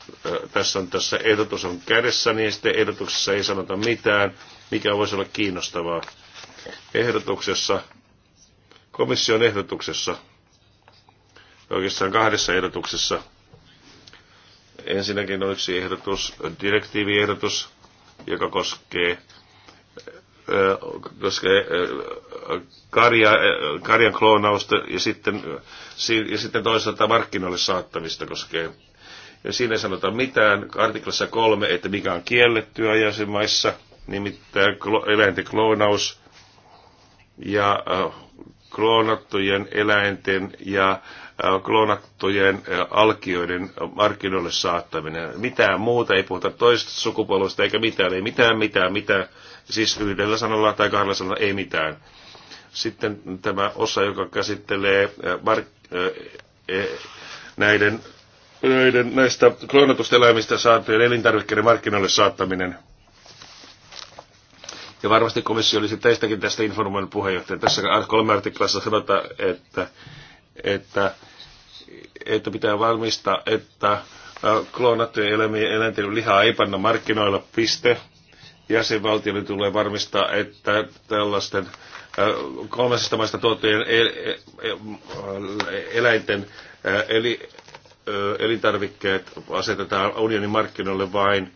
Tässä on tässä ehdotus on kädessä, niin sitten ehdotuksessa ei sanota mitään, mikä voisi olla kiinnostavaa. Ehdotuksessa, komission ehdotuksessa, oikeastaan kahdessa ehdotuksessa, Ensinnäkin on yksi ehdotus, direktiiviehdotus, joka koskee, koskee karja, karjan kloonausta ja sitten, ja sitten toisaalta markkinoille saattamista koskee. Ja siinä ei sanota mitään artiklassa kolme, että mikä on kiellettyä jäsenmaissa, nimittäin eläinten kloonaus ja kloonattujen eläinten ja äh, kloonattujen äh, alkioiden markkinoille saattaminen. Mitään muuta, ei puhuta toisesta sukupolvesta eikä mitään, ei mitään, mitään, mitään. Siis yhdellä sanalla tai kahdella sanalla ei mitään. Sitten tämä osa, joka käsittelee äh, mark- e, näiden, näiden näistä kloonatusta eläimistä saatujen elintarvikkeiden markkinoille saattaminen – ja varmasti komissio olisi teistäkin tästä informoinut puheenjohtaja. Tässä kolme artiklassa sanotaan, että, että, että pitää varmistaa, että kloonattujen eläimien eläinten lihaa ei panna markkinoilla piste. Jäsenvaltioiden tulee varmistaa, että tällaisten kolmesista maista tuotujen e, e, e, eläinten eli, elintarvikkeet asetetaan unionin markkinoille vain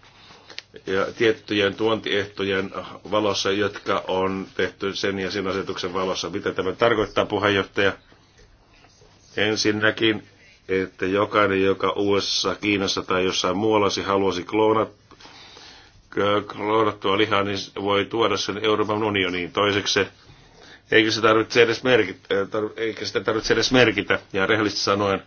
ja tiettyjen tuontiehtojen valossa, jotka on tehty sen ja sen asetuksen valossa. Mitä tämä tarkoittaa, puheenjohtaja? Ensinnäkin, että jokainen, joka USA, Kiinassa tai jossain muuallasi haluaisi kloonat, kloonattua lihaa, niin voi tuoda sen Euroopan unioniin. Toiseksi, eikä, se tarvitse edes merkitä, eikä sitä tarvitse edes merkitä. Ja rehellisesti sanoen,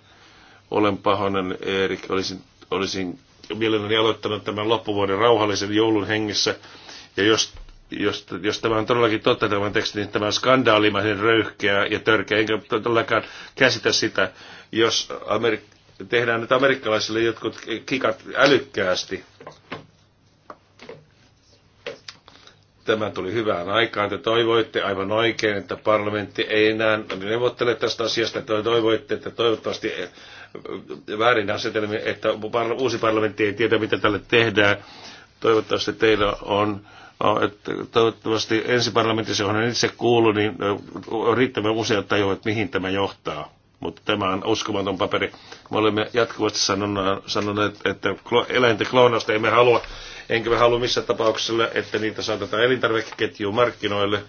olen pahoinen, Erik, olisin, olisin mielelläni aloittanut tämän loppuvuoden rauhallisen joulun hengessä. Ja jos, jos, jos tämä on todellakin totta tämä teksti, niin tämä on skandaalimaisen röyhkeä ja törkeä. Enkä todellakaan käsitä sitä, jos Amerik- tehdään nyt amerikkalaisille jotkut kikat älykkäästi. Tämä tuli hyvään aikaan. Te toivoitte aivan oikein, että parlamentti ei enää neuvottele tästä asiasta. Te toivoitte, että toivottavasti väärin asetelmia, että uusi parlamentti ei tiedä, mitä tälle tehdään. Toivottavasti teillä on että toivottavasti ensi parlamentissa, johon on itse kuulu, niin riittävän usein tajua, että mihin tämä johtaa. Mutta tämä on uskomaton paperi. Me olemme jatkuvasti sanoneet, että eläinten kloonausta emme halua, enkä me halua missä tapauksessa, että niitä saatetaan elintarvikeketjuun markkinoille.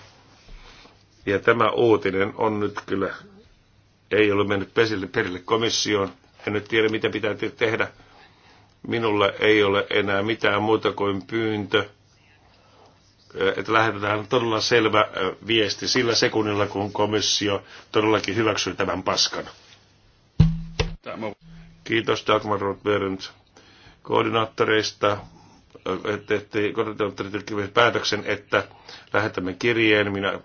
Ja tämä uutinen on nyt kyllä ei ole mennyt pesille, perille komissioon. En nyt tiedä, mitä pitää tehdä. Minulla ei ole enää mitään muuta kuin pyyntö, että lähetetään todella selvä viesti sillä sekunnilla, kun komissio todellakin hyväksyy tämän paskan. Kiitos Dagmar Rothberg koordinaattoreista tehtiin koordinaattorit päätöksen, että lähetämme kirjeen, minä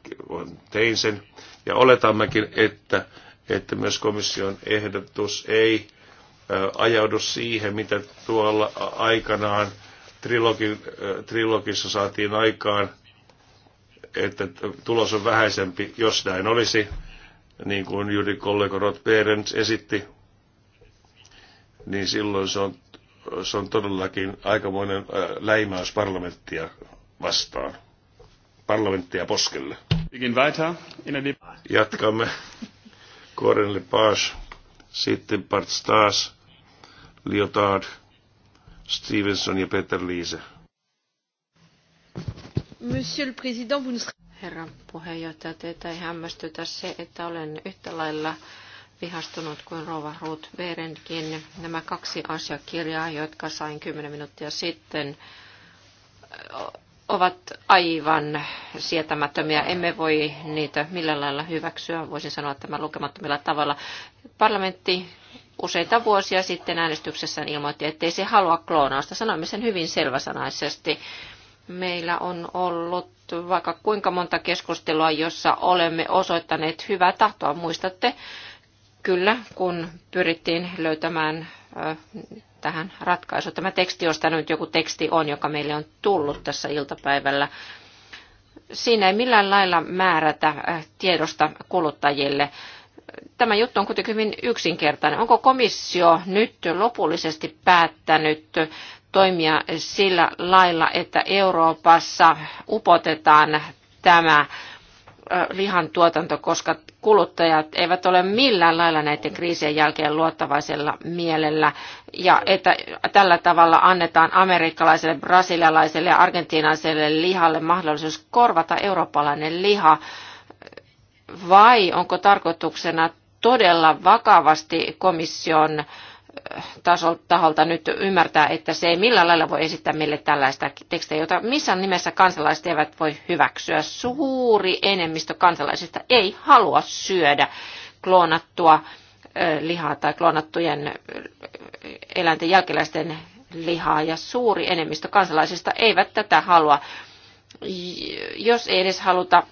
tein sen, ja oletammekin, että että myös komission ehdotus ei ajaudu siihen, mitä tuolla aikanaan trilogi, trilogissa saatiin aikaan, että tulos on vähäisempi, jos näin olisi, niin kuin juuri kollega Rod Berends esitti, niin silloin se on, se on todellakin aikamoinen läimäys parlamenttia vastaan, parlamenttia poskelle. Jatkamme Corin Lepage, sitten Bart Stas, Lyotard, Stevenson ja Peter Liise.
Monsieur le Président, vous nous... Herra puheenjohtaja, teitä ei hämmästytä se, että olen yhtä lailla vihastunut kuin Rova Ruth Berendkin. Nämä kaksi asiakirjaa, jotka sain kymmenen minuuttia sitten, ovat aivan sietämättömiä. Emme voi niitä millään lailla hyväksyä, voisin sanoa tämän lukemattomilla tavalla. Parlamentti useita vuosia sitten äänestyksessään ilmoitti, ettei se halua kloonausta. Sanoimme sen hyvin selväsanaisesti. Meillä on ollut vaikka kuinka monta keskustelua, jossa olemme osoittaneet hyvää tahtoa. Muistatte, kyllä, kun pyrittiin löytämään tähän ratkaisu. Tämä teksti, josta nyt joku teksti on, joka meille on tullut tässä iltapäivällä, siinä ei millään lailla määrätä äh, tiedosta kuluttajille. Tämä juttu on kuitenkin hyvin yksinkertainen. Onko komissio nyt lopullisesti päättänyt toimia sillä lailla, että Euroopassa upotetaan tämä Äh, lihan tuotanto, koska kuluttajat eivät ole millään lailla näiden kriisien jälkeen luottavaisella mielellä. Ja että tällä tavalla annetaan amerikkalaiselle, brasilialaiselle ja argentinaiselle lihalle mahdollisuus korvata eurooppalainen liha. Vai onko tarkoituksena todella vakavasti komission äh, taholta nyt ymmärtää, että se ei millään lailla voi esittää meille tällaista tekstejä, jota missään nimessä kansalaiset eivät voi hyväksyä. Suuri enemmistö kansalaisista ei halua syödä kloonattua lihaa tai kloonattujen eläinten jälkeläisten lihaa ja suuri enemmistö kansalaisista eivät tätä halua. Jos ei edes haluta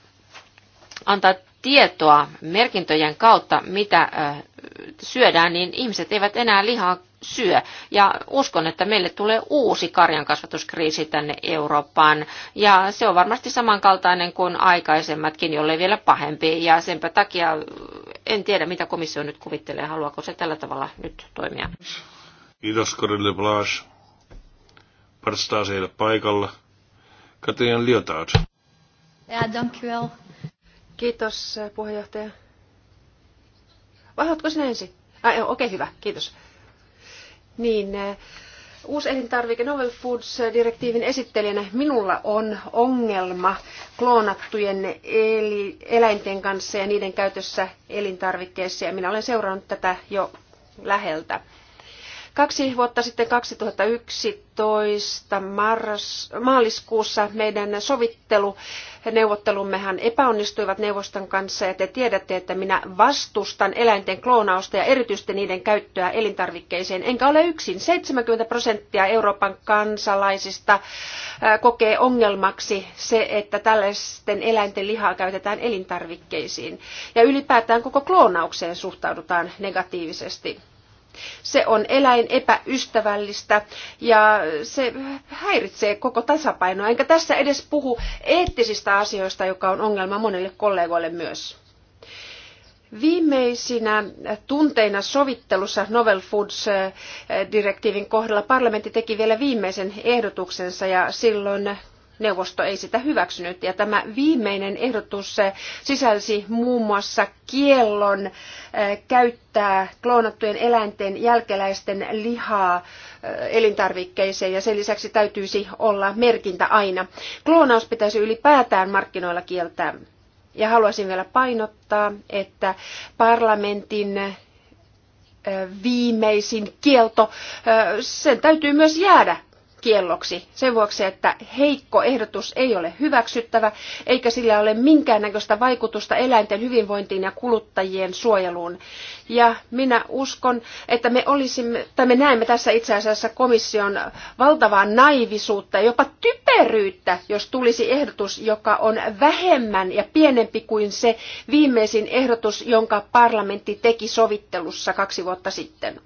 antaa tietoa merkintöjen kautta, mitä syödään, niin ihmiset eivät enää lihaa syö. Ja uskon, että meille tulee uusi karjankasvatuskriisi tänne Eurooppaan. Ja se on varmasti samankaltainen kuin aikaisemmatkin, jollei vielä pahempi. Ja senpä takia en tiedä, mitä komissio nyt kuvittelee. Haluaako se tällä tavalla nyt toimia?
Kiitos, Karille Blas. Parstaa siellä paikalla. Katja Liotard.
Ja, dank wel. Kiitos, puheenjohtaja. Vai haluatko sinä ensin? Ah, okei, okay, hyvä, kiitos. Niin, eh, uusi elintarvike Novel Foods-direktiivin eh, esittelijänä minulla on ongelma kloonattujen eli, eläinten kanssa ja niiden käytössä elintarvikkeissa, ja minä olen seurannut tätä jo läheltä. Kaksi vuotta sitten 2011 mars, maaliskuussa meidän sovittelu neuvottelummehan epäonnistuivat neuvoston kanssa ja te tiedätte, että minä vastustan eläinten kloonausta ja erityisesti niiden käyttöä elintarvikkeisiin. Enkä ole yksin. 70 prosenttia Euroopan kansalaisista kokee ongelmaksi se, että tällaisten eläinten lihaa käytetään elintarvikkeisiin. Ja ylipäätään koko kloonaukseen suhtaudutaan negatiivisesti. Se on eläin epäystävällistä ja se häiritsee koko tasapainoa. Enkä tässä edes puhu eettisistä asioista, joka on ongelma monille kollegoille myös. Viimeisinä tunteina sovittelussa Novel Foods-direktiivin eh, kohdalla parlamentti teki vielä viimeisen ehdotuksensa ja silloin neuvosto ei sitä hyväksynyt. Ja tämä viimeinen ehdotus sisälsi muun muassa kiellon eh, käyttää kloonattujen eläinten jälkeläisten lihaa eh, elintarvikkeisiin ja sen lisäksi täytyisi olla merkintä aina. Kloonaus pitäisi ylipäätään markkinoilla kieltää. Ja haluaisin vielä painottaa, että parlamentin eh, viimeisin kielto, sen täytyy myös jäädä kielloksi sen vuoksi, että heikko ehdotus ei ole hyväksyttävä, eikä sillä ole minkäännäköistä vaikutusta eläinten hyvinvointiin ja kuluttajien suojeluun. Ja minä uskon, että me, olisimme, tai me näemme tässä itse asiassa komission valtavaa naivisuutta ja jopa typeryyttä, jos tulisi ehdotus, joka on vähemmän ja pienempi kuin se viimeisin ehdotus, jonka parlamentti teki sovittelussa kaksi vuotta sitten.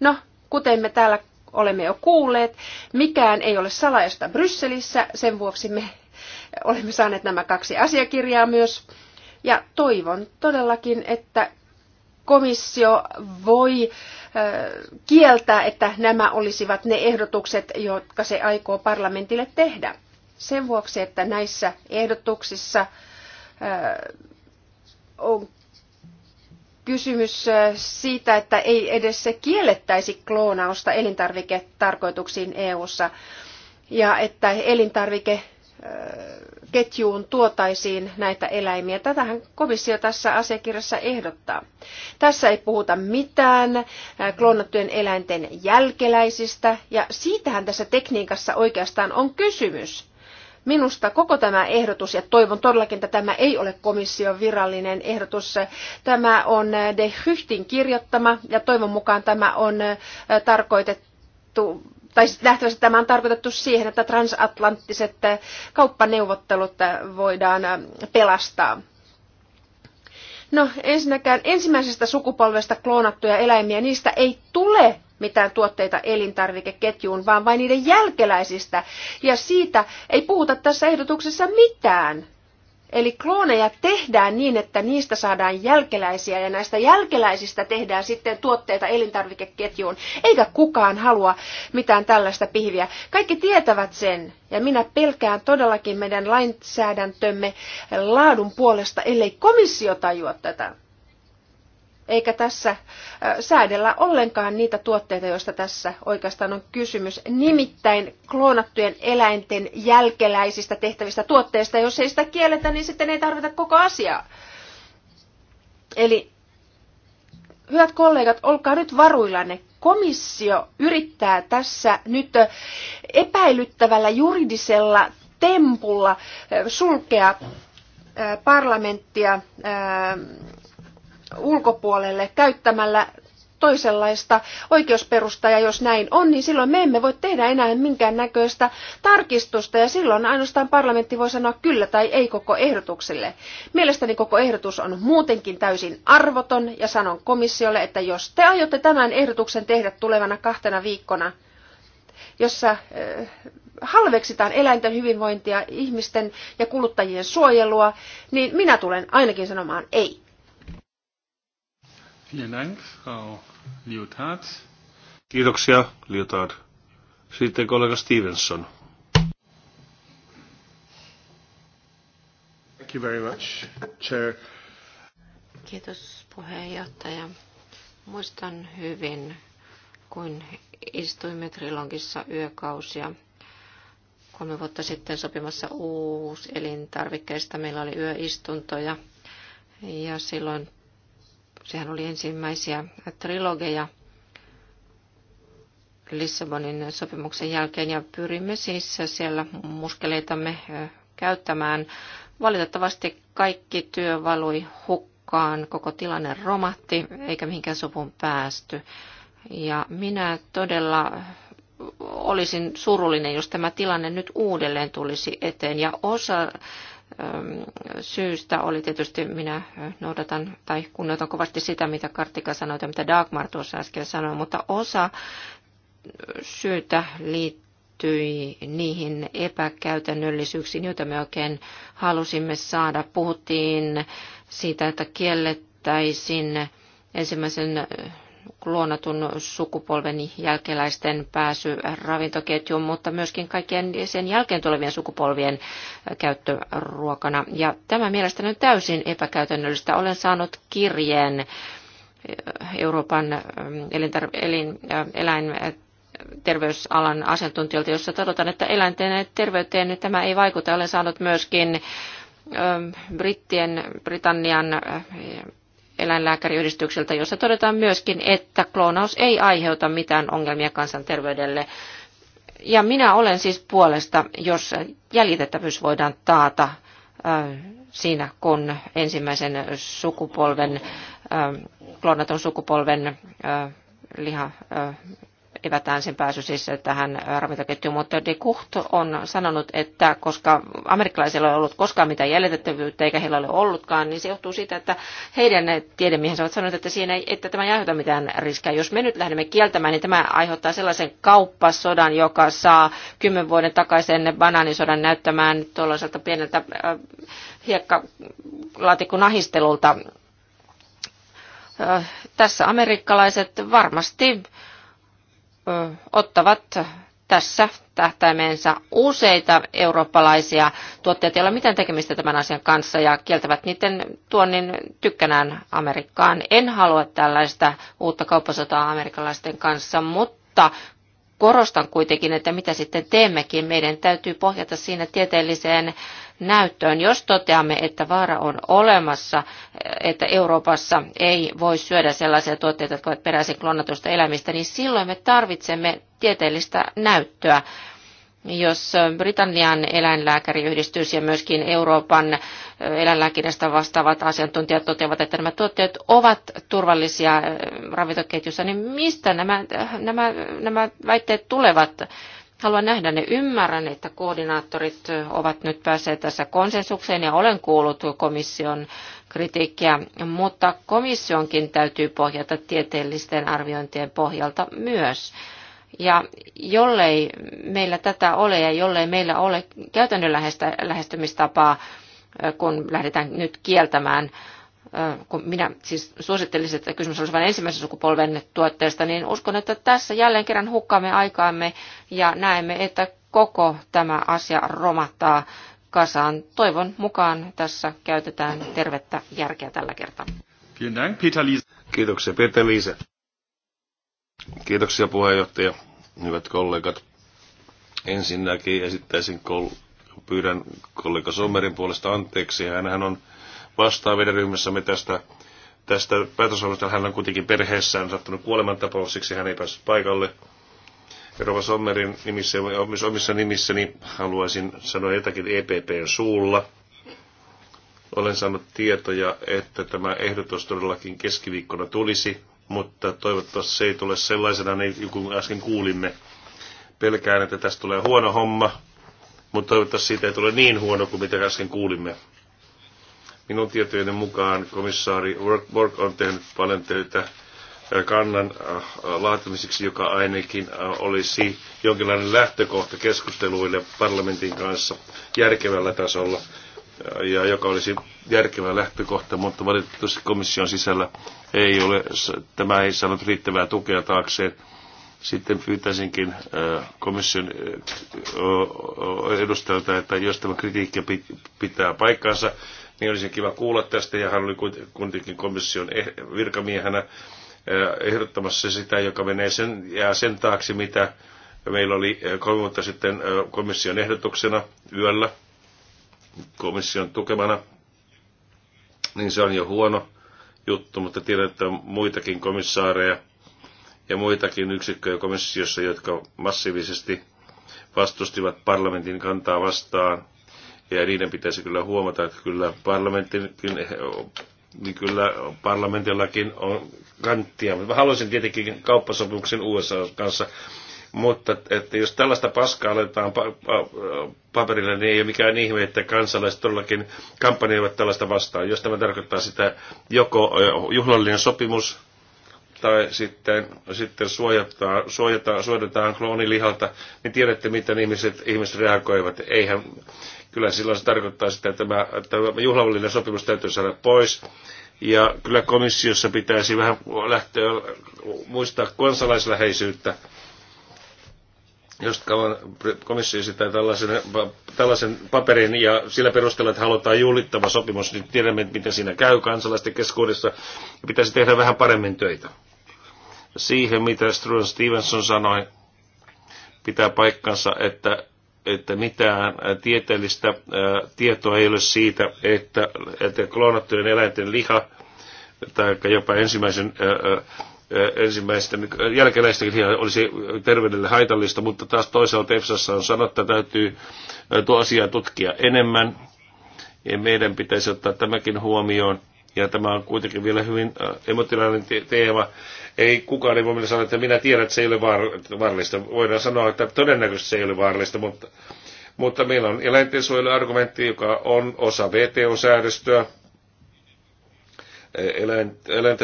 No, kuten me täällä olemme jo kuulleet. Mikään ei ole salaista Brysselissä, sen vuoksi me olemme saaneet nämä kaksi asiakirjaa myös. Ja toivon todellakin, että komissio voi kieltää, että nämä olisivat ne ehdotukset, jotka se aikoo parlamentille tehdä. Sen vuoksi, että näissä ehdotuksissa on kysymys äh, siitä, että ei edes se kiellettäisi kloonausta elintarviketarkoituksiin EU:ssa ja että elintarvikeketjuun tuotaisiin näitä eläimiä. Tätähän komissio tässä asiakirjassa ehdottaa. Tässä ei puhuta mitään äh, kloonattujen eläinten jälkeläisistä, ja siitähän tässä tekniikassa oikeastaan on kysymys. Minusta koko tämä ehdotus, ja toivon todellakin, että tämä ei ole komission virallinen ehdotus, tämä on De Hyhtin kirjoittama, ja toivon mukaan tämä on äh, tarkoitettu tai siis nähtävästi tämä on tarkoitettu siihen, että transatlanttiset äh, kauppaneuvottelut äh, voidaan pelastaa. No ensinnäkään ensimmäisestä sukupolvesta kloonattuja eläimiä, niistä ei tule mitään tuotteita elintarvikeketjuun, vaan vain niiden jälkeläisistä. Ja siitä ei puhuta tässä ehdotuksessa mitään. Eli klooneja tehdään niin, että niistä saadaan jälkeläisiä ja näistä jälkeläisistä tehdään sitten tuotteita elintarvikeketjuun. Eikä kukaan halua mitään tällaista pihviä. Kaikki tietävät sen ja minä pelkään todellakin meidän lainsäädäntömme laadun puolesta, ellei komissio tajua tätä eikä tässä äh, säädellä ollenkaan niitä tuotteita, joista tässä oikeastaan on kysymys. Nimittäin kloonattujen eläinten jälkeläisistä tehtävistä tuotteista, jos ei sitä kielletä, niin sitten ei tarvita koko asiaa. Eli hyvät kollegat, olkaa nyt varuillanne. Komissio yrittää tässä nyt äh, epäilyttävällä juridisella tempulla äh, sulkea parlamenttia ulkopuolelle käyttämällä toisenlaista oikeusperustaa ja jos näin on, niin silloin me emme voi tehdä enää minkäännäköistä tarkistusta ja silloin ainoastaan parlamentti voi sanoa kyllä tai ei koko ehdotukselle. Mielestäni koko ehdotus on muutenkin täysin arvoton ja sanon komissiolle, että jos te aiotte tämän ehdotuksen tehdä tulevana kahtena viikkona, jossa äh, halveksitaan eläinten hyvinvointia, ihmisten ja kuluttajien suojelua, niin minä tulen ainakin sanomaan ei.
Vielen Dank, Frau Liotard. Kiitoksia, Liotard. Sitten kollega Stevenson. Thank you very much, Chair.
Kiitos puheenjohtaja. Muistan hyvin, kun istuimme Trilongissa yökausia kolme vuotta sitten sopimassa uusi elintarvikkeista. Meillä oli yöistuntoja ja silloin Sehän oli ensimmäisiä trilogeja Lissabonin sopimuksen jälkeen ja pyrimme siis siellä muskeleitamme käyttämään. Valitettavasti kaikki työ valui hukkaan, koko tilanne romahti eikä mihinkään sopun päästy. Ja minä todella olisin surullinen, jos tämä tilanne nyt uudelleen tulisi eteen. Ja osa syystä oli tietysti minä noudatan tai kunnioitan kovasti sitä, mitä Kartika sanoi ja mitä Dagmar tuossa äsken sanoi, mutta osa syytä liittyi niihin epäkäytännöllisyyksiin, joita me oikein halusimme saada. Puhuttiin siitä, että kiellettäisiin ensimmäisen kloonatun sukupolven jälkeläisten pääsy ravintoketjuun, mutta myöskin kaikkien sen jälkeen tulevien sukupolvien käyttöruokana. Ja tämä mielestäni on täysin epäkäytännöllistä. Olen saanut kirjeen eh, Euroopan mm, elintar- elin, eläin terveysalan asiantuntijoilta, jossa todetaan, että eläinten terveyteen tämä ei vaikuta. Olen saanut myöskin eh, Brittien, Britannian eh, eläinlääkäriyhdistykseltä, jossa todetaan myöskin, että kloonaus ei aiheuta mitään ongelmia kansanterveydelle. Ja minä olen siis puolesta, jos jäljitettävyys voidaan taata äh, siinä, kun ensimmäisen sukupolven, äh, kloonaton sukupolven äh, liha evätään sen pääsy siis tähän äh, ravintoketjuun, mutta de Kucht on sanonut, että koska amerikkalaisilla ei ollut koskaan mitään jäljitettävyyttä eikä heillä ole ollutkaan, niin se johtuu siitä, että heidän tiedemiehensä ovat sanoneet, että, siinä ei, että tämä ei aiheuta mitään riskejä. Jos me nyt lähdemme kieltämään, niin tämä aiheuttaa sellaisen kauppasodan, joka saa kymmen vuoden takaisen banaanisodan näyttämään tuollaiselta pieneltä äh, hiekkalaatikon ahistelulta. Äh, tässä amerikkalaiset varmasti ottavat tässä tähtäimeensä useita eurooppalaisia tuotteita, joilla mitään tekemistä tämän asian kanssa ja kieltävät niiden tuonnin tykkänään Amerikkaan. En halua tällaista uutta kauppasotaa amerikkalaisten kanssa, mutta korostan kuitenkin, että mitä sitten teemmekin, meidän täytyy pohjata siinä tieteelliseen näyttöön. Jos toteamme, että vaara on olemassa, että Euroopassa ei voi syödä sellaisia tuotteita, jotka ovat peräisin klonatusta elämistä, niin silloin me tarvitsemme tieteellistä näyttöä jos Britannian eläinlääkäriyhdistys ja myöskin Euroopan eläinlääkinnästä vastaavat asiantuntijat toteavat, että nämä tuotteet ovat turvallisia eh, ravintoketjussa, niin mistä nämä, nämä, nämä väitteet tulevat? Haluan nähdä ne. Ymmärrän, että koordinaattorit ovat nyt päässeet tässä konsensukseen ja olen kuullut komission kritiikkiä, mutta komissionkin täytyy pohjata tieteellisten arviointien pohjalta myös. Ja jollei meillä tätä ole ja jollei meillä ole käytännön lähestymistapaa, kun lähdetään nyt kieltämään kun minä siis suosittelisin, että kysymys olisi vain ensimmäisen sukupolven tuotteesta, niin uskon, että tässä jälleen kerran hukkaamme aikaamme ja näemme, että koko tämä asia romahtaa kasaan. Toivon mukaan tässä käytetään tervettä järkeä tällä kertaa.
Kiitoksia, Peter liisa Kiitoksia puheenjohtaja, hyvät kollegat. Ensinnäkin esittäisin, pyydän kollega Sommerin puolesta anteeksi. Hänhän on vastaavien ryhmässämme tästä, tästä päätösvalmista. Hän on kuitenkin perheessään sattunut kuolemantapaus, siksi hän ei päässyt paikalle. Rova Sommerin nimissä ja omissa nimissäni haluaisin sanoa jotakin EPPn suulla. Olen saanut tietoja, että tämä ehdotus todellakin keskiviikkona tulisi mutta toivottavasti se ei tule sellaisena, niin kuin äsken kuulimme. Pelkään, että tästä tulee huono homma, mutta toivottavasti siitä ei tule niin huono kuin mitä äsken kuulimme. Minun tietojeni mukaan komissaari Work on tehnyt paljon töitä äh, kannan äh, laatimiseksi, joka ainakin äh, olisi jonkinlainen lähtökohta keskusteluille parlamentin kanssa järkevällä tasolla ja joka olisi järkevä lähtökohta, mutta valitettavasti komission sisällä ei ole, tämä ei saanut riittävää tukea taakseen. Sitten pyytäisinkin äh, komission äh, edustajalta, että jos tämä kritiikki pitää paikkaansa, niin olisi kiva kuulla tästä, ja hän oli kuitenkin komission eh-, virkamiehenä äh, ehdottamassa sitä, joka menee sen, jää sen taakse, mitä meillä oli kolme vuotta sitten komission ehdotuksena yöllä – komission tukemana, niin se on jo huono juttu, mutta tiedän, että on muitakin komissaareja ja muitakin yksikköjä komissiossa, jotka massiivisesti vastustivat parlamentin kantaa vastaan. Ja niiden pitäisi kyllä huomata, että kyllä, parlamentin, niin kyllä parlamentillakin on kanttia. Mä haluaisin tietenkin kauppasopimuksen USA kanssa, mutta että jos tällaista paskaa aletaan pa- pa- paperille, niin ei ole mikään ihme, että kansalaiset todellakin kampanjoivat tällaista vastaan. Jos tämä tarkoittaa sitä joko juhlallinen sopimus tai sitten, sitten suojataan, suojataan, suojataan kloonilihalta, niin tiedätte, miten ihmiset, ihmiset reagoivat. Eihän, kyllä silloin se tarkoittaa sitä, että tämä, tämä juhlallinen sopimus täytyy saada pois. Ja kyllä komissiossa pitäisi vähän lähteä muistaa kansalaisläheisyyttä jos komissio esittää tällaisen, tällaisen paperin ja sillä perusteella, että halutaan juhlittava sopimus, niin tiedämme, mitä siinä käy kansalaisten keskuudessa. Pitäisi tehdä vähän paremmin töitä. Siihen, mitä Struan Stevenson sanoi, pitää paikkansa, että, että mitään tieteellistä tietoa ei ole siitä, että, että kloonattujen eläinten liha tai jopa ensimmäisen ää, ensimmäistä jälkeläistäkin olisi terveydelle haitallista, mutta taas toisaalta EFSassa on sanottu, että täytyy tuo asiaa tutkia enemmän. Ja meidän pitäisi ottaa tämäkin huomioon. Ja tämä on kuitenkin vielä hyvin emotionaalinen teema. Ei kukaan ei voi sanoa, että minä tiedän, että se ei ole vaarallista. Voidaan sanoa, että todennäköisesti se ei ole vaarallista, mutta, mutta meillä on eläintensuojeluargumentti, joka on osa VTO-säädöstöä,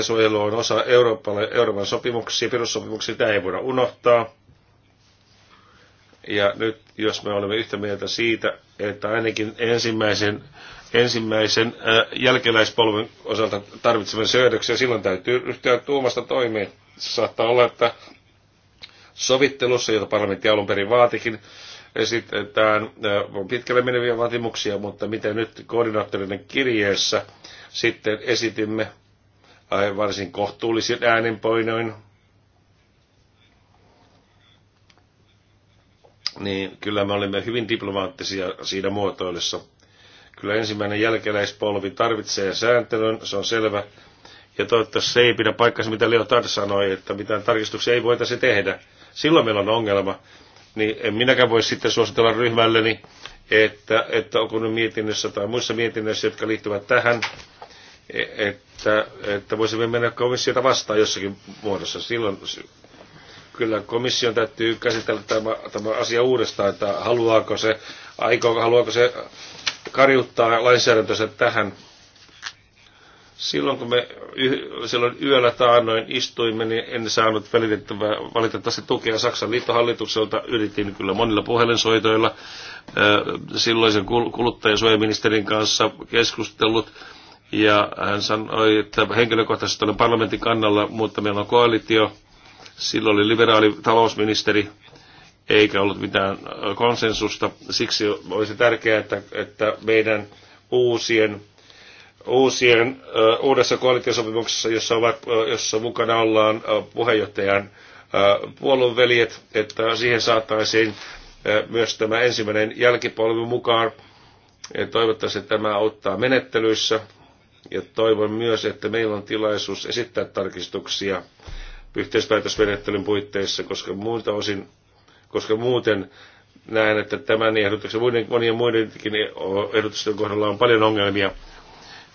suojelu on osa Euroopan, Euroopan sopimuksia, perussopimuksia, tämä ei voida unohtaa. Ja nyt, jos me olemme yhtä mieltä siitä, että ainakin ensimmäisen, ensimmäisen äh, jälkeläispolven osalta tarvitsemme syödöksiä, silloin täytyy ryhtyä tuomasta toimeen. Se saattaa olla, että sovittelussa, jota parlamentti alun perin vaatikin, esitetään on pitkälle meneviä vaatimuksia, mutta miten nyt koordinaattorinen kirjeessä – sitten esitimme varsin kohtuullisin äänenpainoin niin kyllä me olimme hyvin diplomaattisia siinä muotoilussa. Kyllä ensimmäinen jälkeläispolvi tarvitsee sääntelyn, se on selvä. Ja toivottavasti se ei pidä paikkansa, mitä Leotard sanoi, että mitään tarkistuksia ei voitaisi tehdä. Silloin meillä on ongelma. Niin en minäkään voi sitten suositella ryhmälleni, että, että onko mietinnössä tai muissa mietinnöissä, jotka liittyvät tähän, että, että voisimme mennä komissiota vastaan jossakin muodossa. Silloin kyllä komission täytyy käsitellä tämä, tämä asia uudestaan, että haluaako se, aikooko, haluaako se karjuttaa lainsäädäntönsä tähän. Silloin kun me silloin yöllä taannoin istuimme, niin en saanut välitettävää, valitettavasti tukea Saksan liittohallitukselta. Yritin kyllä monilla puhelinsoitoilla silloisen kuluttajasuojaministerin kanssa keskustellut ja hän sanoi, että henkilökohtaisesti olen parlamentin kannalla, mutta meillä on koalitio. Silloin oli liberaali talousministeri, eikä ollut mitään äh, konsensusta. Siksi olisi tärkeää, että, että meidän uusien, uusien uh, uudessa koalitiosopimuksessa, jossa, ovat, uh, jossa mukana ollaan uh, puheenjohtajan uh, puolueveljet, että siihen saataisiin uh, myös tämä ensimmäinen jälkipolvi mukaan. Ja toivottavasti tämä auttaa menettelyissä ja toivon myös, että meillä on tilaisuus esittää tarkistuksia yhteispäätösmenettelyn puitteissa, koska, muilta osin, koska muuten näen, että tämän ehdotuksen muiden, monien muidenkin ehdotusten kohdalla on paljon ongelmia.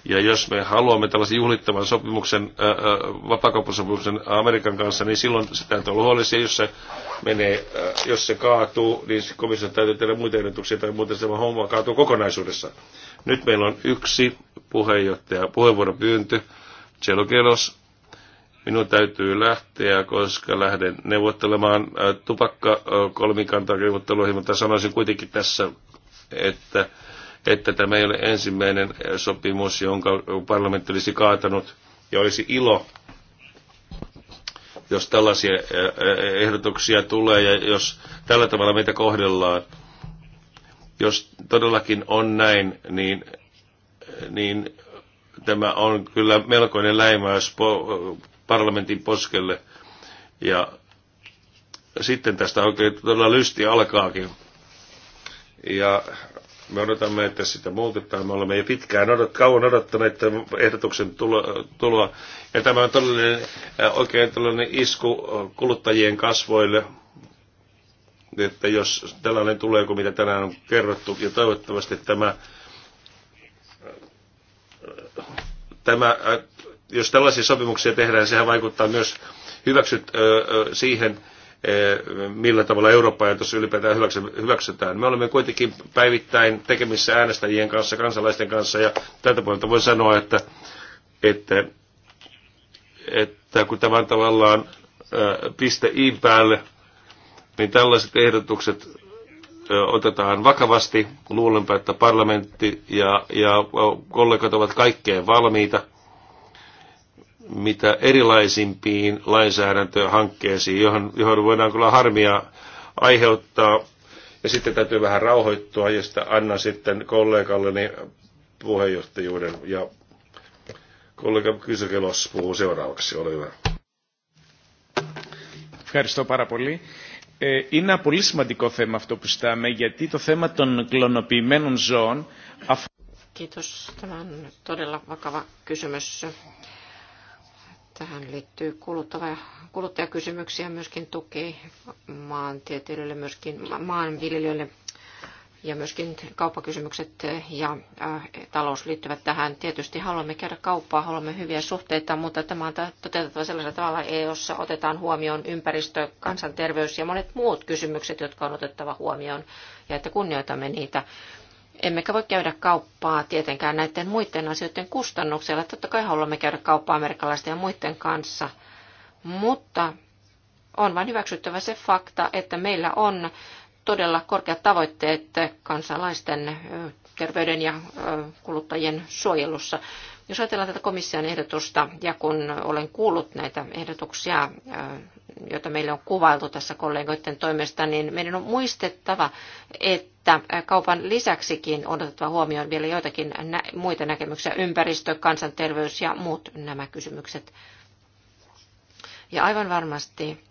Ja jos me haluamme tällaisen juhlittavan sopimuksen, vapaakauppasopimuksen Amerikan kanssa, niin silloin se täytyy olla huolissa, Jos se, menee, ää, jos se kaatuu, niin komissio täytyy tehdä muita ehdotuksia tai muuten se homma kaatuu kokonaisuudessa. Nyt meillä on yksi puheenjohtaja, puheenvuoropyyntö. Cello Kelos, minun täytyy lähteä, koska lähden neuvottelemaan tupakka neuvotteluihin, mutta sanoisin kuitenkin tässä, että, että tämä ei ole ensimmäinen sopimus, jonka parlamentti olisi kaatanut, ja olisi ilo, jos tällaisia ehdotuksia tulee ja jos tällä tavalla meitä kohdellaan. Jos todellakin on näin, niin niin tämä on kyllä melkoinen läimäys parlamentin poskelle. Ja sitten tästä oikein todella lysti alkaakin. Ja me odotamme, että sitä muutetaan. Me olemme jo pitkään odot, kauan odottaneet tämän ehdotuksen tuloa. Ja tämä on todellinen, äh, oikein tällainen isku äh, kuluttajien kasvoille, että jos tällainen tulee kuin mitä tänään on kerrottu, ja toivottavasti tämä tämä, äh, jos tällaisia sopimuksia tehdään, sehän vaikuttaa myös hyväksyt äh, äh, siihen, millä tavalla Eurooppa-ajatus ylipäätään hyväksytään. Me olemme kuitenkin päivittäin tekemissä äänestäjien kanssa, kansalaisten kanssa, ja tältä puolelta voi sanoa, että, että, että kun tämä on tavallaan piste i päälle, niin tällaiset ehdotukset otetaan vakavasti. Luulenpa, että parlamentti ja, ja kollegat ovat kaikkeen valmiita, mitä erilaisimpiin lainsäädäntöhankkeisiin, johon, johon voidaan kyllä harmia aiheuttaa. Ja sitten täytyy vähän rauhoittua, josta annan sitten kollegalleni puheenjohtajuuden. Ja kollega Kysykelos puhuu seuraavaksi. Ole hyvä. Kiitos paljon. Ε, είναι ένα πολύ σημαντικό θέμα αυτό που στάμε, γιατί το θέμα των κλωνοποιημένων ζώων...
Kiitos. Tämä on todella vakava kysymys. Tähän liittyy kuluttava, kuluttajakysymyksiä myöskin tuki maantieteilijöille, myöskin maanviljelijöille ja myöskin kauppakysymykset ja äh, talous liittyvät tähän. Tietysti haluamme käydä kauppaa, haluamme hyviä suhteita, mutta tämä on toteutettava sellaisella tavalla, jossa otetaan huomioon ympäristö, kansanterveys ja monet muut kysymykset, jotka on otettava huomioon ja että kunnioitamme niitä. Emmekä voi käydä kauppaa tietenkään näiden muiden asioiden kustannuksella. Totta kai haluamme käydä kauppaa amerikkalaisten ja muiden kanssa, mutta on vain hyväksyttävä se fakta, että meillä on todella korkeat tavoitteet kansalaisten terveyden ja kuluttajien suojelussa. Jos ajatellaan tätä komission ehdotusta, ja kun olen kuullut näitä ehdotuksia, joita meille on kuvailtu tässä kollegoiden toimesta, niin meidän on muistettava, että kaupan lisäksikin on otettava huomioon vielä joitakin muita näkemyksiä, ympäristö, kansanterveys ja muut nämä kysymykset. Ja aivan varmasti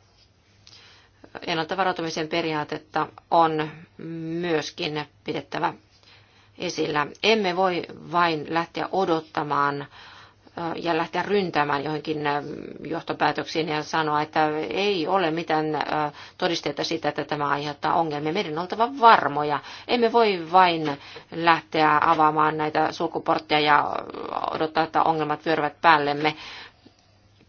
ennalta varautumisen periaatetta on myöskin pidettävä esillä. Emme voi vain lähteä odottamaan ja lähteä ryntämään johonkin johtopäätöksiin ja sanoa, että ei ole mitään todisteita siitä, että tämä aiheuttaa ongelmia. Meidän on oltava varmoja. Emme voi vain lähteä avaamaan näitä sulkuportteja ja odottaa, että ongelmat vyöryvät päällemme.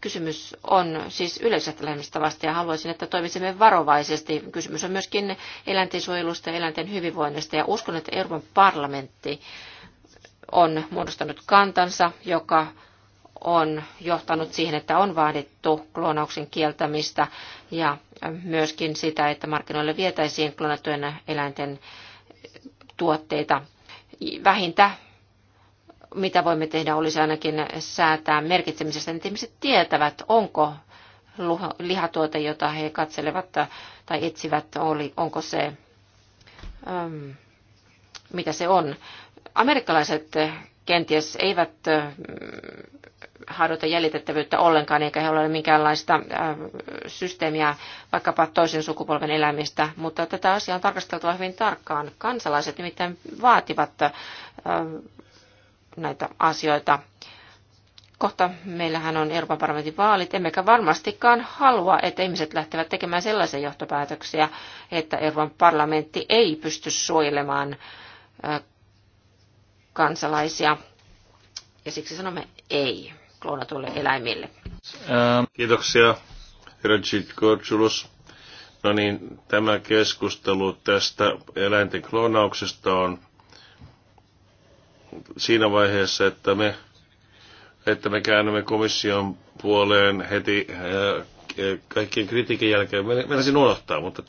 Kysymys on siis yleisestä lähestymistavasta ja haluaisin, että toimisimme varovaisesti. Kysymys on myöskin eläinten suojelusta ja eläinten hyvinvoinnista ja uskon, että Euroopan parlamentti on muodostanut kantansa, joka on johtanut siihen, että on vaadittu kloonauksen kieltämistä ja myöskin sitä, että markkinoille vietäisiin kloonattujen eläinten tuotteita vähintä mitä voimme tehdä, olisi ainakin säätää merkitsemisestä, että ihmiset tietävät, onko lihatuote, jota he katselevat tai etsivät, oli, onko se, ähm, mitä se on. Amerikkalaiset kenties eivät äh, harjoita jäljitettävyyttä ollenkaan, eikä he ole minkäänlaista äh, systeemiä vaikkapa toisen sukupolven elämistä, mutta tätä asiaa on tarkasteltava hyvin tarkkaan. Kansalaiset nimittäin vaativat äh, näitä asioita. Kohta meillähän on Euroopan parlamentin vaalit, emmekä varmastikaan halua, että ihmiset lähtevät tekemään sellaisia johtopäätöksiä, että Euroopan parlamentti ei pysty suojelemaan kansalaisia. Ja siksi sanomme ei kloonatuille eläimille.
Ähm. Kiitoksia, Rajit Kortsulus. No niin, tämä keskustelu tästä eläinten kloonauksesta on siinä vaiheessa, että me, että me käännymme komission puoleen heti äh, eh, kaikkien kritiikin jälkeen. Menisin unohtaa, mutta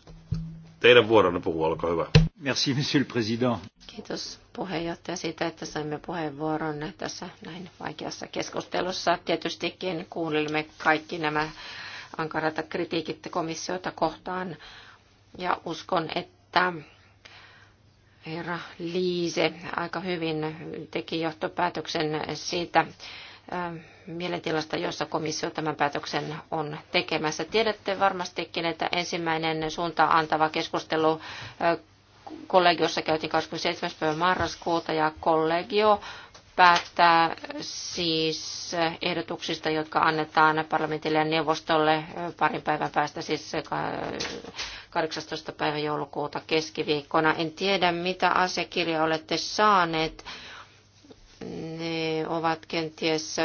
teidän vuoronne puhua, olkaa hyvä. Merci, monsieur le président.
Kiitos puheenjohtaja siitä, että saimme puheenvuoron tässä näin vaikeassa keskustelussa. Tietystikin kuunnelimme kaikki nämä ankarat kritiikit komissiota kohtaan ja uskon, että herra Liise aika hyvin teki johtopäätöksen siitä ähm, mielentilasta, jossa komissio tämän päätöksen on tekemässä. Tiedätte varmastikin, että ensimmäinen suuntaan antava keskustelu äh, kollegiossa käytiin 27. marraskuuta ja kollegio päättää siis ehdotuksista, jotka annetaan parlamentille ja neuvostolle parin päivän päästä, siis 18. päivä joulukuuta keskiviikkona. En tiedä, mitä asiakirja olette saaneet. Ne ovat kenties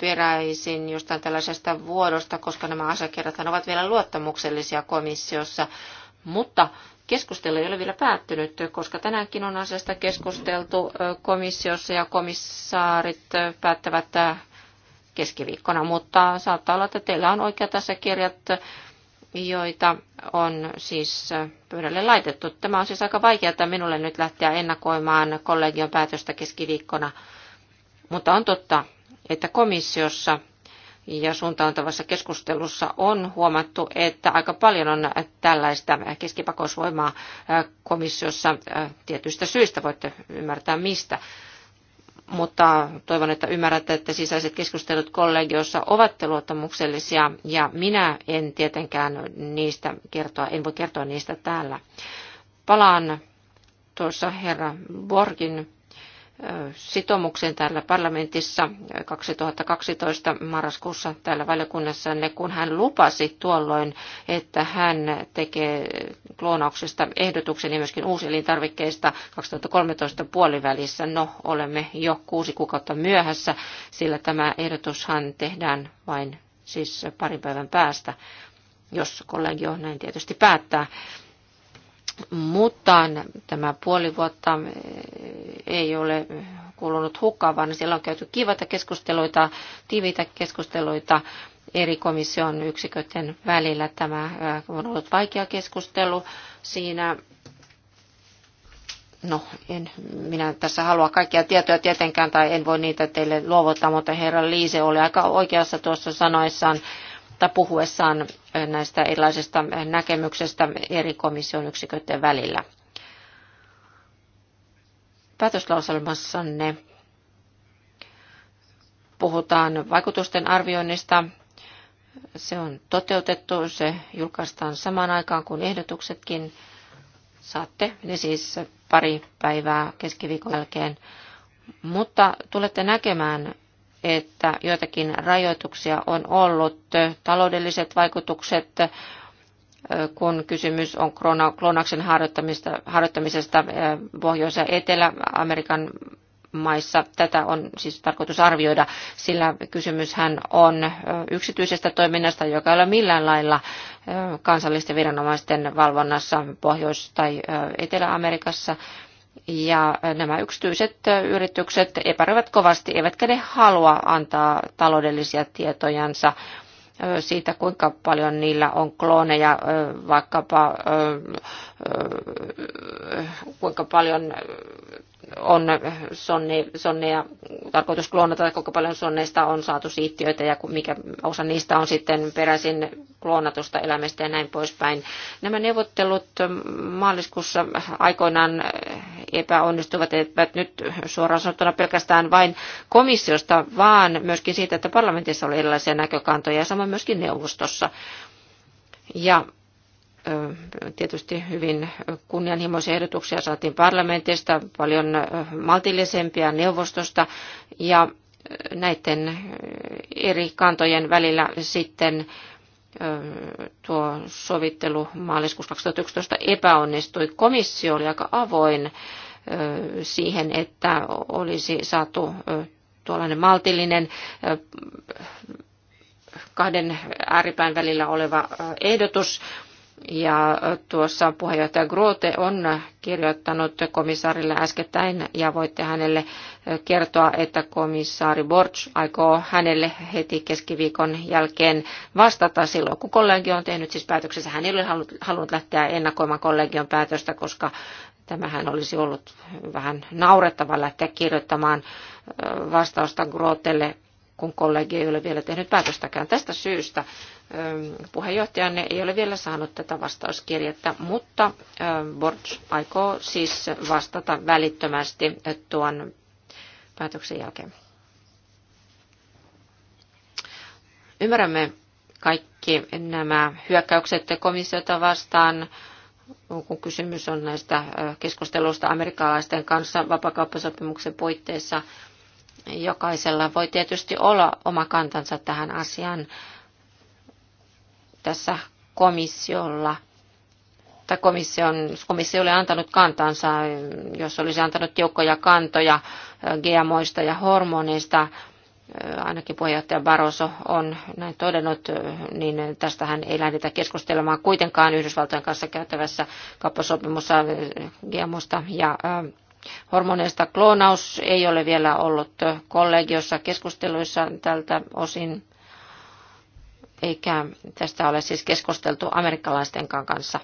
peräisin jostain tällaisesta vuodosta, koska nämä asiakirjat ovat vielä luottamuksellisia komissiossa. Mutta Keskustelu ei ole vielä päättynyt, koska tänäänkin on asiasta keskusteltu komissiossa ja komissaarit päättävät keskiviikkona, mutta saattaa olla, että teillä on oikea tässä kirjat, joita on siis pöydälle laitettu. Tämä on siis aika vaikeaa minulle nyt lähteä ennakoimaan kollegion päätöstä keskiviikkona, mutta on totta, että komissiossa ja suuntaantavassa keskustelussa on huomattu, että aika paljon on tällaista keskipakosvoimaa komissiossa tietyistä syistä, voitte ymmärtää mistä. Mutta toivon, että ymmärrätte, että sisäiset keskustelut kollegiossa ovat luottamuksellisia ja minä en tietenkään niistä kertoa, en voi kertoa niistä täällä. Palaan tuossa herra Borgin sitoumuksen täällä parlamentissa 2012 marraskuussa täällä valiokunnassa, kun hän lupasi tuolloin, että hän tekee kloonauksesta ehdotuksen ja myöskin uuselintarvikkeista 2013 puolivälissä. No, olemme jo kuusi kuukautta myöhässä, sillä tämä ehdotushan tehdään vain siis parin päivän päästä, jos kollegio näin tietysti päättää mutta tämä puoli vuotta eh, ei ole kulunut hukkaan, vaan siellä on käyty kivaita keskusteluita, tiiviitä keskusteluita eri komission yksiköiden välillä. Tämä eh, on ollut vaikea keskustelu siinä. No, en minä tässä halua kaikkia tietoja tietenkään, tai en voi niitä teille luovuttaa, mutta herra Liise oli aika oikeassa tuossa sanoissaan kautta puhuessaan näistä erilaisista näkemyksistä eri komission yksiköiden välillä. Päätöslauselmassanne puhutaan vaikutusten arvioinnista. Se on toteutettu, se julkaistaan samaan aikaan kuin ehdotuksetkin. Saatte ne siis pari päivää keskiviikon jälkeen. Mutta tulette näkemään että joitakin rajoituksia on ollut. Taloudelliset vaikutukset, kun kysymys on klonaksen harjoittamisesta, harjoittamisesta Pohjois- ja Etelä-Amerikan maissa. Tätä on siis tarkoitus arvioida, sillä kysymyshän on yksityisestä toiminnasta, joka ei ole millään lailla kansallisten viranomaisten valvonnassa Pohjois- tai Etelä-Amerikassa. Ja nämä yksityiset yritykset epäröivät kovasti, eivätkä ne halua antaa taloudellisia tietojansa siitä, kuinka paljon niillä on klooneja, vaikkapa kuinka paljon on sonne, sonneja, tarkoitus kloonata, kuinka paljon sonneista on saatu siittiöitä ja mikä osa niistä on sitten peräisin kloonatusta elämästä ja näin poispäin. Nämä neuvottelut maaliskuussa aikoinaan epäonnistuvat, eivät nyt suoraan sanottuna pelkästään vain komissiosta, vaan myöskin siitä, että parlamentissa oli erilaisia näkökantoja ja samoin myöskin neuvostossa. Ja tietysti hyvin kunnianhimoisia ehdotuksia saatiin parlamentista, paljon maltillisempia neuvostosta ja näiden eri kantojen välillä sitten tuo sovittelu maaliskuussa 2011 epäonnistui. Komissio oli aika avoin siihen, että olisi saatu tuollainen maltillinen kahden ääripään välillä oleva ehdotus. Ja tuossa puheenjohtaja Grote on kirjoittanut komissaarille äskettäin ja voitte hänelle kertoa, että komissaari Borch aikoo hänelle heti keskiviikon jälkeen vastata silloin, kun kollegio on tehnyt siis päätöksensä. Hän ei ole halunnut lähteä ennakoimaan kollegion päätöstä, koska Tämähän olisi ollut vähän naurettava lähteä kirjoittamaan vastausta Grootelle, kun kollegi ei ole vielä tehnyt päätöstäkään. Tästä syystä puheenjohtajanne ei ole vielä saanut tätä vastauskirjettä, mutta Borch aikoo siis vastata välittömästi tuon päätöksen jälkeen. Ymmärrämme kaikki nämä hyökkäykset komissiota vastaan, kun kysymys on näistä keskusteluista amerikkalaisten kanssa vapakauppasopimuksen puitteissa. Jokaisella voi tietysti olla oma kantansa tähän asiaan tässä komissiolla tai komission, komissio oli antanut kantansa, jos olisi antanut tiukkoja kantoja GMOista ja hormoneista, ainakin puheenjohtaja Barroso on näin todennut, niin tästähän ei lähdetä keskustelemaan kuitenkaan Yhdysvaltojen kanssa käytävässä kauppasopimussa GMOsta ja hormoneista. Kloonaus ei ole vielä ollut kollegiossa keskusteluissa tältä osin, eikä tästä ole siis keskusteltu amerikkalaisten kanssa.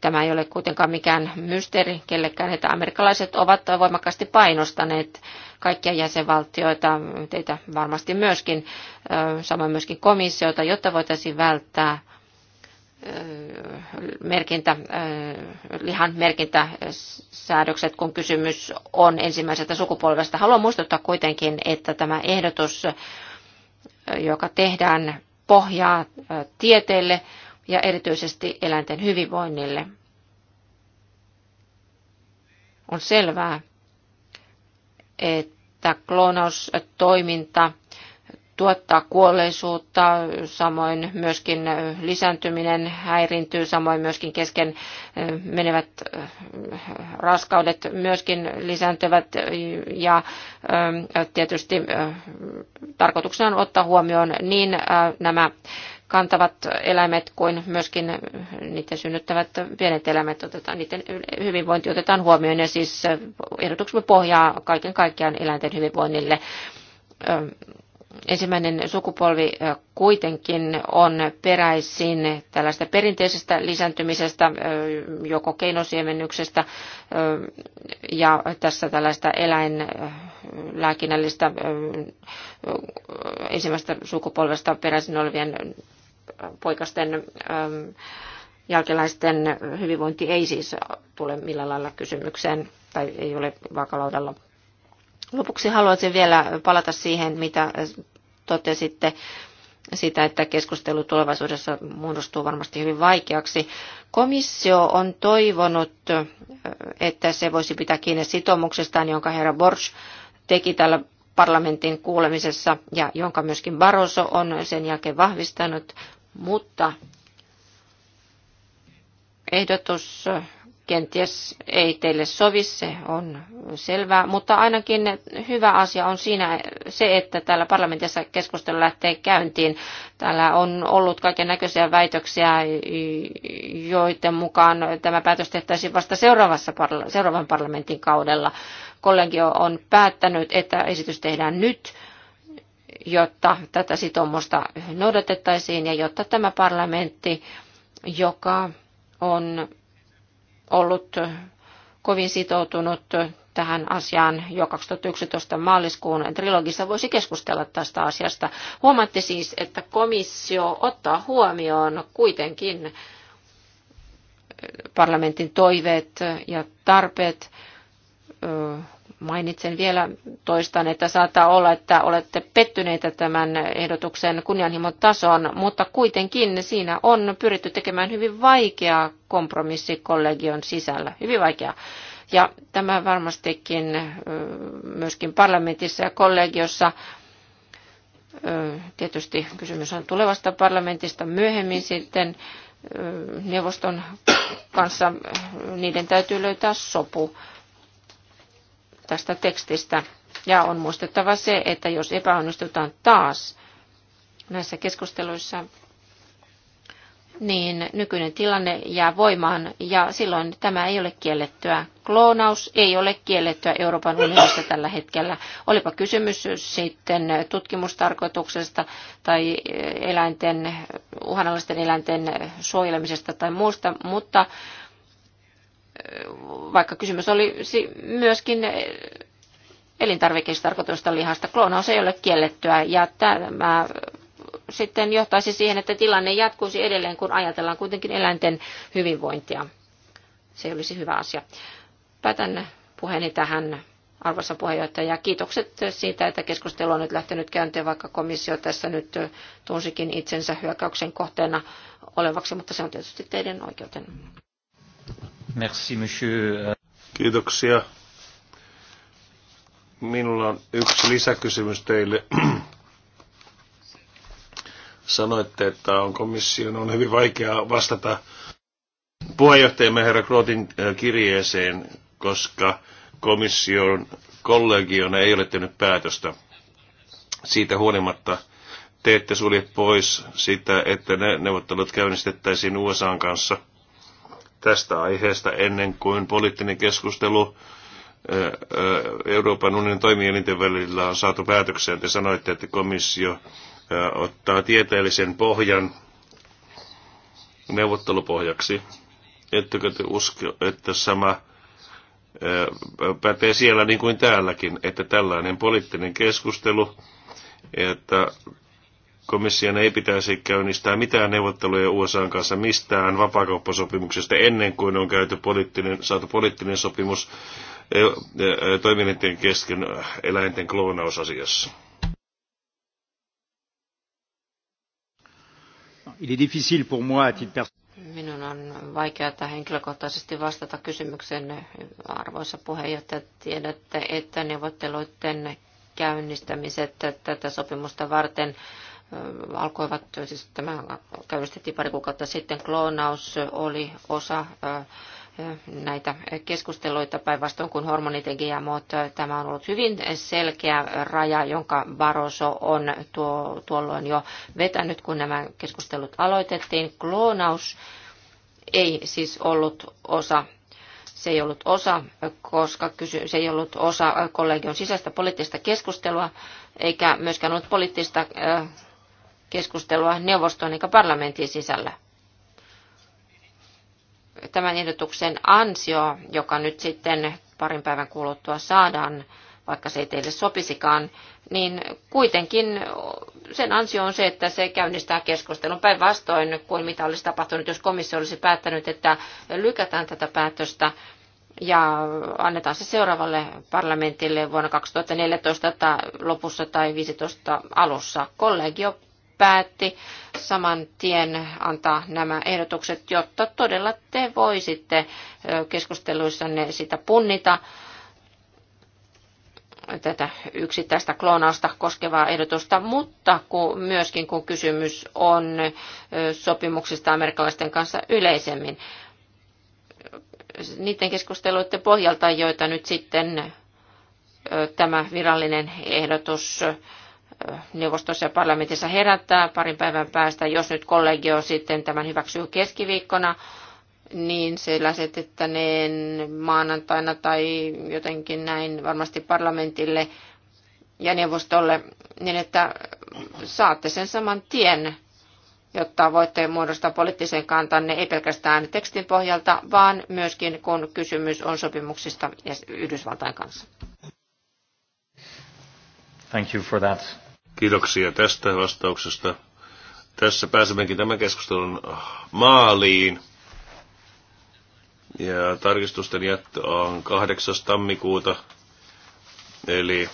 Tämä ei ole kuitenkaan mikään mysteeri kellekään, että amerikkalaiset ovat voimakkaasti painostaneet kaikkia jäsenvaltioita, teitä varmasti myöskin, samoin myöskin komissiota, jotta voitaisiin välttää merkintä, lihan merkintäsäädökset, kun kysymys on ensimmäisestä sukupolvesta. Haluan muistuttaa kuitenkin, että tämä ehdotus, joka tehdään, pohjaa tieteelle, ja erityisesti eläinten hyvinvoinnille. On selvää, että kloonaustoiminta tuottaa kuolleisuutta, samoin myöskin lisääntyminen häirintyy, samoin myöskin kesken menevät raskaudet myöskin lisääntyvät ja tietysti tarkoituksena on ottaa huomioon niin nämä kantavat eläimet kuin myöskin niiden synnyttävät pienet eläimet, otetaan, niiden hyvinvointi otetaan huomioon ja siis ehdotuksemme pohjaa kaiken kaikkiaan eläinten hyvinvoinnille. Ensimmäinen sukupolvi kuitenkin on peräisin tällaista perinteisestä lisääntymisestä, joko keinosiemennyksestä ja tässä tällaista eläinlääkinnällistä ensimmäistä sukupolvesta peräisin olevien poikasten ähm, jälkeläisten hyvinvointi ei siis tule millään lailla kysymykseen tai ei ole vaakalaudalla. Lopuksi haluaisin vielä palata siihen, mitä totesitte sitä, että keskustelu tulevaisuudessa muodostuu varmasti hyvin vaikeaksi. Komissio on toivonut, äh, että se voisi pitää kiinni sitoumuksestaan, jonka herra Borch teki tällä parlamentin kuulemisessa ja jonka myöskin Barroso on sen jälkeen vahvistanut, mutta ehdotus kenties ei teille sovi, se on selvää, mutta ainakin hyvä asia on siinä se, että täällä parlamentissa keskustelu lähtee käyntiin. Täällä on ollut kaiken näköisiä väitöksiä, joiden mukaan tämä päätös tehtäisiin vasta seuraavassa, seuraavan parlamentin kaudella kollegio on päättänyt, että esitys tehdään nyt, jotta tätä sitoumusta noudatettaisiin ja jotta tämä parlamentti, joka on ollut kovin sitoutunut tähän asiaan jo 2011 maaliskuun trilogissa voisi keskustella tästä asiasta. Huomaatte siis, että komissio ottaa huomioon kuitenkin parlamentin toiveet ja tarpeet mainitsen vielä toistan, että saattaa olla, että olette pettyneitä tämän ehdotuksen kunnianhimon tason, mutta kuitenkin siinä on pyritty tekemään hyvin vaikea kompromissi kollegion sisällä. Hyvin vaikea. Ja tämä varmastikin myöskin parlamentissa ja kollegiossa tietysti kysymys on tulevasta parlamentista myöhemmin sitten neuvoston kanssa, niiden täytyy löytää sopu tästä tekstistä. Ja on muistettava se, että jos epäonnistutaan taas näissä keskusteluissa, niin nykyinen tilanne jää voimaan ja silloin tämä ei ole kiellettyä. Kloonaus ei ole kiellettyä Euroopan unionissa tällä hetkellä. Olipa kysymys sitten tutkimustarkoituksesta tai eläinten, uhanalaisten eläinten suojelemisesta tai muusta, mutta vaikka kysymys oli myöskin elintarvikeistotarkoitusta lihasta. Kloonaus ei ole kiellettyä ja tämä sitten johtaisi siihen, että tilanne jatkuisi edelleen, kun ajatellaan kuitenkin eläinten hyvinvointia. Se olisi hyvä asia. Päätän puheeni tähän, arvoisa puheenjohtaja. Kiitokset siitä, että keskustelu on nyt lähtenyt käyntiin, vaikka komissio tässä nyt tunsikin itsensä hyökkäyksen kohteena olevaksi, mutta se on tietysti teidän oikeuten.
Merci, monsieur. Kiitoksia. Minulla on yksi lisäkysymys teille. Sanoitte, että on komission on hyvin vaikea vastata puheenjohtajamme herra Krotin äh, kirjeeseen, koska komission kollegiona ei ole tehnyt päätöstä. Siitä huolimatta te ette sulje pois sitä, että ne neuvottelut käynnistettäisiin USAn kanssa – tästä aiheesta ennen kuin poliittinen keskustelu Euroopan unionin toimielinten välillä on saatu päätökseen. Te sanoitte, että komissio ottaa tieteellisen pohjan neuvottelupohjaksi. Ettekö te usko, että sama pätee siellä niin kuin täälläkin, että tällainen poliittinen keskustelu, että komission ei pitäisi käynnistää mitään neuvotteluja USAn kanssa mistään vapaakauppasopimuksesta ennen kuin on käyty poliittinen, saatu poliittinen sopimus e, e, toiminnan kesken eläinten kloonausasiassa.
Minun on vaikeaa henkilökohtaisesti vastata kysymykseen. Arvoisa puheenjohtaja, tiedätte, että neuvotteluiden käynnistämiset tätä sopimusta varten alkoivat, siis tämä käynnistettiin pari kuukautta sitten, kloonaus oli osa näitä keskusteluita päinvastoin kuin hormonitegia, mutta tämä on ollut hyvin selkeä raja, jonka Baroso on tuo, tuolloin jo vetänyt, kun nämä keskustelut aloitettiin. Kloonaus ei siis ollut osa se ei ollut osa, koska kysy, se ei ollut osa kollegion sisäistä poliittista keskustelua, eikä myöskään ollut poliittista keskustelua neuvoston eikä parlamentin sisällä. Tämän ehdotuksen ansio, joka nyt sitten parin päivän kuluttua saadaan, vaikka se ei teille sopisikaan, niin kuitenkin sen ansio on se, että se käynnistää keskustelun päinvastoin kuin mitä olisi tapahtunut, jos komissio olisi päättänyt, että lykätään tätä päätöstä ja annetaan se seuraavalle parlamentille vuonna 2014 tai lopussa tai 2015 alussa. Kollegio päätti saman tien antaa nämä ehdotukset, jotta todella te voisitte keskusteluissanne sitä punnita tätä yksittäistä kloonausta koskevaa ehdotusta, mutta kun, myöskin kun kysymys on sopimuksista amerikkalaisten kanssa yleisemmin, niiden keskusteluiden pohjalta, joita nyt sitten tämä virallinen ehdotus neuvostossa ja parlamentissa herättää parin päivän päästä. Jos nyt kollegio sitten tämän hyväksyy keskiviikkona, niin se lähetettäneen maanantaina tai jotenkin näin varmasti parlamentille ja neuvostolle, niin että saatte sen saman tien, jotta voitte muodostaa poliittisen kantanne ei pelkästään tekstin pohjalta, vaan myöskin kun kysymys on sopimuksista Yhdysvaltain
kanssa. Thank you for that. Kiitoksia tästä vastauksesta. Tässä pääsemmekin tämän keskustelun maaliin. Ja tarkistusten jättö on 8. tammikuuta, eli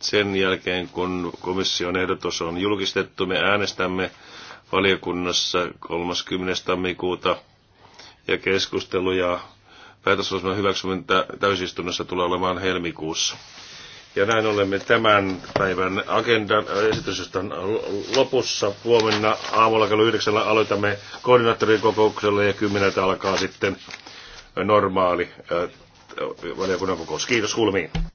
sen jälkeen kun komission ehdotus on julkistettu, me äänestämme valiokunnassa 30. tammikuuta ja keskustelu ja päätösosman hyväksyminen täysistunnossa tulee olemaan helmikuussa. Ja näin olemme tämän päivän agendan esitysjustan lopussa. Huomenna aamulla kello yhdeksällä aloitamme koordinaattorin kokouksella ja kymmeneltä alkaa sitten normaali valiokunnan kokous. Kiitos kulmiin.